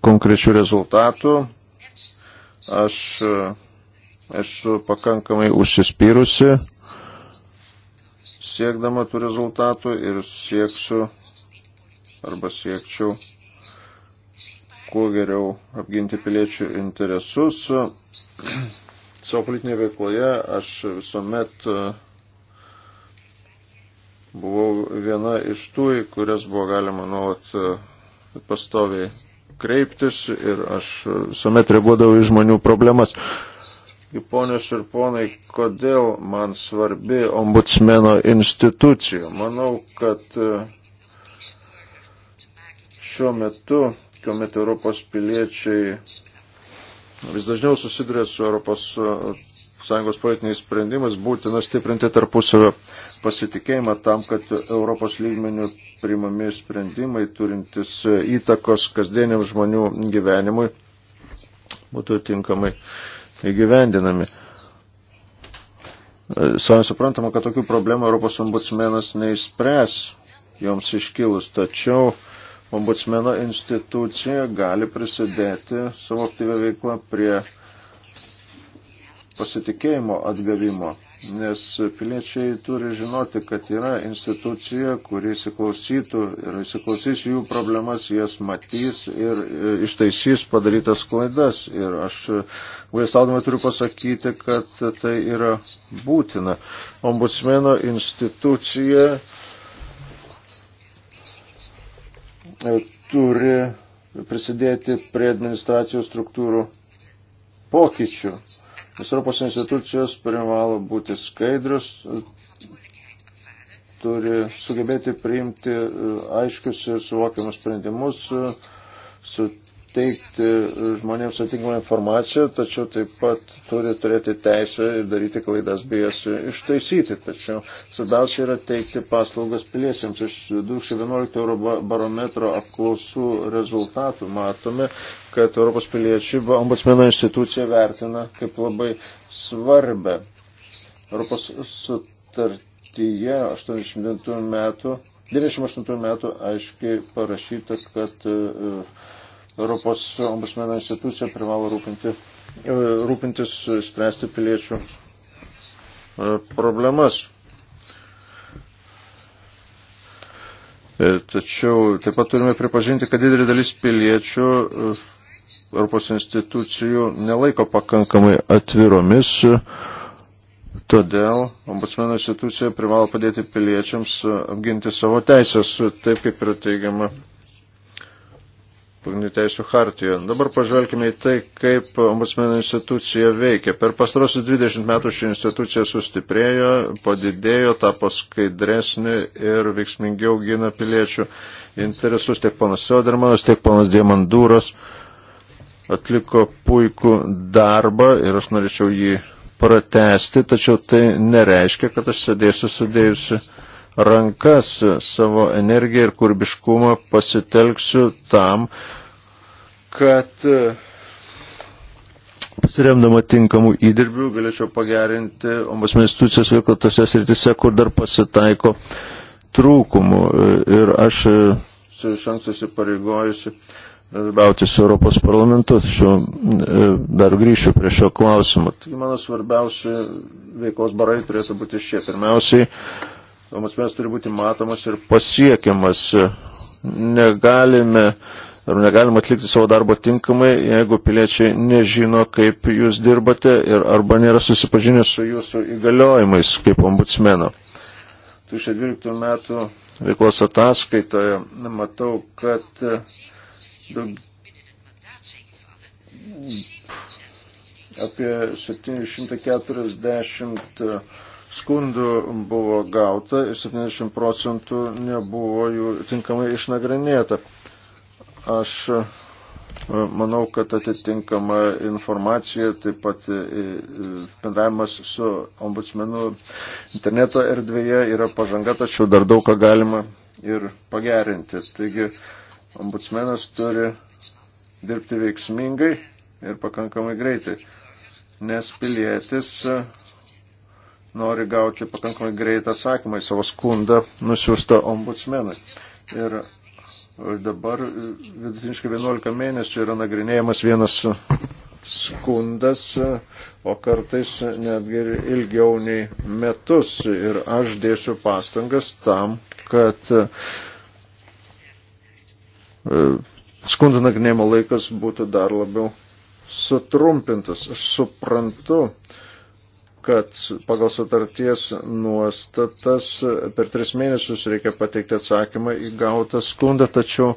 D: konkrečių rezultatų. Aš e, esu pakankamai užsispyrusi siekdama tų rezultatų ir sieksiu arba siekčiau kuo geriau apginti piliečių interesus. Savo politinėje veikloje aš visuomet e, buvau viena iš tų, į kurias buvo galima nuolat e, pastoviai kreiptis ir aš e, visuomet reaguodavau į žmonių problemas. Ponios ir ponai, kodėl man svarbi ombudsmeno institucija? Manau, kad e, šiuo metu, kuomet Europos piliečiai vis dažniau susiduria su Europos e, Sąjungos politiniais sprendimais, būtina stiprinti tarpusavio pasitikėjimą tam, kad Europos lygmenių priimami sprendimai turintis e, įtakos kasdieniam žmonių gyvenimui būtų tinkamai įgyvendinami. E, Savai suprantama, kad tokių problemų Europos ombudsmenas neįspręs joms iškilus, tačiau ombudsmeno institucija gali prisidėti savo aktyvę veiklą prie pasitikėjimo atgavimo nes piliečiai turi žinoti, kad yra institucija, kuri įsiklausytų ir įsiklausys jų problemas, jas matys ir e, ištaisys padarytas klaidas. Ir aš vaisaudomai turiu pasakyti, kad tai yra būtina. Ombudsmeno institucija e, turi prisidėti prie administracijos struktūrų pokyčių. Nes Europos institucijos privalo būti skaidrius, turi sugebėti priimti e, aiškius ir suvokiamus sprendimus, e, su teikti e, žmonėms atitinkamą informaciją, tačiau taip pat turi turėti teisę daryti klaidas bei jas ištaisyti. Tačiau svarbiausia yra teikti paslaugas piliečiams. Iš 2011 eurobarometro apklausų rezultatų matome, kad Europos piliečiai ombudsmeno instituciją vertina kaip labai svarbę. Europos sutartyje 89 metų 98 metų aiškiai parašyta, kad uh, Europos ombudsmeno institucija privalo rūpinti, e, rūpintis e, spręsti piliečių e, problemas. Tačiau taip pat turime pripažinti, kad didelė dalis piliečių Europos institucijų nelaiko pakankamai atviromis, todėl ombudsmeno institucija privalo padėti piliečiams apginti savo teisės, taip kaip yra teigiama pagrindinių teisų hartijoje. Dabar pažvelkime į tai, kaip ombudsmeno institucija veikia. Per pastarosius 20 metų ši institucija sustiprėjo, padidėjo, tapo skaidresnė ir veiksmingiau gina piliečių interesus tiek ponas Sodermanas, tiek ponas Diemandūros atliko puikų darbą ir aš norėčiau jį pratesti, tačiau tai nereiškia, kad aš sėdėsiu sudėjusi rankas savo energiją ir kurbiškumą pasitelksiu tam, kad e, pasiremdama tinkamų įdirbių galėčiau pagerinti ombudsmenų institucijos veiklą tose sritise, kur dar pasitaiko trūkumų. E, ir aš e, su iš anksto įsipareigojusi darbiauti su Europos parlamentu, tačiau dar grįšiu prie šio klausimo. Taigi mano svarbiausi veiklos barai turėtų būti šie. Pirmiausiai, ombudsmenas turi būti matomas ir pasiekiamas. Negalime ar negalime atlikti savo darbo tinkamai, jeigu piliečiai nežino, kaip jūs dirbate ir arba nėra susipažinę su jūsų įgaliojimais kaip ombudsmeno. 2012 metų veiklos ataskaitoje matau, kad daug, apie 740 skundų buvo gauta ir 70 procentų nebuvo jų tinkamai išnagrinėta. Aš e, manau, kad atitinkama informacija, taip pat e, e, bendravimas su ombudsmenu interneto erdvėje yra pažanga, tačiau dar daug ką galima ir pagerinti. Taigi ombudsmenas turi dirbti veiksmingai ir pakankamai greitai, nes pilietis nori gauti pakankamai greitą atsakymą į savo skundą nusiųstą ombudsmenui. Ir dabar vidutiniškai 11 mėnesių yra nagrinėjamas vienas skundas, o kartais netgi ilgiau nei metus. Ir aš dėsiu pastangas tam, kad e, skundų nagrinėjimo laikas būtų dar labiau sutrumpintas. Aš suprantu, kad pagal sutarties nuostatas per tris mėnesius reikia pateikti atsakymą į gautą skundą, tačiau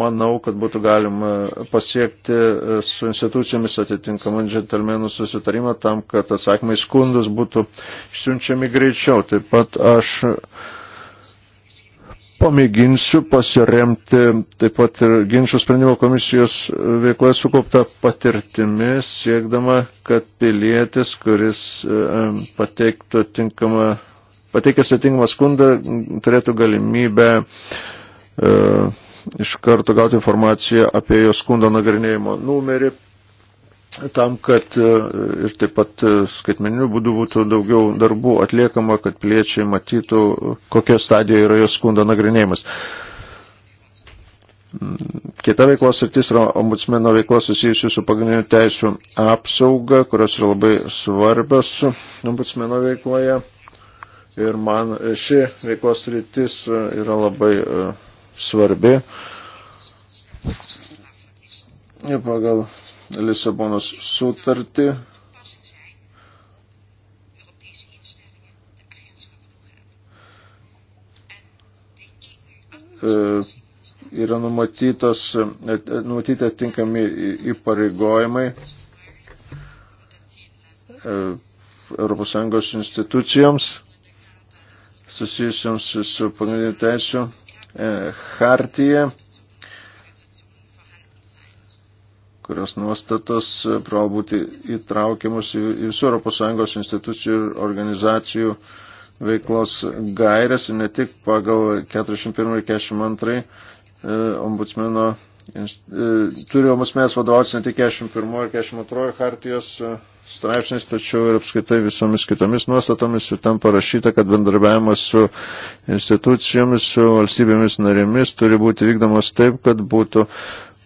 D: manau, kad būtų galima pasiekti e, su institucijomis atitinkamą džentelmenų susitarimą tam, kad atsakymai skundus būtų išsiunčiami greičiau. Taip pat aš pamėginsiu pasiremti taip pat ir ginčių sprendimo komisijos e, veikloje sukaupta patirtimi, siekdama, kad pilietis, kuris e, pateiktų tinkamą, pateikęs atinkamą skundą, turėtų galimybę e, iš karto gauti informaciją apie jo skundo nagrinėjimo numerį, tam, kad e, ir taip pat e, skaitmeniniu būdu būtų daugiau darbų atliekama, kad piliečiai matytų, kokia stadija yra jos skundo nagrinėjimas. Kita veiklos sritis yra ombudsmeno veiklos susijusių su pagrindiniu teisų apsauga, kurios yra labai svarbios ombudsmeno veikloje. Ir man ši veiklos sritis e, yra labai svarbi. Ir pagal Lisabonos sutartį. E, yra numatytos, e, e, numatyti atinkami įpareigojimai ES institucijoms susijusiams su pagrindiniu teisų hartija. E, kurios nuostatos e, privalo būti įtraukiamos į visų ES institucijų ir organizacijų veiklos gairias, ne tik pagal 41 ir 42 e, ombudsmeno, e, turi ombudsmenės vadovautis ne tik 41 ir 42 hartijos straipsniais, tačiau ir apskaitai visomis kitomis nuostatomis ir tam parašyta, kad bendrabiavimas su institucijomis, su valstybėmis narėmis turi būti vykdomas taip, kad būtų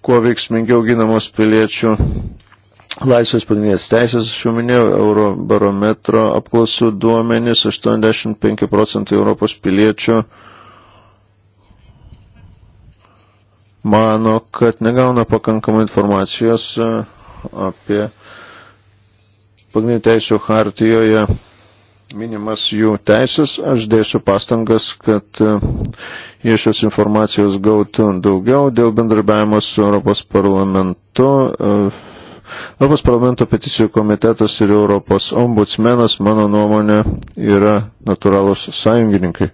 D: kuo veiksmingiau ginamos piliečių laisvės pagrindinės teisės, aš jau minėjau, Eurobarometro apklausų duomenys, 85 procentai Europos piliečių mano, kad negauna pakankamai informacijos e, apie pagrindinių teisų hartijoje minimas jų teisės. Aš dėsiu pastangas, kad e, iš šios informacijos gautų daugiau dėl bendarbiavimo su Europos parlamentu. E, Europos parlamento peticijų komitetas ir Europos ombudsmenas, mano nuomonė, yra natūralus sąjungininkai.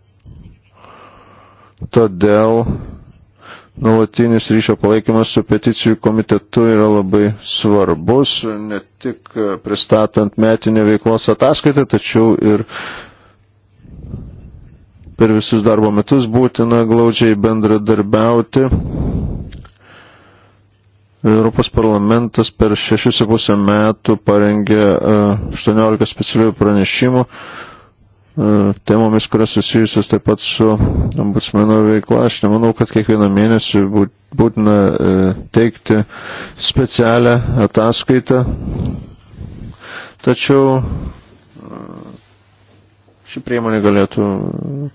D: Todėl nuolatinis ryšio palaikymas su peticijų komitetu yra labai svarbus, ne tik pristatant metinę veiklos ataskaitą, tačiau ir per visus darbo metus būtina glaudžiai bendradarbiauti. Europos parlamentas per 6,5 metų parengė 18 e, specialių pranešimų e, temomis, kurios susijusios taip pat su ombudsmeno veikla. Aš nemanau, kad kiekvieną mėnesį būtina e, teikti specialią ataskaitą. Tačiau ši priemonė galėtų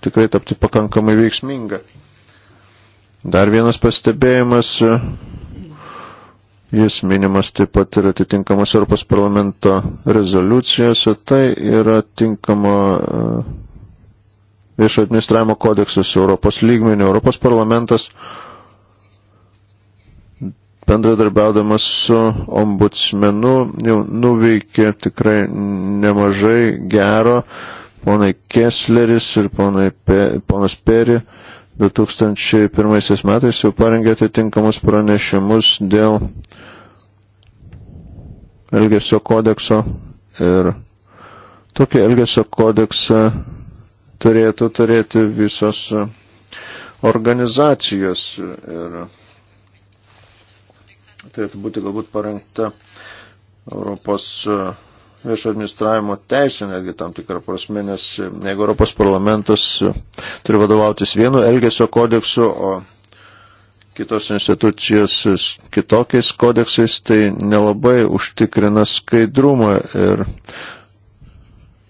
D: tikrai tapti pakankamai veiksminga. Dar vienas pastebėjimas, jis minimas taip pat ir atitinkamas Europos parlamento rezoliucijose, tai yra tinkama e, viešo administravimo kodeksas Europos lygmenį. Europos parlamentas bendradarbiaudamas su ombudsmenu jau nuveikė tikrai nemažai gero ponai Kessleris ir ponai Pe, ponas Peri 2001 metais jau parengė atitinkamus pranešimus dėl Elgesio kodekso ir tokį Elgesio kodeksą turėtų turėti visos organizacijos ir turėtų būti galbūt parengta Europos viešo administravimo teisė netgi tam tikrą prasme, nes jeigu Europos parlamentas turi vadovautis vienu elgesio kodeksu, o kitos institucijos kitokiais kodeksais, tai nelabai užtikrina skaidrumą ir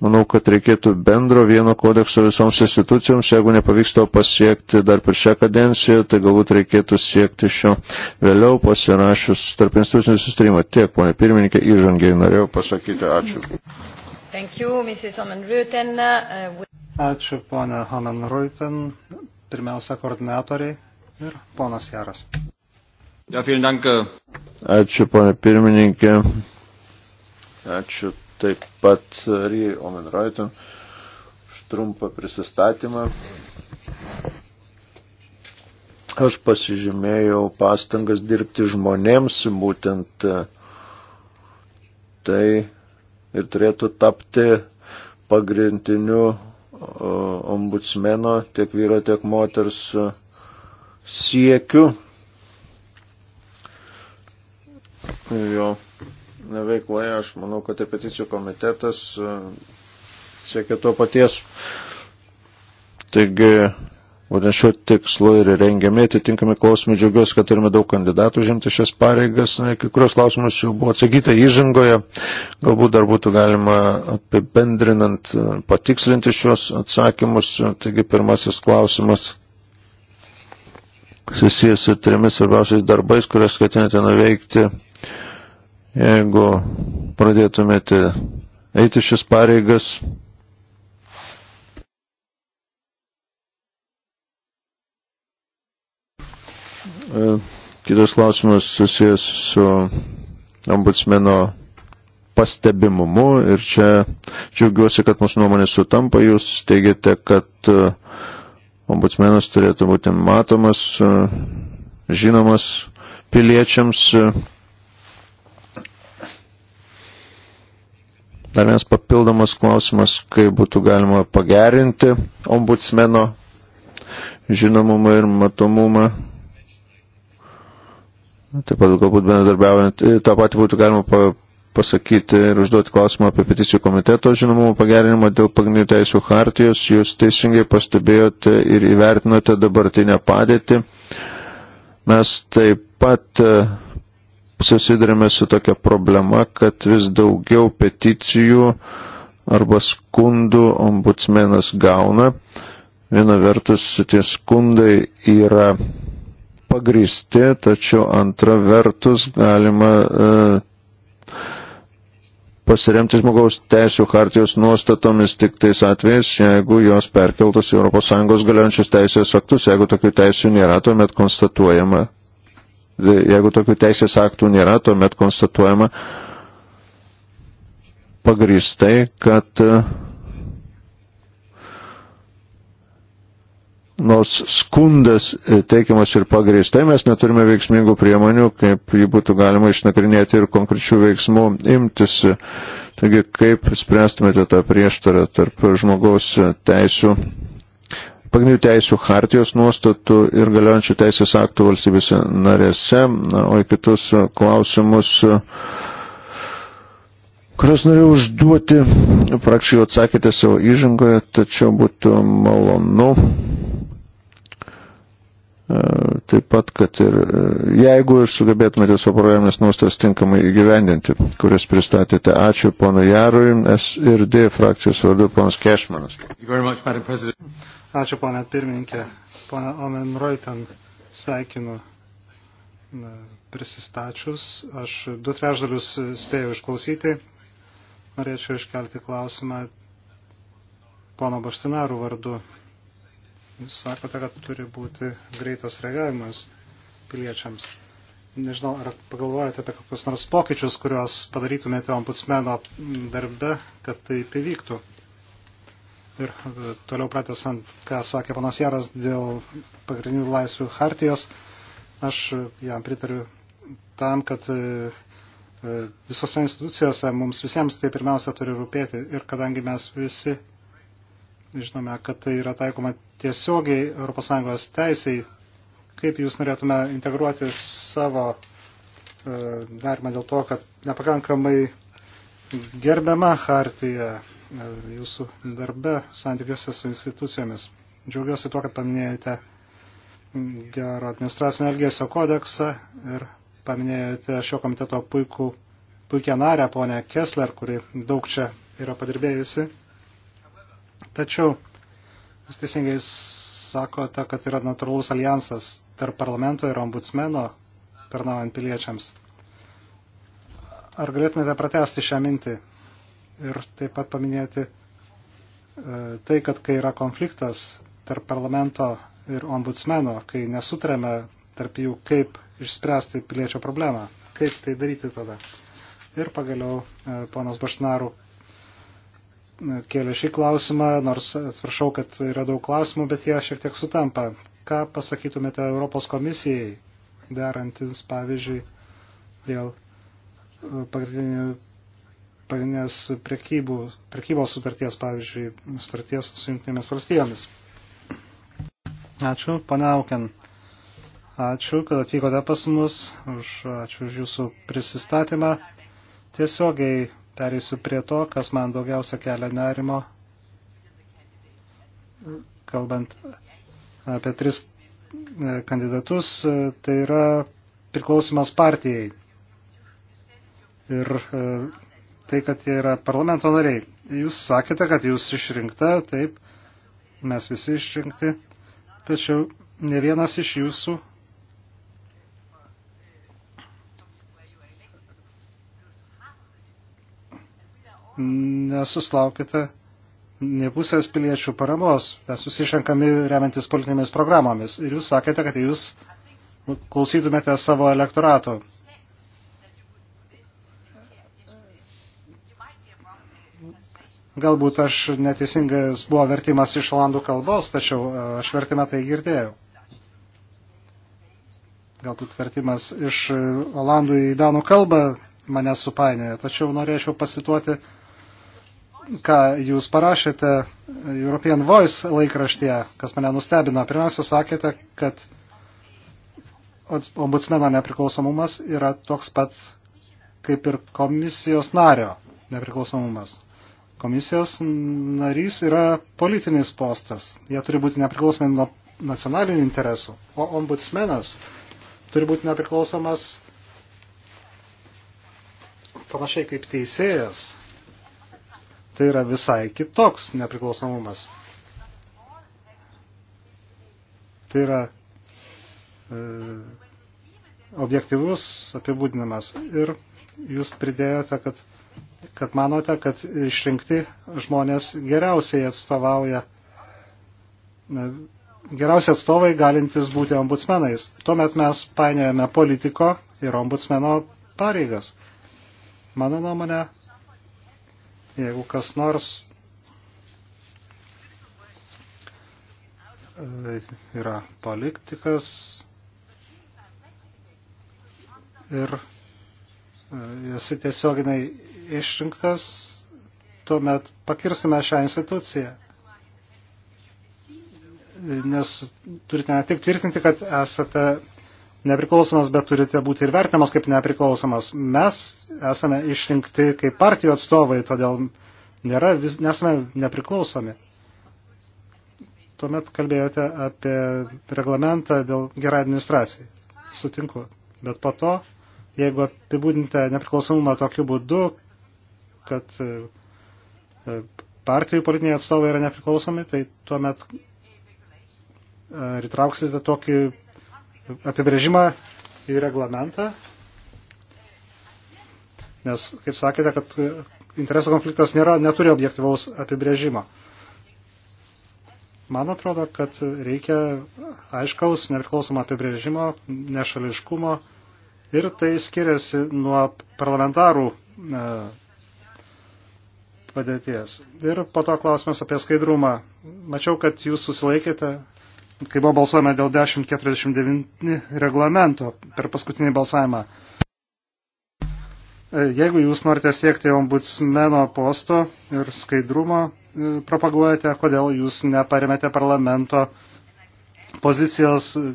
D: Manau, kad reikėtų bendro vieno kodekso visoms institucijoms. Jeigu nepavyks to pasiekti dar per šią kadenciją, tai galbūt reikėtų siekti šio vėliau pasirašius tarp institucinį sustarimą. Tiek, ponė pirmininkė, įžangiai norėjau pasakyti. Ačiū.
C: Thank you, Mrs. Homenruiten. Uh,
B: Ačiū, ponė Homenruiten. Pirmiausia, koordinatoriai ir ponas Jaras.
D: Ja, äh. Ačiū, ponė pirmininkė. Ačiū taip pat Rijai Omenraitin už trumpą prisistatymą. Aš pasižymėjau pastangas dirbti žmonėms, būtent e, tai ir turėtų tapti pagrindiniu ombudsmeno tiek vyro, tiek moters e, siekiu. Jo veikloje. Aš manau, kad peticijų komitetas e, siekia to paties. Taigi, būtent šiuo tikslu ir rengiami atitinkami klausimai. Džiaugiuosi, kad turime daug kandidatų žimti šias pareigas. Na, kai kurios klausimus jau buvo atsakyta įžangoje. Galbūt dar būtų galima apibendrinant e, patikslinti šios atsakymus. Taigi, pirmasis klausimas susijęs su trimis svarbiausiais darbais, kurias ketinate nuveikti Jeigu pradėtumėte eiti šis pareigas, e, kitas klausimas susijęs su ombudsmeno pastebimumu ir čia džiaugiuosi, kad mūsų nuomonė sutampa, jūs teigiate, kad e, ombudsmenas turėtų būti matomas, e, žinomas piliečiams Dar vienas papildomas klausimas, kaip būtų galima pagerinti ombudsmeno žinomumą ir matomumą. Taip pat galbūt bendradarbiaujant, e, tą patį būtų galima pasakyti ir užduoti klausimą apie peticijų komiteto žinomumo pagerinimą dėl pagrindinių teisų hartijos. Jūs teisingai pastebėjote ir įvertinote dabartinę padėtį. Mes taip pat uh, susidurime su tokia problema, kad vis daugiau peticijų arba skundų ombudsmenas gauna. Viena vertus tie skundai yra pagristi, tačiau antra vertus galima e, pasiremti žmogaus teisų hartijos nuostatomis tik tais atvejais, jeigu jos perkeltos į ES galiojančius teisės aktus, jeigu tokių teisų nėra, tuomet konstatuojama, jeigu tokių teisės aktų nėra, tuomet konstatuojama pagristai, kad e, nors skundas e, teikiamas ir pagristai, mes neturime veiksmingų priemonių, kaip jį būtų galima išnagrinėti ir konkrečių veiksmų imtis. Taigi, kaip spręstumėte tą prieštarą tarp žmogaus teisų pagrindinių teisų hartijos nuostatų ir galiojančių teisės aktų valstybėse narėse, o į kitus e, klausimus, e, kuriuos norėjau užduoti, praktiškai atsakėte savo įžangoje, tačiau būtų malonu e, taip pat, kad ir jeigu ir sugebėtumėte savo programinės nuostas tinkamai įgyvendinti, kurias pristatėte. Ačiū pono Jarui, S ir D frakcijos vardu ponas Kešmanas.
B: Ačiū, ponė pirmininkė. Pone Omen Reuten, sveikinu prisistačius. Aš du trešdalius spėjau išklausyti. Norėčiau iškelti klausimą pono Baštinarų vardu. Jūs sakote, kad turi būti greitas reagavimas piliečiams. Nežinau, ar pagalvojate apie kokius nors pokyčius, kuriuos padarytumėte ombudsmeno darbe, kad tai įvyktų. Tai ir e, toliau pratesant, ką sakė panas Jaras dėl pagrindinių laisvių hartijos, aš e, jam pritariu tam, kad e, visose institucijose mums visiems tai pirmiausia turi rūpėti ir kadangi mes visi žinome, kad tai yra taikoma tiesiogiai ES teisiai, kaip jūs norėtume integruoti savo galima dėl to, kad nepakankamai gerbiama hartija jūsų darbe santykiuose su institucijomis. Džiaugiuosi tuo, kad paminėjote gero administracinio elgesio kodeksą ir paminėjote šio komiteto puikų, puikia narę, ponę Kessler, kuri daug čia yra padirbėjusi. Tačiau jūs teisingai sakote, kad yra natūralus alijansas tarp parlamento ir ombudsmeno tarnaujant piliečiams. Ar galėtumėte pratesti šią mintį? ir taip pat paminėti e, tai, kad kai yra konfliktas tarp parlamento ir ombudsmeno, kai nesutarėme tarp jų, kaip išspręsti piliečio problemą, kaip tai daryti tada. Ir pagaliau e, ponas Bašnarų e, kėlė šį klausimą, nors atsiprašau, kad yra daug klausimų, bet jie šiek tiek sutampa. Ką pasakytumėte Europos komisijai, derantis, pavyzdžiui, dėl pagrindinių pagrindinės prekybos sutarties, pavyzdžiui, sutarties su jungtinėmis valstybėmis. Ačiū, pana Auken. Ačiū, kad atvykote pas mus. Už, ačiū už jūsų prisistatymą. Tiesiogiai perėsiu prie to, kas man daugiausia kelia nerimo, kalbant apie tris e, kandidatus, tai yra priklausimas partijai ir e, tai, kad jie yra parlamento nariai. Jūs sakėte, kad jūs išrinkta, taip, mes visi išrinkti, tačiau ne vienas iš jūsų nesuslaukite ne pusės piliečių paramos, mes susišenkami remiantis politinėmis programomis. Ir jūs sakėte, kad jūs klausytumėte savo elektorato. Galbūt aš neteisingas buvo vertimas iš olandų kalbos, tačiau e, aš vertimą tai girdėjau. Galbūt vertimas iš e, olandų į danų kalbą mane supainioja, tačiau norėčiau pasituoti, ką jūs parašėte European Voice laikraštyje, kas mane nustebino. Pirmiausia, sakėte, kad ombudsmeno nepriklausomumas yra toks pat kaip ir komisijos nario nepriklausomumas. Komisijos narys yra politinis postas. Jie turi būti nepriklausomi nuo nacionalinių interesų. O ombudsmenas turi būti nepriklausomas panašiai kaip teisėjas. Tai yra visai kitoks nepriklausomumas. Tai yra e, objektivus apibūdinamas. Ir jūs pridėjote, kad kad manote, kad išrinkti žmonės geriausiai atstovauja, geriausiai atstovai galintis būti ombudsmenais. Tuomet mes painiojame politiko ir ombudsmeno pareigas. Mano nuomonė, jeigu kas nors e, yra politikas ir esi tiesioginai išrinktas, tuomet pakirsime šią instituciją. Nes turite ne tik tvirtinti, kad esate nepriklausomas, bet turite būti ir vertinamas kaip nepriklausomas. Mes esame išrinkti kaip partijų atstovai, todėl nėra, vis, nesame nepriklausomi. Tuomet kalbėjote apie reglamentą dėl gerą administraciją. Sutinku. Bet po to, jeigu apibūdinte nepriklausomumą tokiu būdu, kad e, e, partijų politiniai atstovai yra nepriklausomi, tai tuomet ir e, įtrauksite tokį apibrėžimą į reglamentą. Nes, kaip sakėte, kad interesų konfliktas nėra, neturi objektivaus apibrėžimo. Man atrodo, kad reikia aiškaus, nepriklausomo apibrėžimo, nešališkumo ir tai skiriasi nuo parlamentarų padėties. Ir po to klausimas apie skaidrumą. Mačiau, kad jūs susilaikėte, kai buvo balsuojama dėl 1049 reglamento per paskutinį balsavimą. E, jeigu jūs norite siekti ombudsmeno posto ir skaidrumo e, propaguojate, kodėl jūs neparemėte parlamento pozicijos e,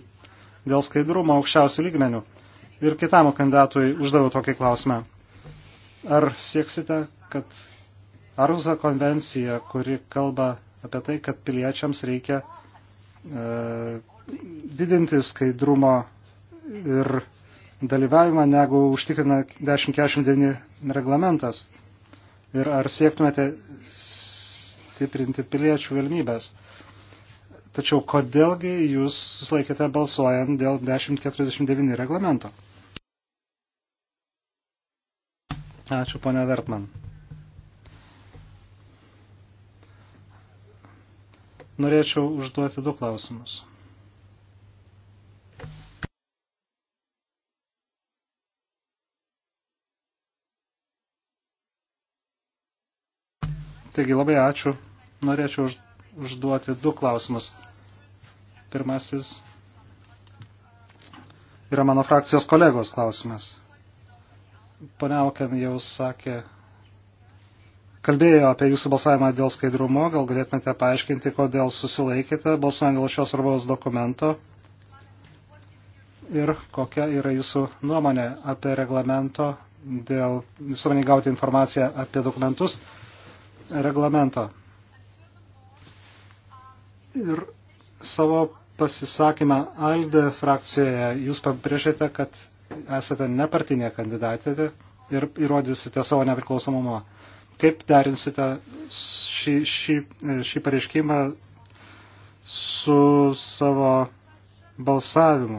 B: dėl skaidrumo aukščiausių lygmenių. Ir kitam kandidatui uždaviau tokį klausimą. Ar sieksite, kad Aruzo konvencija, kuri kalba apie tai, kad piliečiams reikia e, didinti skaidrumo ir dalyvavimą, negu užtikrina 1049 reglamentas. Ir ar siektumėte stiprinti piliečių galimybės? Tačiau kodėlgi jūs susilaikėte balsuojant dėl 1049 reglamento? Ačiū, ponia Vertman. norėčiau užduoti du klausimus. Taigi labai ačiū. Norėčiau užduoti du klausimus. Pirmasis yra mano frakcijos kolegos klausimas. Pane Auken jau sakė kalbėjo apie jūsų balsavimą dėl skaidrumo, gal galėtumėte paaiškinti, kodėl susilaikėte balsuojant dėl šios svarbaus dokumento ir kokia yra jūsų nuomonė apie reglamento dėl visuomeniai gauti informaciją apie dokumentus reglamento. Ir savo pasisakymą ALDE frakcijoje jūs pabrėžėte, kad esate nepartinė kandidatė ir įrodysite savo nepriklausomumą. Kaip derinsite šį, šį, šį pareiškimą su savo balsavimu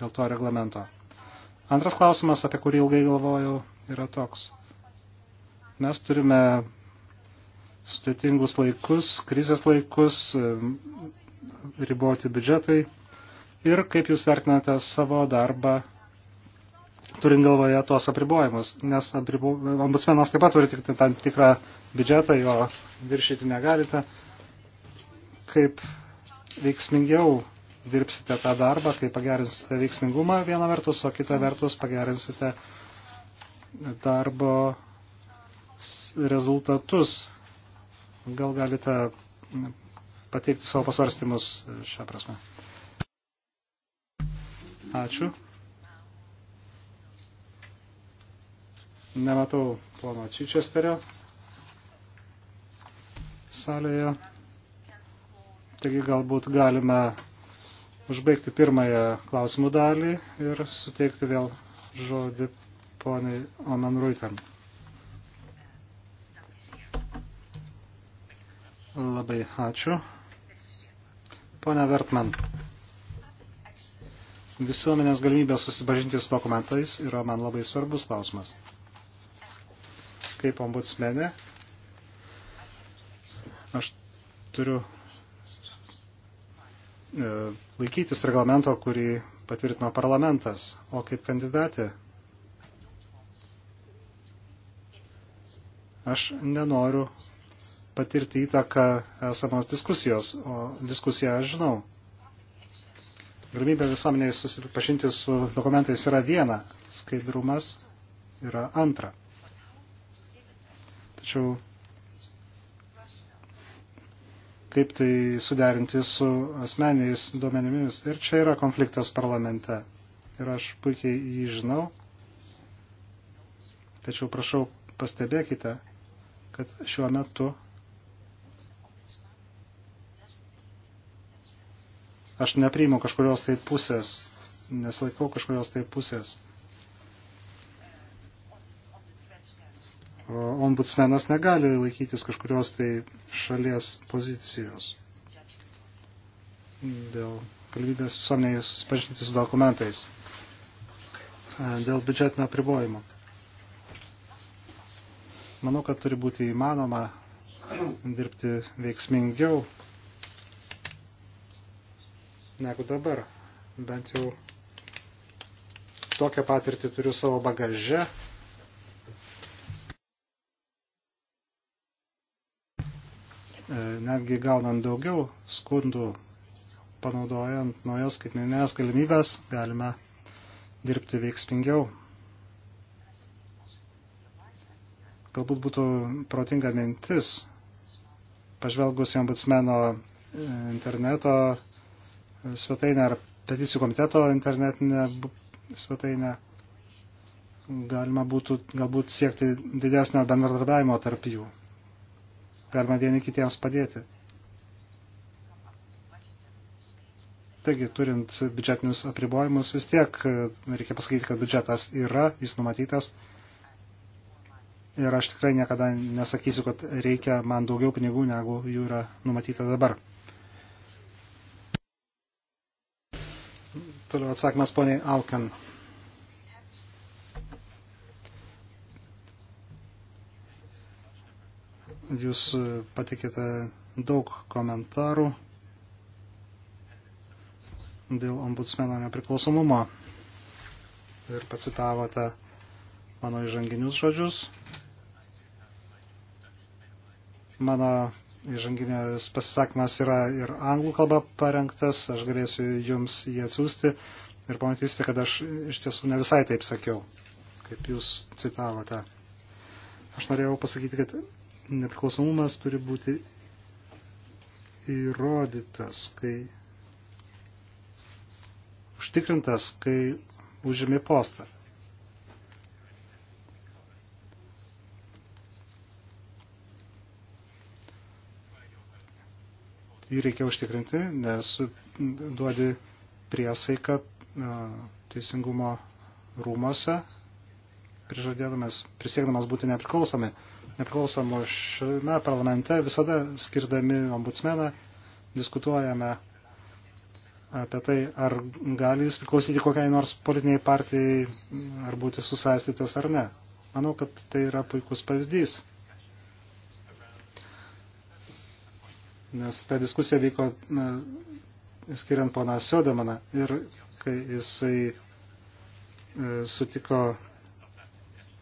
B: dėl to reglamento? Antras klausimas, apie kurį ilgai galvojau, yra toks. Mes turime sudėtingus laikus, krizės laikus, riboti biudžetai ir kaip jūs vertinate savo darbą turint galvoje tuos apribojimus, nes apribu, ombudsmenas taip pat turi tik tam tikrą biudžetą, jo viršyti negalite. Kaip veiksmingiau dirbsite tą darbą, kaip pagerinsite veiksmingumą vieną vertus, o kitą vertus pagerinsite darbo rezultatus. Gal galite pateikti savo pasvarstymus šią prasme. Ačiū. Nematau pono Čičesterio salėje. Taigi galbūt galime užbaigti pirmąją klausimų dalį ir suteikti vėl žodį poniai Omen Ruiten. Labai ačiū. Pone Vertman, visuomenės galimybė susipažinti su dokumentais yra man labai svarbus klausimas kaip ombudsmenė. Aš turiu e, laikytis reglamento, kurį patvirtino parlamentas, o kaip kandidatė aš nenoriu patirti įtaką esamos diskusijos, o diskusiją aš žinau. Galimybė visuomeniai susipažinti su dokumentais yra viena, skaidrumas yra antra. Tačiau kaip tai suderinti su asmeniais duomenimis. Ir čia yra konfliktas parlamente. Ir aš puikiai jį žinau. Tačiau prašau pastebėkite, kad šiuo metu aš nepriimu kažkurios tai pusės, neslaikau kažkurios tai pusės. ombudsmenas negali laikytis kažkurios tai šalies pozicijos dėl galimybės visuomeniai susipažinti su dokumentais, e, dėl biudžetinio pribojimo. Manau, kad turi būti įmanoma dirbti veiksmingiau negu dabar. Bent jau tokią patirtį turiu savo bagaže netgi gaunant daugiau skundų, panaudojant naujas skaitmeninės galimybės, galime dirbti veiksmingiau. Galbūt būtų protinga mintis, pažvelgus į ombudsmeno e, interneto e, svetainę ar peticijų komiteto internetinę svetainę, galima būtų galbūt siekti didesnio bendradarbiavimo tarp jų galima vieni kitiems padėti. Taigi, turint biudžetinius apribojimus, vis tiek e, reikia pasakyti, kad biudžetas yra, jis numatytas. Ir aš tikrai niekada nesakysiu, kad reikia man daugiau pinigų, negu jų yra numatyta dabar. Toliau atsakymas poniai Alkan. Jūs e, patikite daug komentarų dėl ombudsmeno nepriklausomumo ir pacitavote mano įžanginius žodžius. Mano įžanginės pasisakymas yra ir anglų kalba parengtas, aš galėsiu jums jį atsiųsti ir pamatysite, kad aš iš tiesų ne visai taip sakiau, kaip jūs citavote. Aš norėjau pasakyti, kad nepriklausomumas turi būti įrodytas, kai užtikrintas, kai užimi postą. Jį reikia užtikrinti, nes duodi priesaiką teisingumo rūmose, prižadėdamas, prisiekdamas būti nepriklausomi nepriklausomų šiame parlamente visada skirdami ombudsmeną diskutuojame apie tai, ar gali jis priklausyti kokiai nors politiniai partijai, ar būti susaistytas ar ne. Manau, kad tai yra puikus pavyzdys. Nes ta diskusija vyko na, skiriant poną Siodamaną ir kai jisai e, sutiko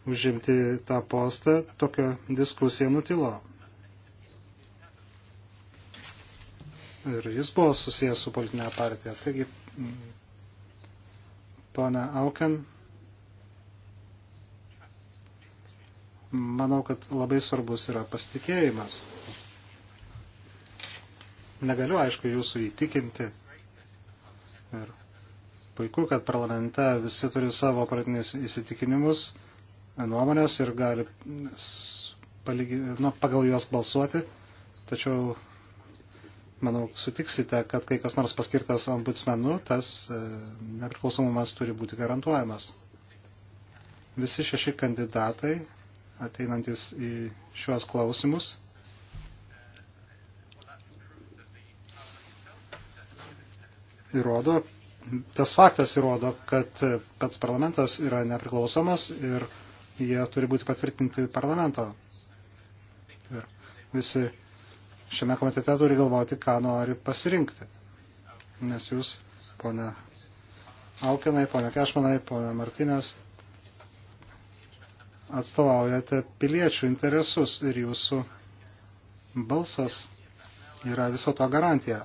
B: užimti tą postą, tokia diskusija nutilo. Ir jis buvo susijęs su politinė partija. Taigi, pana Auken, manau, kad labai svarbus yra pasitikėjimas. Negaliu, aišku, jūsų įtikinti. Ir puiku, kad parlamente visi turi savo pratinius įsitikinimus nuomonės ir gali palygi, nu, pagal juos balsuoti. Tačiau, manau, sutiksite, kad kai kas nors paskirtas ombudsmenu, tas e, nepriklausomumas turi būti garantuojamas. Visi šeši kandidatai ateinantis į šiuos klausimus įrodo, tas faktas įrodo, kad pats parlamentas yra nepriklausomas ir jie turi būti patvirtinti parlamento. Ir visi šiame komitete turi galvoti, ką nori pasirinkti. Nes jūs, ponia Aukinai, ponia Kešmanai, ponia Martinės, atstovaujate piliečių interesus ir jūsų balsas yra viso to garantija.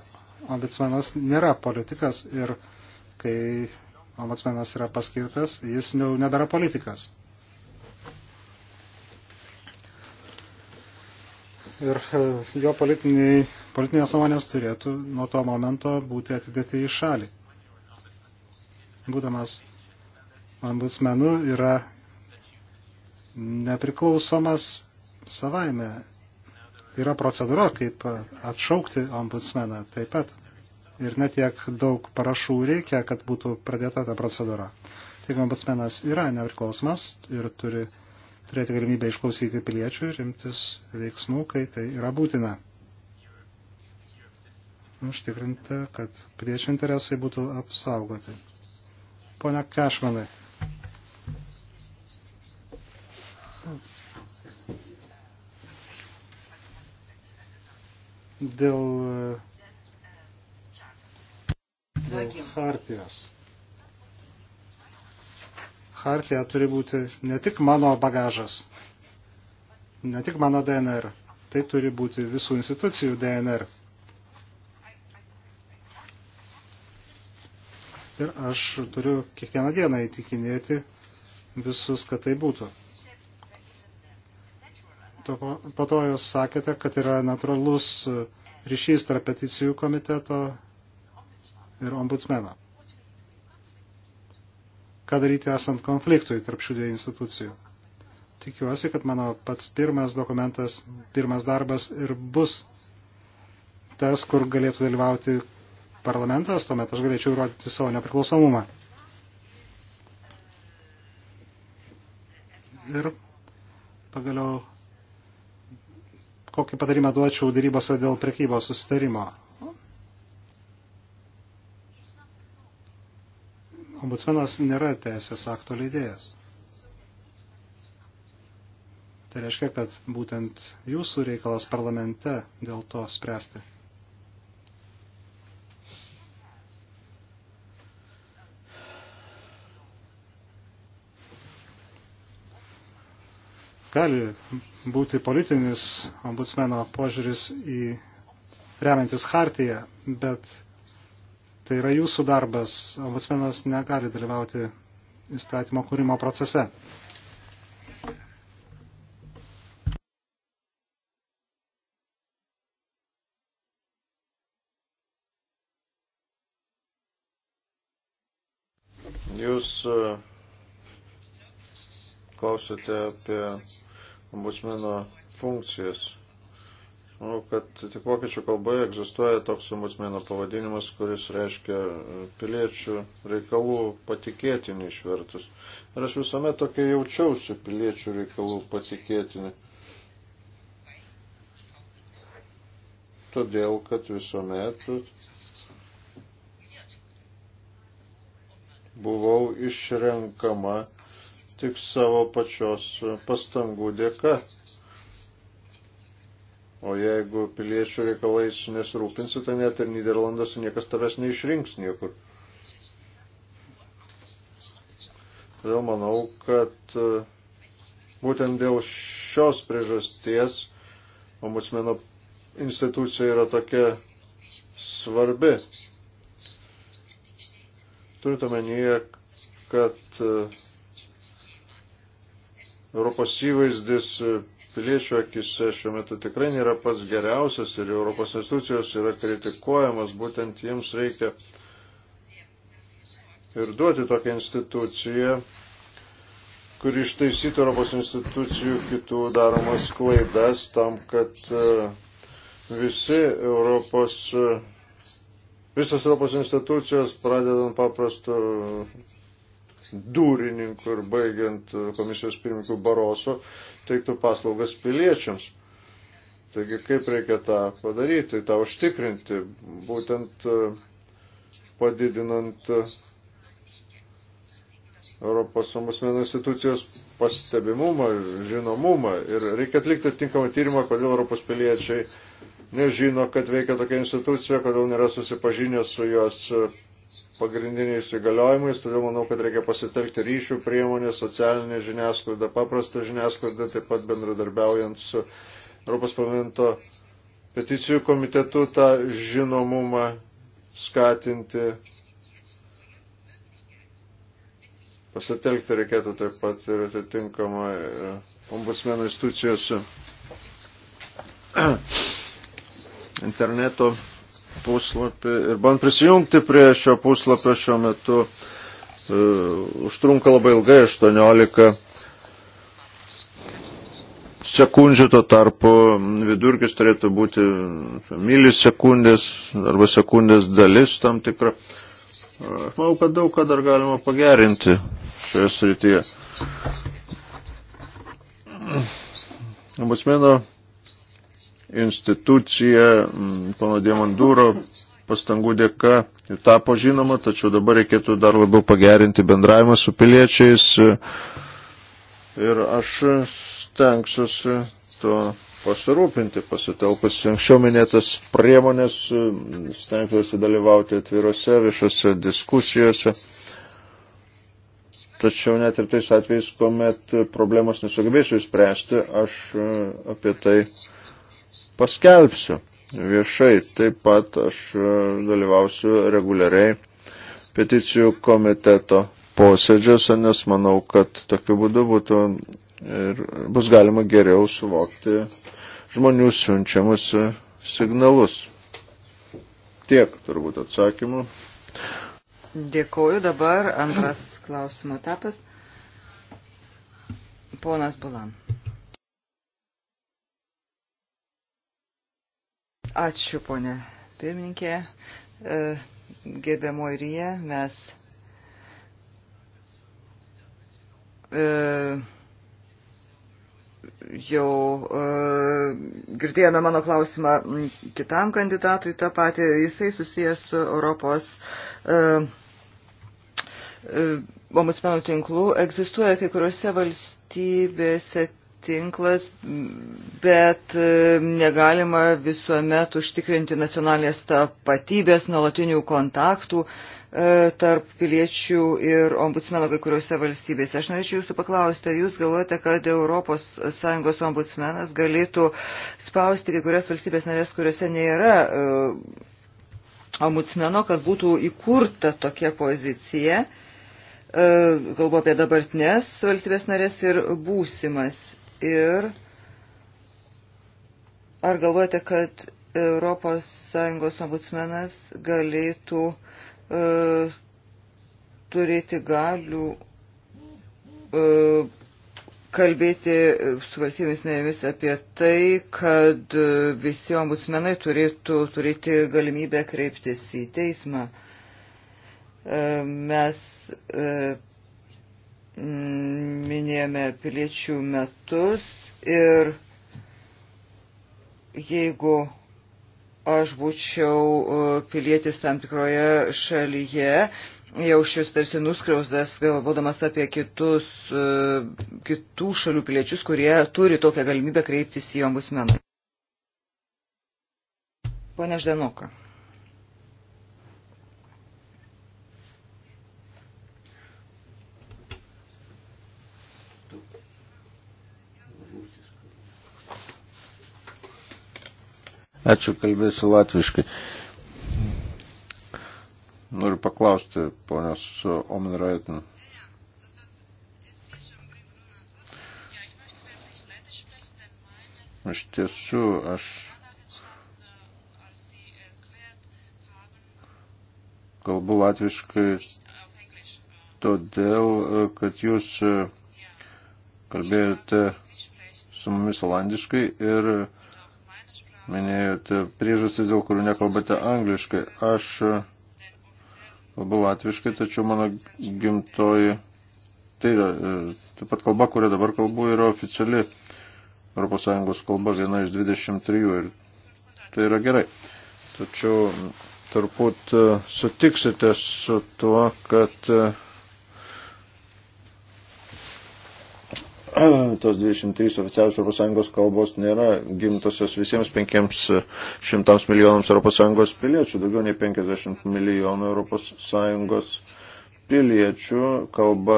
B: Ombudsmenas nėra politikas ir kai ombudsmenas yra paskirtas, jis jau nebėra politikas. ir e, jo politinės nuomonės turėtų nuo to momento būti atidėti į šalį. Būdamas ombudsmenu yra nepriklausomas savaime. Yra procedūra, kaip atšaukti ombudsmeną taip pat. Ir netiek daug parašų reikia, kad būtų pradėta ta procedūra. Taigi ombudsmenas yra nepriklausomas ir turi turėti galimybę išklausyti piliečių ir imtis veiksmų, kai tai yra būtina. Užtikrinti, kad piliečių interesai būtų apsaugoti. Pone Kešmanai. Dėl, dėl hartijos. Hartija turi būti ne tik mano bagažas, ne tik mano DNR, tai turi būti visų institucijų DNR. Ir aš turiu kiekvieną dieną įtikinėti visus, kad tai būtų. Po to jūs sakėte, kad yra natūralus ryšys tarp peticijų komiteto ir ombudsmeno ką daryti esant konfliktui tarp šių dviejų institucijų. Tikiuosi, kad mano pats pirmas dokumentas, pirmas darbas ir bus tas, kur galėtų dalyvauti parlamentas, tuomet aš galėčiau įrodyti savo nepriklausomumą. Ir pagaliau kokį patarimą duočiau darybose dėl prekybos susitarimo. ombudsmenas nėra teisės akto leidėjas. Tai reiškia, kad būtent jūsų reikalas parlamente dėl to spręsti. gali būti politinis ombudsmeno požiūris į remiantis hartiją, bet Tai yra jūsų darbas. Ombudsmenas negali dalyvauti įstatymo kūrimo procese.
D: Jūs e, klausėte apie ombudsmeno funkcijas manau, kad tik vokiečių kalboje egzistuoja toks ombudsmeno pavadinimas, kuris reiškia e, piliečių reikalų patikėtinį išvertus. Ir aš visuomet tokia jaučiausi piliečių reikalų patikėtinį. Todėl, kad visuomet buvau išrenkama tik savo pačios pastangų dėka. O jeigu piliečių reikalais nesirūpinsi, tai net ir Niderlandose niekas tavęs neišrinks niekur. Todėl manau, kad e, būtent dėl šios priežasties ombudsmeno institucija yra tokia svarbi. Turite omenyje, kad e, Europos įvaizdis piliečių akise šiuo metu tikrai nėra pats geriausias ir Europos institucijos yra kritikuojamas, būtent jiems reikia ir duoti tokią instituciją, kuri ištaisytų Europos institucijų kitų daromas klaidas tam, kad e, visi Europos, e, visos Europos institucijos, pradedant paprastu durininkų ir baigiant e, komisijos pirmininkų Baroso teiktų paslaugas piliečiams. Taigi kaip reikia tą padaryti, tą užtikrinti, būtent e, padidinant e, Europos ombudsmeno institucijos pastebimumą, žinomumą ir reikia atlikti tinkamą tyrimą, kodėl Europos piliečiai nežino, kad veikia tokia institucija, kodėl nėra susipažinę su jos pagrindiniais įgaliojimais, todėl manau, kad reikia pasitelkti ryšių priemonę, socialinę žiniasklaidą, paprastą žiniasklaidą, taip pat bendradarbiaujant su Europos parlamento peticijų komitetu tą žinomumą skatinti. Pasitelkti reikėtų taip pat ir atitinkamą e, ombudsmeno institucijos e, interneto puslapį ir band prisijungti prie šio puslapio šiuo metu uh, užtrunka labai ilgai 18 sekundžių, to tarpu vidurkis turėtų būti milisekundės arba sekundės dalis tam tikra. Aš manau, kad daug ką dar galima pagerinti šioje srityje. Ombudsmeno institucija, mm, pono Diemandūro pastangų dėka ir tapo žinoma, tačiau dabar reikėtų dar labiau pagerinti bendravimą su piliečiais ir aš stengsiuosi to pasirūpinti, pasitelkus anksčiau minėtas priemonės, stengiuosi dalyvauti atvirose viešose diskusijose. Tačiau net ir tais atvejais, kuomet problemos nesugebėsiu įspręsti, aš apie tai uh, paskelbsiu viešai. Taip pat aš e, dalyvausiu reguliariai peticijų komiteto posėdžiuose, nes manau, kad tokiu būdu būtų ir bus galima geriau suvokti žmonių siunčiamus e, signalus. Tiek turbūt atsakymų.
A: Dėkuoju. Dabar antras klausimo etapas. Ponas Bulan. Ačiū, ponė pirmininkė. E, Gerbiamo ir jie, mes e, jau e, girdėjome mano klausimą kitam kandidatui tą patį. Jisai susijęs su Europos ombudsmenų tinklų egzistuoja kai kuriuose valstybėse tinklas, bet e, negalima visuomet užtikrinti nacionalinės tapatybės, nuolatinių kontaktų e, tarp piliečių ir ombudsmeno kai kuriuose valstybėse. Aš norėčiau jūsų paklausti, ar jūs galvojate, kad ES ombudsmenas galėtų spausti kai kurias valstybės narės, kuriuose nėra e, ombudsmeno, kad būtų įkurta tokia pozicija? kalbu apie dabartinės valstybės narės ir būsimas ir ar galvojate, kad ES ombudsmenas galėtų e, turėti galių e, kalbėti su valstybėmis narėmis apie tai, kad visi ombudsmenai turėtų turėti galimybę kreiptis į teismą. E, mes e, minėjome piliečių metus ir jeigu aš būčiau e, pilietis tam tikroje šalyje, jau šis tarsi nuskriausdas, galvodamas apie kitus, e, kitų šalių piliečius, kurie turi tokią galimybę kreiptis į ombusmeną. Pone Ždenoka.
D: Ačiū, kalbėsiu latviškai. Noriu paklausti, ponios Omenraitin. Iš tiesų, aš kalbu latviškai todėl, kad jūs kalbėjote su mumis olandiškai ir minėjote priežastis, dėl kurių nekalbate angliškai. Aš kalbu latviškai, tačiau mano gimtoji, tai yra e, taip pat kalba, kurią dabar kalbu, yra oficiali ES kalba, viena iš 23 ir tai yra gerai. Tačiau turbūt e, sutiksite su tuo, kad e, tos 23 oficialios ES kalbos nėra gimtosios visiems 500 milijonams ES piliečių, daugiau nei 50 milijonų ES piliečių kalba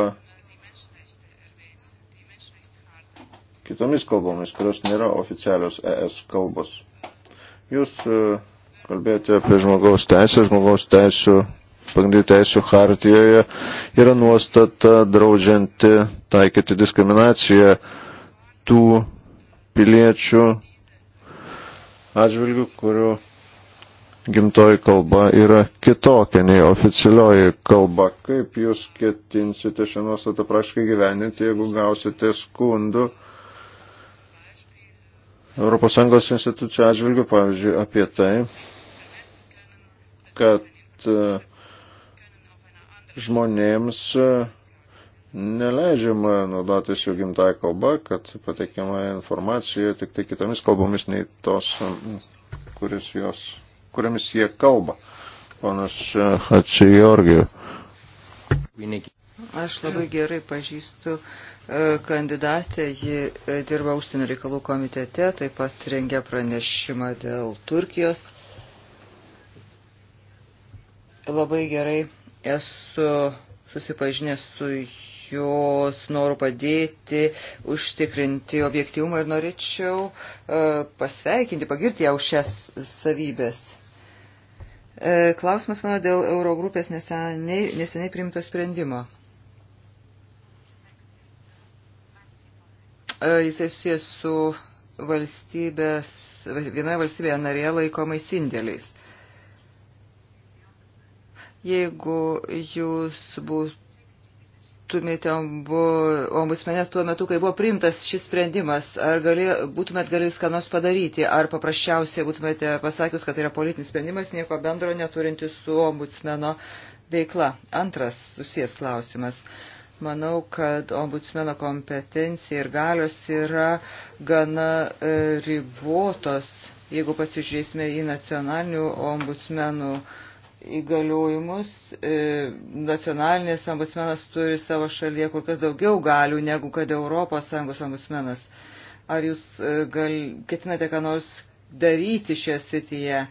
D: kitomis kalbomis, kurios nėra oficialios ES kalbos. Jūs e, kalbėjote apie žmogaus teisę, žmogaus teisų pagrindinių teisų hartijoje yra nuostata draudžianti taikyti diskriminaciją tų piliečių atžvilgių, kurių gimtoji kalba yra kitokia nei oficialioji kalba. Kaip jūs ketinsite šią nuostatą praškai gyveninti, jeigu gausite skundų ES institucijų atžvilgių, pavyzdžiui, apie tai, kad uh, žmonėms e, neleidžiama naudotis jų gimtąją kalbą, kad pateikiama informacija tik tai kitomis kalbomis nei tos, kuris jos, kuriamis jie kalba. Ponas e, Hatsijorgijų.
A: Aš labai gerai pažįstu e, kandidatę, ji dirba užsienio reikalų komitete, taip pat rengia pranešimą dėl Turkijos. Labai gerai Esu susipažinęs su jos noru padėti, užtikrinti objektivumą ir norėčiau e, pasveikinti, pagirti ją už šias savybės. E, klausimas mano dėl Eurogrupės neseniai, neseniai priimto sprendimo. E, jisai susijęs su valstybės, vienoje valstybėje narėje laikomais indėliais. Jeigu jūs būtumėte ombudsmenė tuo metu, kai buvo priimtas šis sprendimas, ar galė, būtumėt galėjus ką nors padaryti, ar paprasčiausiai būtumėte pasakius, kad tai yra politinis sprendimas, nieko bendro neturinti su ombudsmeno veikla. Antras susijęs klausimas. Manau, kad ombudsmeno kompetencija ir galios yra gana e, ribotos, jeigu pasižiūrėsime į nacionalinių ombudsmenų įgaliojimus. E, Nacionalinės ambusmenas turi savo šalyje kur kas daugiau galių negu kad ES ambusmenas. Ar jūs e, gal, ketinate ką nors daryti šioje srityje?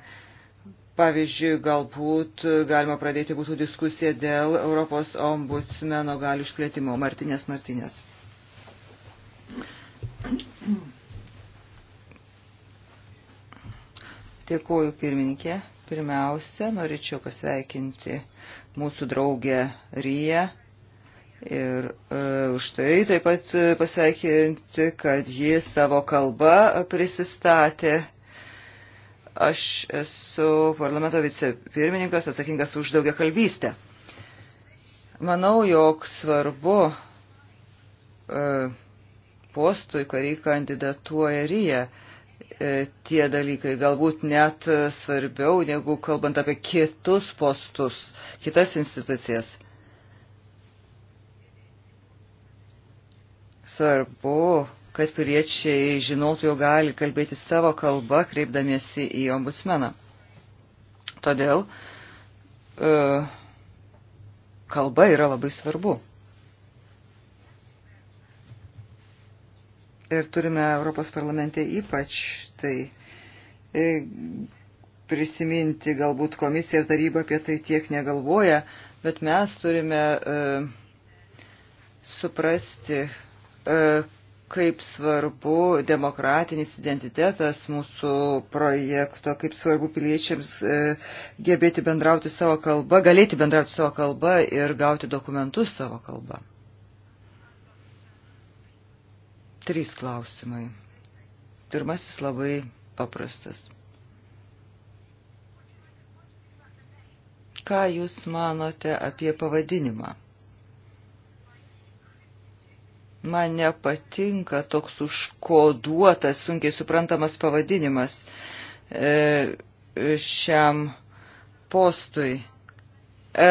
A: Pavyzdžiui, galbūt galima pradėti būtų diskusiją dėl Europos ombudsmeno galių išplėtimo. Martinės Martinės. Dėkuoju pirmininkė. Pirmiausia, norėčiau pasveikinti mūsų draugę Ryją ir e, už tai taip pat pasveikinti, kad ji savo kalbą prisistatė. Aš esu parlamento vicepirmininkas atsakingas už daugia kalbystę. Manau, jog svarbu e, postui, kurį kandidatuoja Ryja. E, E, tie dalykai, galbūt net svarbiau, negu kalbant apie kitus postus, kitas institucijas. Svarbu, kad piliečiai žinotų, jo gali kalbėti savo kalbą, kreipdamiesi į ombudsmeną. Todėl e, kalba yra labai svarbu. ir turime Europos parlamente ypač tai e, prisiminti, galbūt komisija ir taryba apie tai tiek negalvoja, bet mes turime e, suprasti, e, kaip svarbu demokratinis identitetas mūsų projekto, kaip svarbu piliečiams gebėti bendrauti savo kalbą, galėti bendrauti savo kalbą ir gauti dokumentus savo kalbą. Trys klausimai. Pirmasis labai paprastas. Ką Jūs manote apie pavadinimą? Man nepatinka toks užkoduotas, sunkiai suprantamas pavadinimas e, šiam postui. E,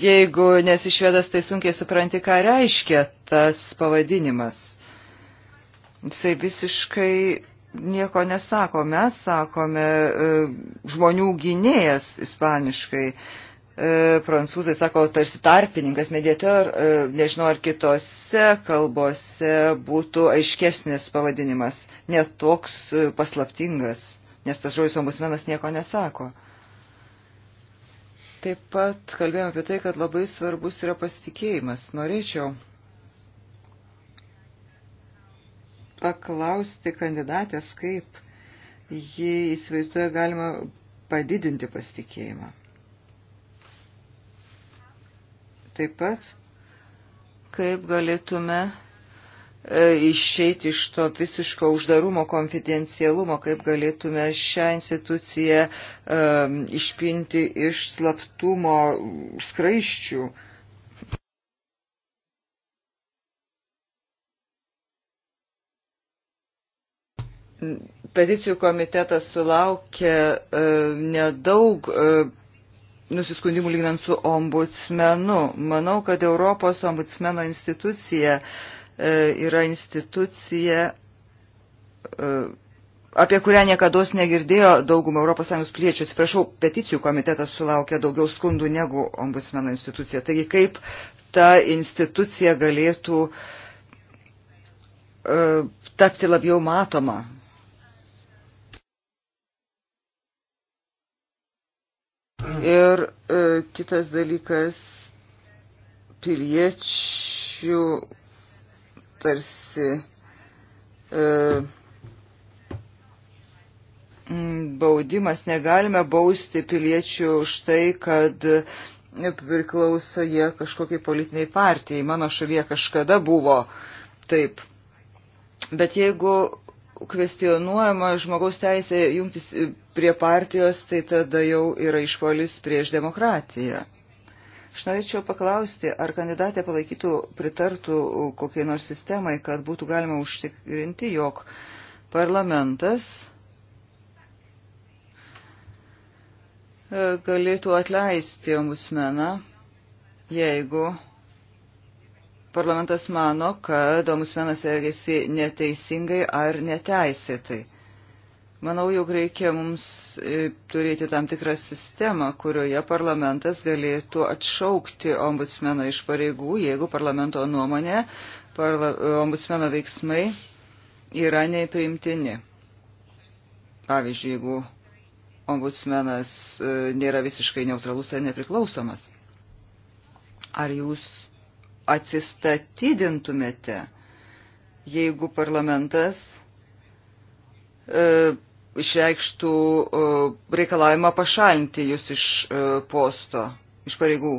A: jeigu nesišvedas, tai sunkiai supranti, ką reiškia tas pavadinimas. Jisai visiškai nieko nesako. Mes sakome e, žmonių gynėjas ispaniškai. E, prancūzai sako tarsi tarpininkas, mediator, e, nežinau ar kitose kalbose būtų aiškesnis pavadinimas, net toks paslaptingas, nes tas žodis ombudsmenas nieko nesako. Taip pat kalbėjome apie tai, kad labai svarbus yra pasitikėjimas. Norėčiau paklausti kandidatės, kaip jį įsivaizduoja galima padidinti pasitikėjimą. Taip pat, kaip galėtume e, išeiti iš to visiško uždarumo, konfidencialumo, kaip galėtume šią instituciją um, išpinti iš slaptumo skraiščių. Uh, peticijų komitetas sulaukė e, nedaug e, nusiskundimų lyginant su ombudsmenu. Manau, kad Europos ombudsmeno institucija e, yra institucija, apie kurią niekada negirdėjo daugumą ES piliečių. Atsiprašau, peticijų komitetas sulaukė daugiau skundų negu ombudsmeno institucija. Taigi kaip ta institucija galėtų tapti labiau matoma Ir e, kitas dalykas, piliečių tarsi e, baudimas, negalime bausti piliečių už tai, kad priklauso jie kažkokiai politiniai partijai. Mano šalyje kažkada buvo taip. Bet jeigu kvestionuojama žmogaus teisė jungtis prie partijos, tai tada jau yra išpolis prieš demokratiją. Aš norėčiau paklausti, ar kandidatė palaikytų, pritartų kokiai nors sistemai, kad būtų galima užtikrinti, jog parlamentas e, galėtų atleisti ombudsmeną, jeigu parlamentas mano, kad omusmenas elgesi neteisingai ar neteisėtai. Manau, jog reikia mums e, turėti tam tikrą sistemą, kurioje parlamentas galėtų atšaukti ombudsmeną iš pareigų, jeigu parlamento nuomonė, parla, e, ombudsmeno veiksmai yra nepriimtini. Pavyzdžiui, jeigu ombudsmenas e, nėra visiškai neutralus ar tai nepriklausomas. Ar jūs atsistatydintumėte, jeigu parlamentas e, išreikštų e, reikalavimą pašalinti jūs iš e, posto, iš pareigų.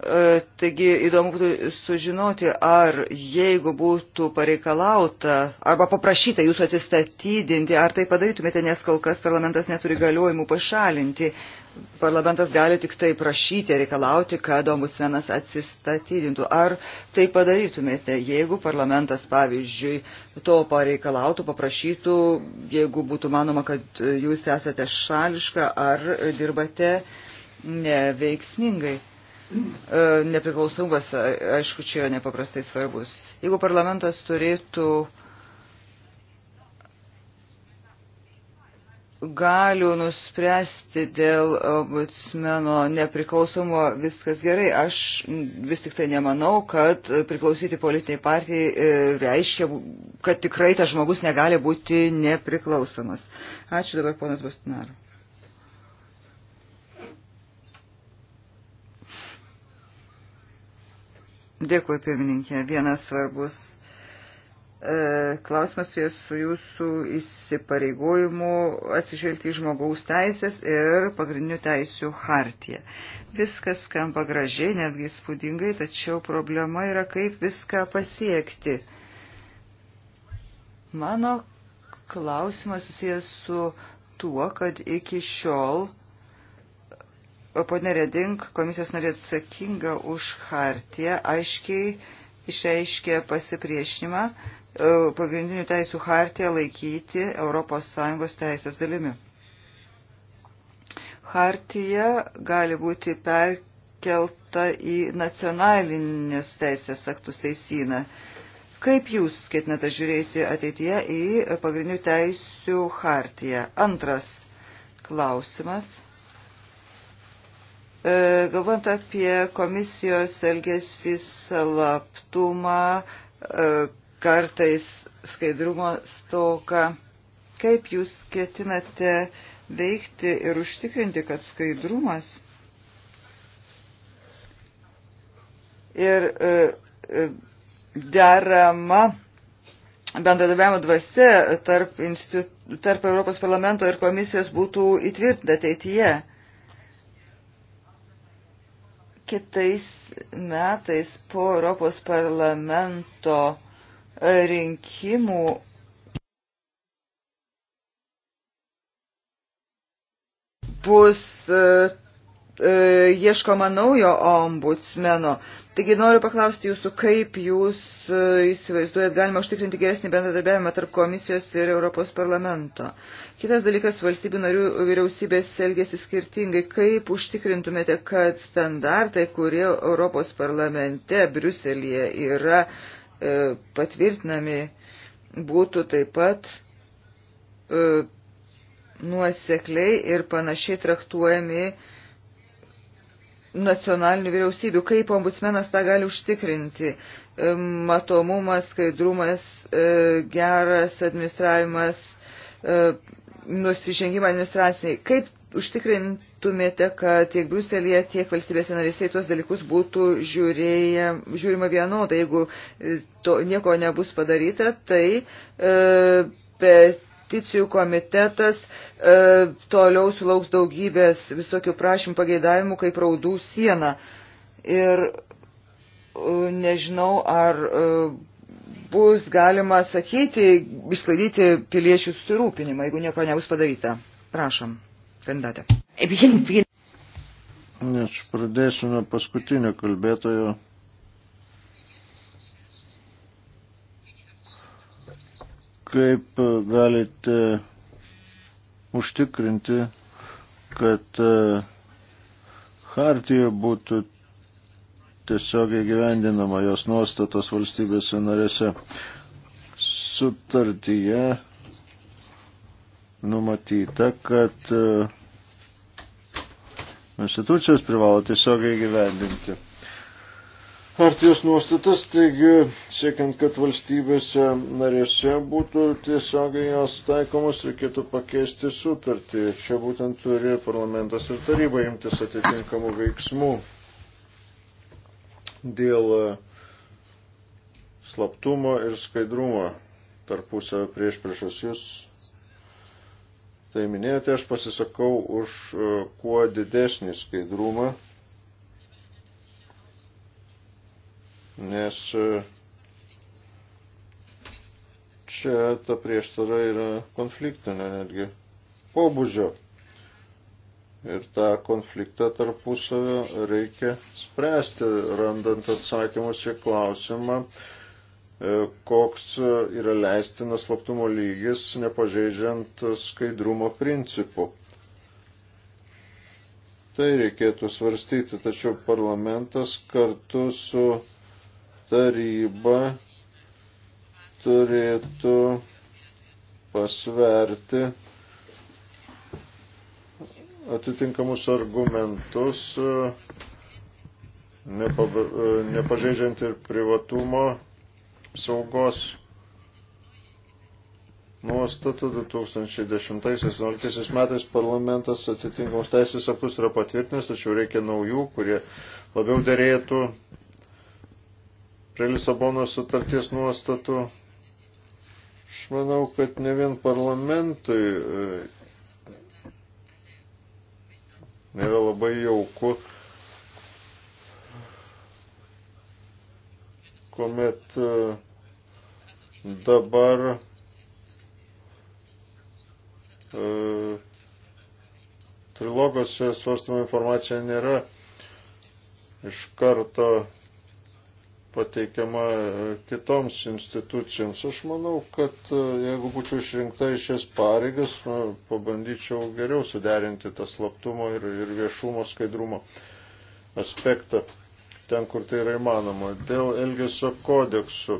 A: E, taigi įdomu būtų sužinoti, ar jeigu būtų pareikalauta arba paprašyta jūsų atsistatydinti, ar tai padarytumėte, nes kol kas parlamentas neturi galiojimų pašalinti. E, parlamentas gali tik tai prašyti, reikalauti, kad ombudsmenas atsistatydintų. Ar tai padarytumėte, jeigu parlamentas, pavyzdžiui, to pareikalautų, paprašytų, jeigu būtų manoma, kad jūs esate šališka ar dirbate neveiksmingai? E, nepriklausomumas, aišku, čia yra nepaprastai svarbus. Jeigu parlamentas turėtų uh, galių nuspręsti dėl ombudsmeno nepriklausomo viskas gerai. Aš vis tik tai nemanau, kad priklausyti politiniai partijai e, reiškia, kad tikrai tas žmogus negali būti nepriklausomas. Ačiū dabar ponas Bastinaru. Dėkui, pirmininkė. Vienas svarbus E, klausimas susijęs su jūsų įsipareigojimu atsižvelgti į žmogaus teisės ir pagrindinių teisių hartiją. Viskas skamba gražiai, netgi spūdingai, tačiau problema yra, kaip viską pasiekti. Mano klausimas susijęs su tuo, kad iki šiol ponė Reding, komisijos narė atsakinga už hartiją, aiškiai išreiškė pasipriešinimą e, pagrindinių teisų hartiją laikyti ES teisės dalimi. Hartija gali būti perkelta į nacionalinius teisės aktus teisyną. Kaip jūs ketinate žiūrėti ateityje į pagrindinių teisių hartiją? Antras klausimas. E, Galvant apie komisijos elgesį slaptumą, e, kartais skaidrumo stoką, kaip jūs ketinate veikti ir užtikrinti, kad skaidrumas ir e, derama bendradarbiavimo dvasia tarp, institu, tarp Europos parlamento ir komisijos būtų įtvirtinta ateityje kitais metais po Europos parlamento e, rinkimų bus e, e, ieškoma naujo ombudsmeno. Taigi noriu paklausti jūsų, kaip jūs e, įsivaizduojat galima užtikrinti geresnį bendradarbiavimą tarp komisijos ir Europos parlamento. Kitas dalykas, valstybių narių vyriausybės elgesi skirtingai. Kaip užtikrintumėte, kad standartai, kurie Europos parlamente, Briuselėje yra e, patvirtinami, būtų taip pat e, nuosekliai ir panašiai traktuojami e, nacionalinių vyriausybių. Kaip ombudsmenas tą gali užtikrinti? E, matomumas, skaidrumas, e, geras administravimas, e, nusižengimą administraciniai. Kaip užtikrintumėte, kad tiek Bruselėje, tiek valstybėse narėse į tuos dalykus būtų žiūrėję, žiūrima vienodai. Jeigu to nieko nebus padaryta, tai e, bet peticijų komitetas e, toliau sulauks daugybės visokių prašymų pageidavimų kaip raudų siena. Ir e, nežinau, ar e, bus galima sakyti, išsklaidyti piliečių susirūpinimą, jeigu nieko nebus padaryta. Prašom, kandidatė.
D: Aš pradėsiu nuo paskutinio kalbėtojo kaip e, galite užtikrinti, kad e, Hartija būtų tiesiogiai gyvendinama jos nuostatos valstybėse narėse. Sutartyje numatyta, kad e, institucijos privalo tiesiogiai gyvendinti hartijos nuostatas, taigi siekiant, kad valstybėse narėse būtų tiesiogiai jos taikomos, reikėtų pakeisti sutartį. Čia būtent turi parlamentas ir taryba imtis atitinkamų veiksmų dėl e, slaptumo ir skaidrumo tarpusio prieš priešus. Jūs tai minėjote, aš pasisakau už e, kuo didesnį skaidrumą nes e, čia ta prieštara yra konfliktinė netgi pobūdžio. Ir tą konfliktą tarpusavio reikia spręsti, randant atsakymus į klausimą, e, koks yra leistinas slaptumo lygis, nepažeidžiant skaidrumo principų. Tai reikėtų svarstyti, tačiau parlamentas kartu su taryba turėtų pasverti atitinkamus argumentus, nepažeidžiant ir privatumo saugos nuostatų 2010-2011 metais parlamentas atitinkamus teisės aktus yra patvirtinęs, tačiau reikia naujų, kurie labiau dėrėtų prie Lisabonos sutarties nuostatų. Aš manau, kad ne vien parlamentui e, nėra labai jauku, kuomet e, dabar e, trilogose svarstama informacija nėra iš karto pateikiama e, kitoms institucijoms. Aš manau, kad e, jeigu būčiau išrinkta į šias pareigas, pabandyčiau geriau suderinti tą slaptumo ir, ir viešumo skaidrumo aspektą ten, kur tai yra įmanoma. Dėl Elgesio kodeksų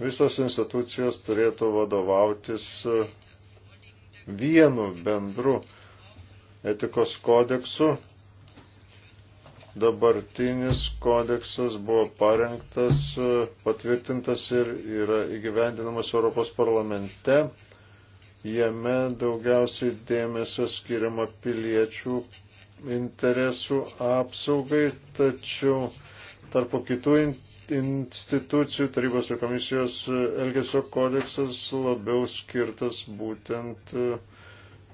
D: visos institucijos turėtų vadovautis e, vienu bendru etikos kodeksu, dabartinis kodeksas buvo parengtas, e, patvirtintas ir yra įgyvendinamas Europos parlamente. Jame daugiausiai dėmesio skiriama piliečių interesų apsaugai, tačiau tarpo kitų institucijų tarybos ir komisijos e, elgesio kodeksas labiau skirtas būtent e,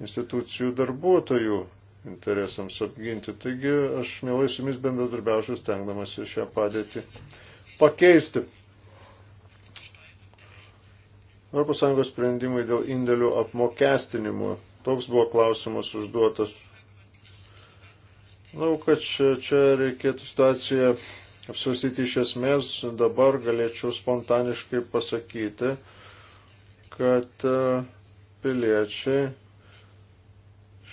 D: institucijų darbuotojų interesams apginti. Taigi aš mielai su jumis bendradarbiausiu, stengdamas šią padėtį pakeisti. ES sprendimai dėl indėlių apmokestinimo. Toks buvo klausimas užduotas. Manau, kad čia, čia reikėtų situaciją apsvarstyti iš esmės. Dabar galėčiau spontaniškai pasakyti, kad e, piliečiai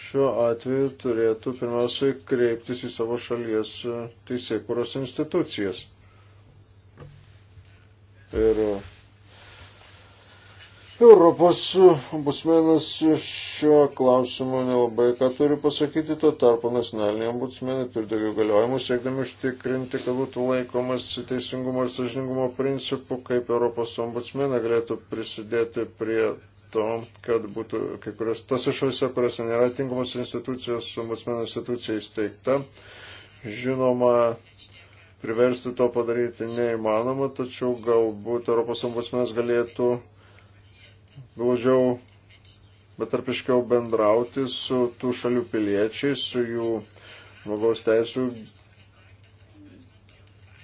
D: šiuo atveju turėtų pirmiausiai kreiptis į savo šalies teisėkuros institucijas. Ir Europos ombudsmenas šiuo klausimu nelabai ką turi pasakyti, tuo tarpu nacionaliniai ombudsmenai turi daugiau galiojimų, siekdami užtikrinti, kad būtų laikomas teisingumo ir sažiningumo principų, kaip Europos ombudsmenai galėtų prisidėti prie to, kad būtų kai kurios tose šalise, kuriuose nėra tinkamos institucijos, ombudsmeno institucija įsteigta. Žinoma, priversti to padaryti neįmanoma, tačiau galbūt Europos ombudsmenas galėtų glaudžiau, bet tarpiškiau bendrauti su tų šalių piliečiais, su jų žmogaus teisų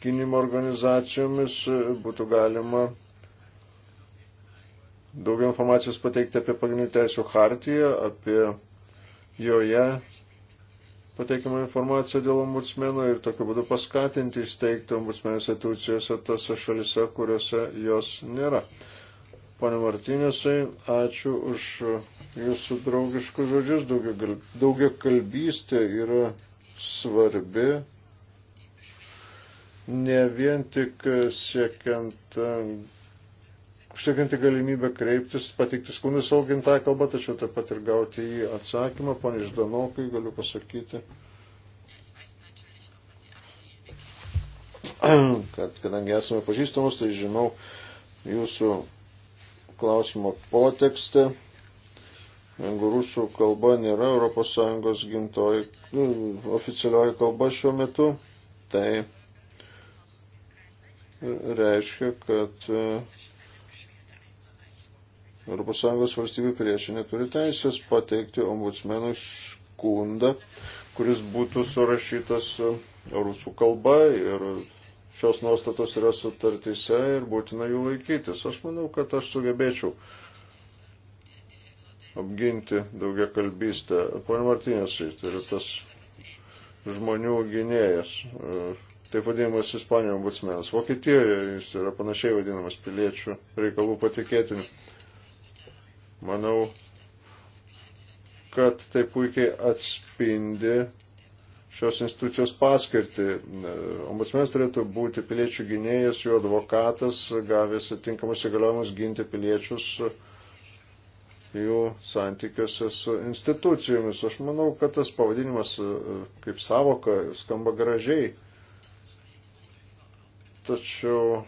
D: gynimo organizacijomis būtų galima daugiau informacijos pateikti apie pagrindinių teisų hartiją, apie joje pateikimą informaciją dėl ombudsmeno ir tokiu būdu paskatinti įsteigti ombudsmeno institucijose tose šalise, kuriuose jos nėra. Pane Martinėsai, ačiū už jūsų draugiškus žodžius. Daugia kalbystė yra svarbi ne vien tik siekiant užtikrinti galimybę kreiptis, pateikti skundų savo gimtąją kalbą, tačiau taip pat ir gauti į atsakymą. Pane Ždanokai, galiu pasakyti, kad kadangi esame pažįstamos, tai žinau jūsų klausimo potekste. Jeigu rusų kalba nėra ES gimtoji nu, oficialioji kalba šiuo metu, tai reiškia, kad ES valstybių priešai neturi teisės pateikti ombudsmenui skundą, kuris būtų surašytas e, rusų kalba ir šios nuostatos yra sutartyse ir būtina jų laikytis. Aš manau, kad aš sugebėčiau apginti daugia kalbystę. Pone Martinėsai, tai yra tas žmonių gynėjas, e, taip vadinamas Ispanijos ombudsmenas. Vokietijoje jis yra panašiai vadinamas piliečių reikalų patikėtiniu. Manau, kad tai puikiai atspindi šios institucijos paskirtį. Ombudsmenas turėtų būti piliečių gynėjas, jų advokatas, gavęs atinkamus įgaliojimus ginti piliečius jų santykiuose su institucijomis. Aš manau, kad tas pavadinimas kaip savoka skamba gražiai. Tačiau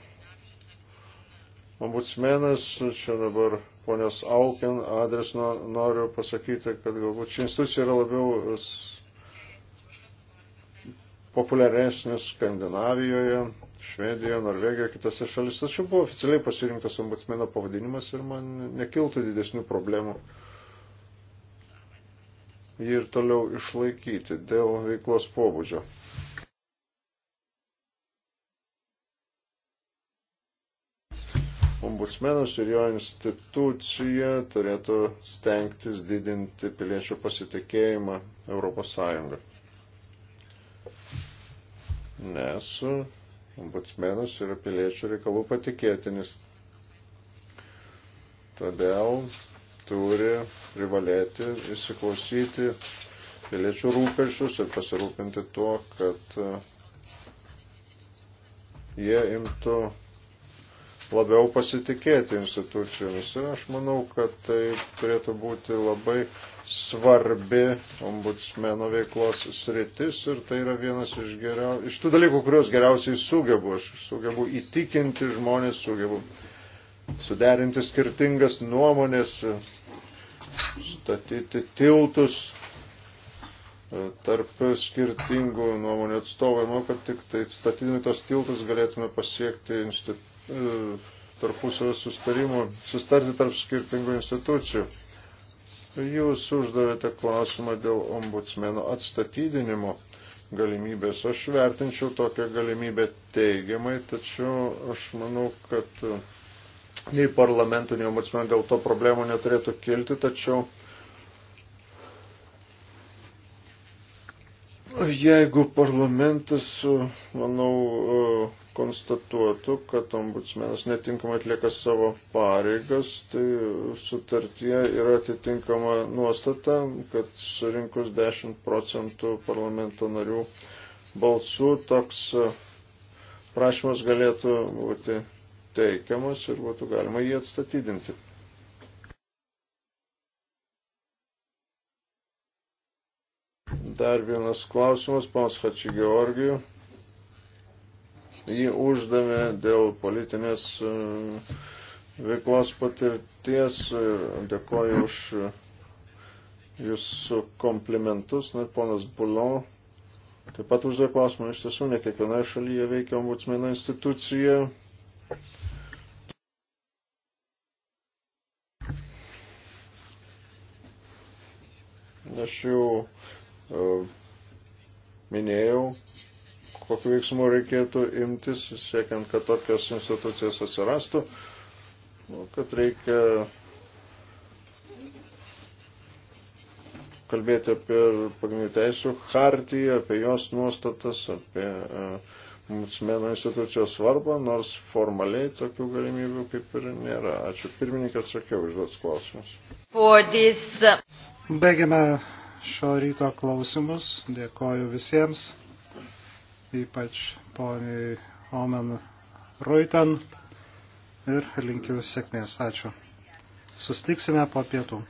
D: ombudsmenas, čia dabar ponios Aukin adresno noriu pasakyti, kad galbūt ši institucija yra labiau populiaresnis Skandinavijoje, Švedijoje, Norvegijoje, kitose šalise. Tačiau buvo oficialiai pasirinktas ombudsmeno pavadinimas ir man nekiltų didesnių problemų jį ir toliau išlaikyti dėl veiklos pobūdžio. Ombudsmenas ir jo institucija turėtų stengtis didinti piliečių pasitikėjimą Europos Sąjungą nes ombudsmenas yra piliečių reikalų patikėtinis. Todėl turi privalėti įsiklausyti piliečių rūpešius ir pasirūpinti tuo, kad uh, jie imtų labiau pasitikėti institucijomis. Ir aš manau, kad tai turėtų būti labai svarbi ombudsmeno veiklos sritis ir tai yra vienas iš, geriau, iš tų dalykų, kuriuos geriausiai sugebu. Aš sugebu įtikinti žmonės, sugebu suderinti skirtingas nuomonės, statyti tiltus e, tarp skirtingų nuomonių atstovų. Manau, kad tik tai statydami tos tiltus galėtume pasiekti institu... E, tarpusavio sustarimo, sustarti tarp skirtingų institucijų. Jūs uždavėte klausimą dėl ombudsmeno atstatydinimo galimybės. Aš vertinčiau tokią galimybę teigiamai, tačiau aš manau, kad nei parlamentų, nei ombudsmenų dėl to problemų neturėtų kilti, tačiau Jeigu parlamentas, manau, konstatuotų, kad ombudsmenas netinkamai atlieka savo pareigas, tai sutartie yra atitinkama nuostata, kad surinkus 10 procentų parlamento narių balsų toks prašymas galėtų būti teikiamas ir būtų galima jį atstatydinti. Dar vienas klausimas, panas Hači Georgijų. Jį uždavė dėl politinės e, veiklos patirties ir dėkoju už jūsų komplimentus. Na, ponas Bulon taip pat uždavė klausimą. Iš tiesų, ne kiekvienoje šalyje veikia ombudsmeno institucija. aš jau E, minėjau, kokiu veiksmu reikėtų imtis, siekiant, kad tokios institucijos atsirastų, nu, kad reikia kalbėti apie pagrindinių teisų hartiją, apie jos nuostatas, apie e, ombudsmeno institucijos svarbą, nors formaliai tokių galimybių kaip ir nėra. Ačiū pirmininkas, sakiau, užduots klausimus.
C: Uh,
B: Baigiame šio ryto klausimus. Dėkoju visiems, ypač poniai Omen Ruitan ir linkiu sėkmės. Ačiū. Sustiksime po pietų.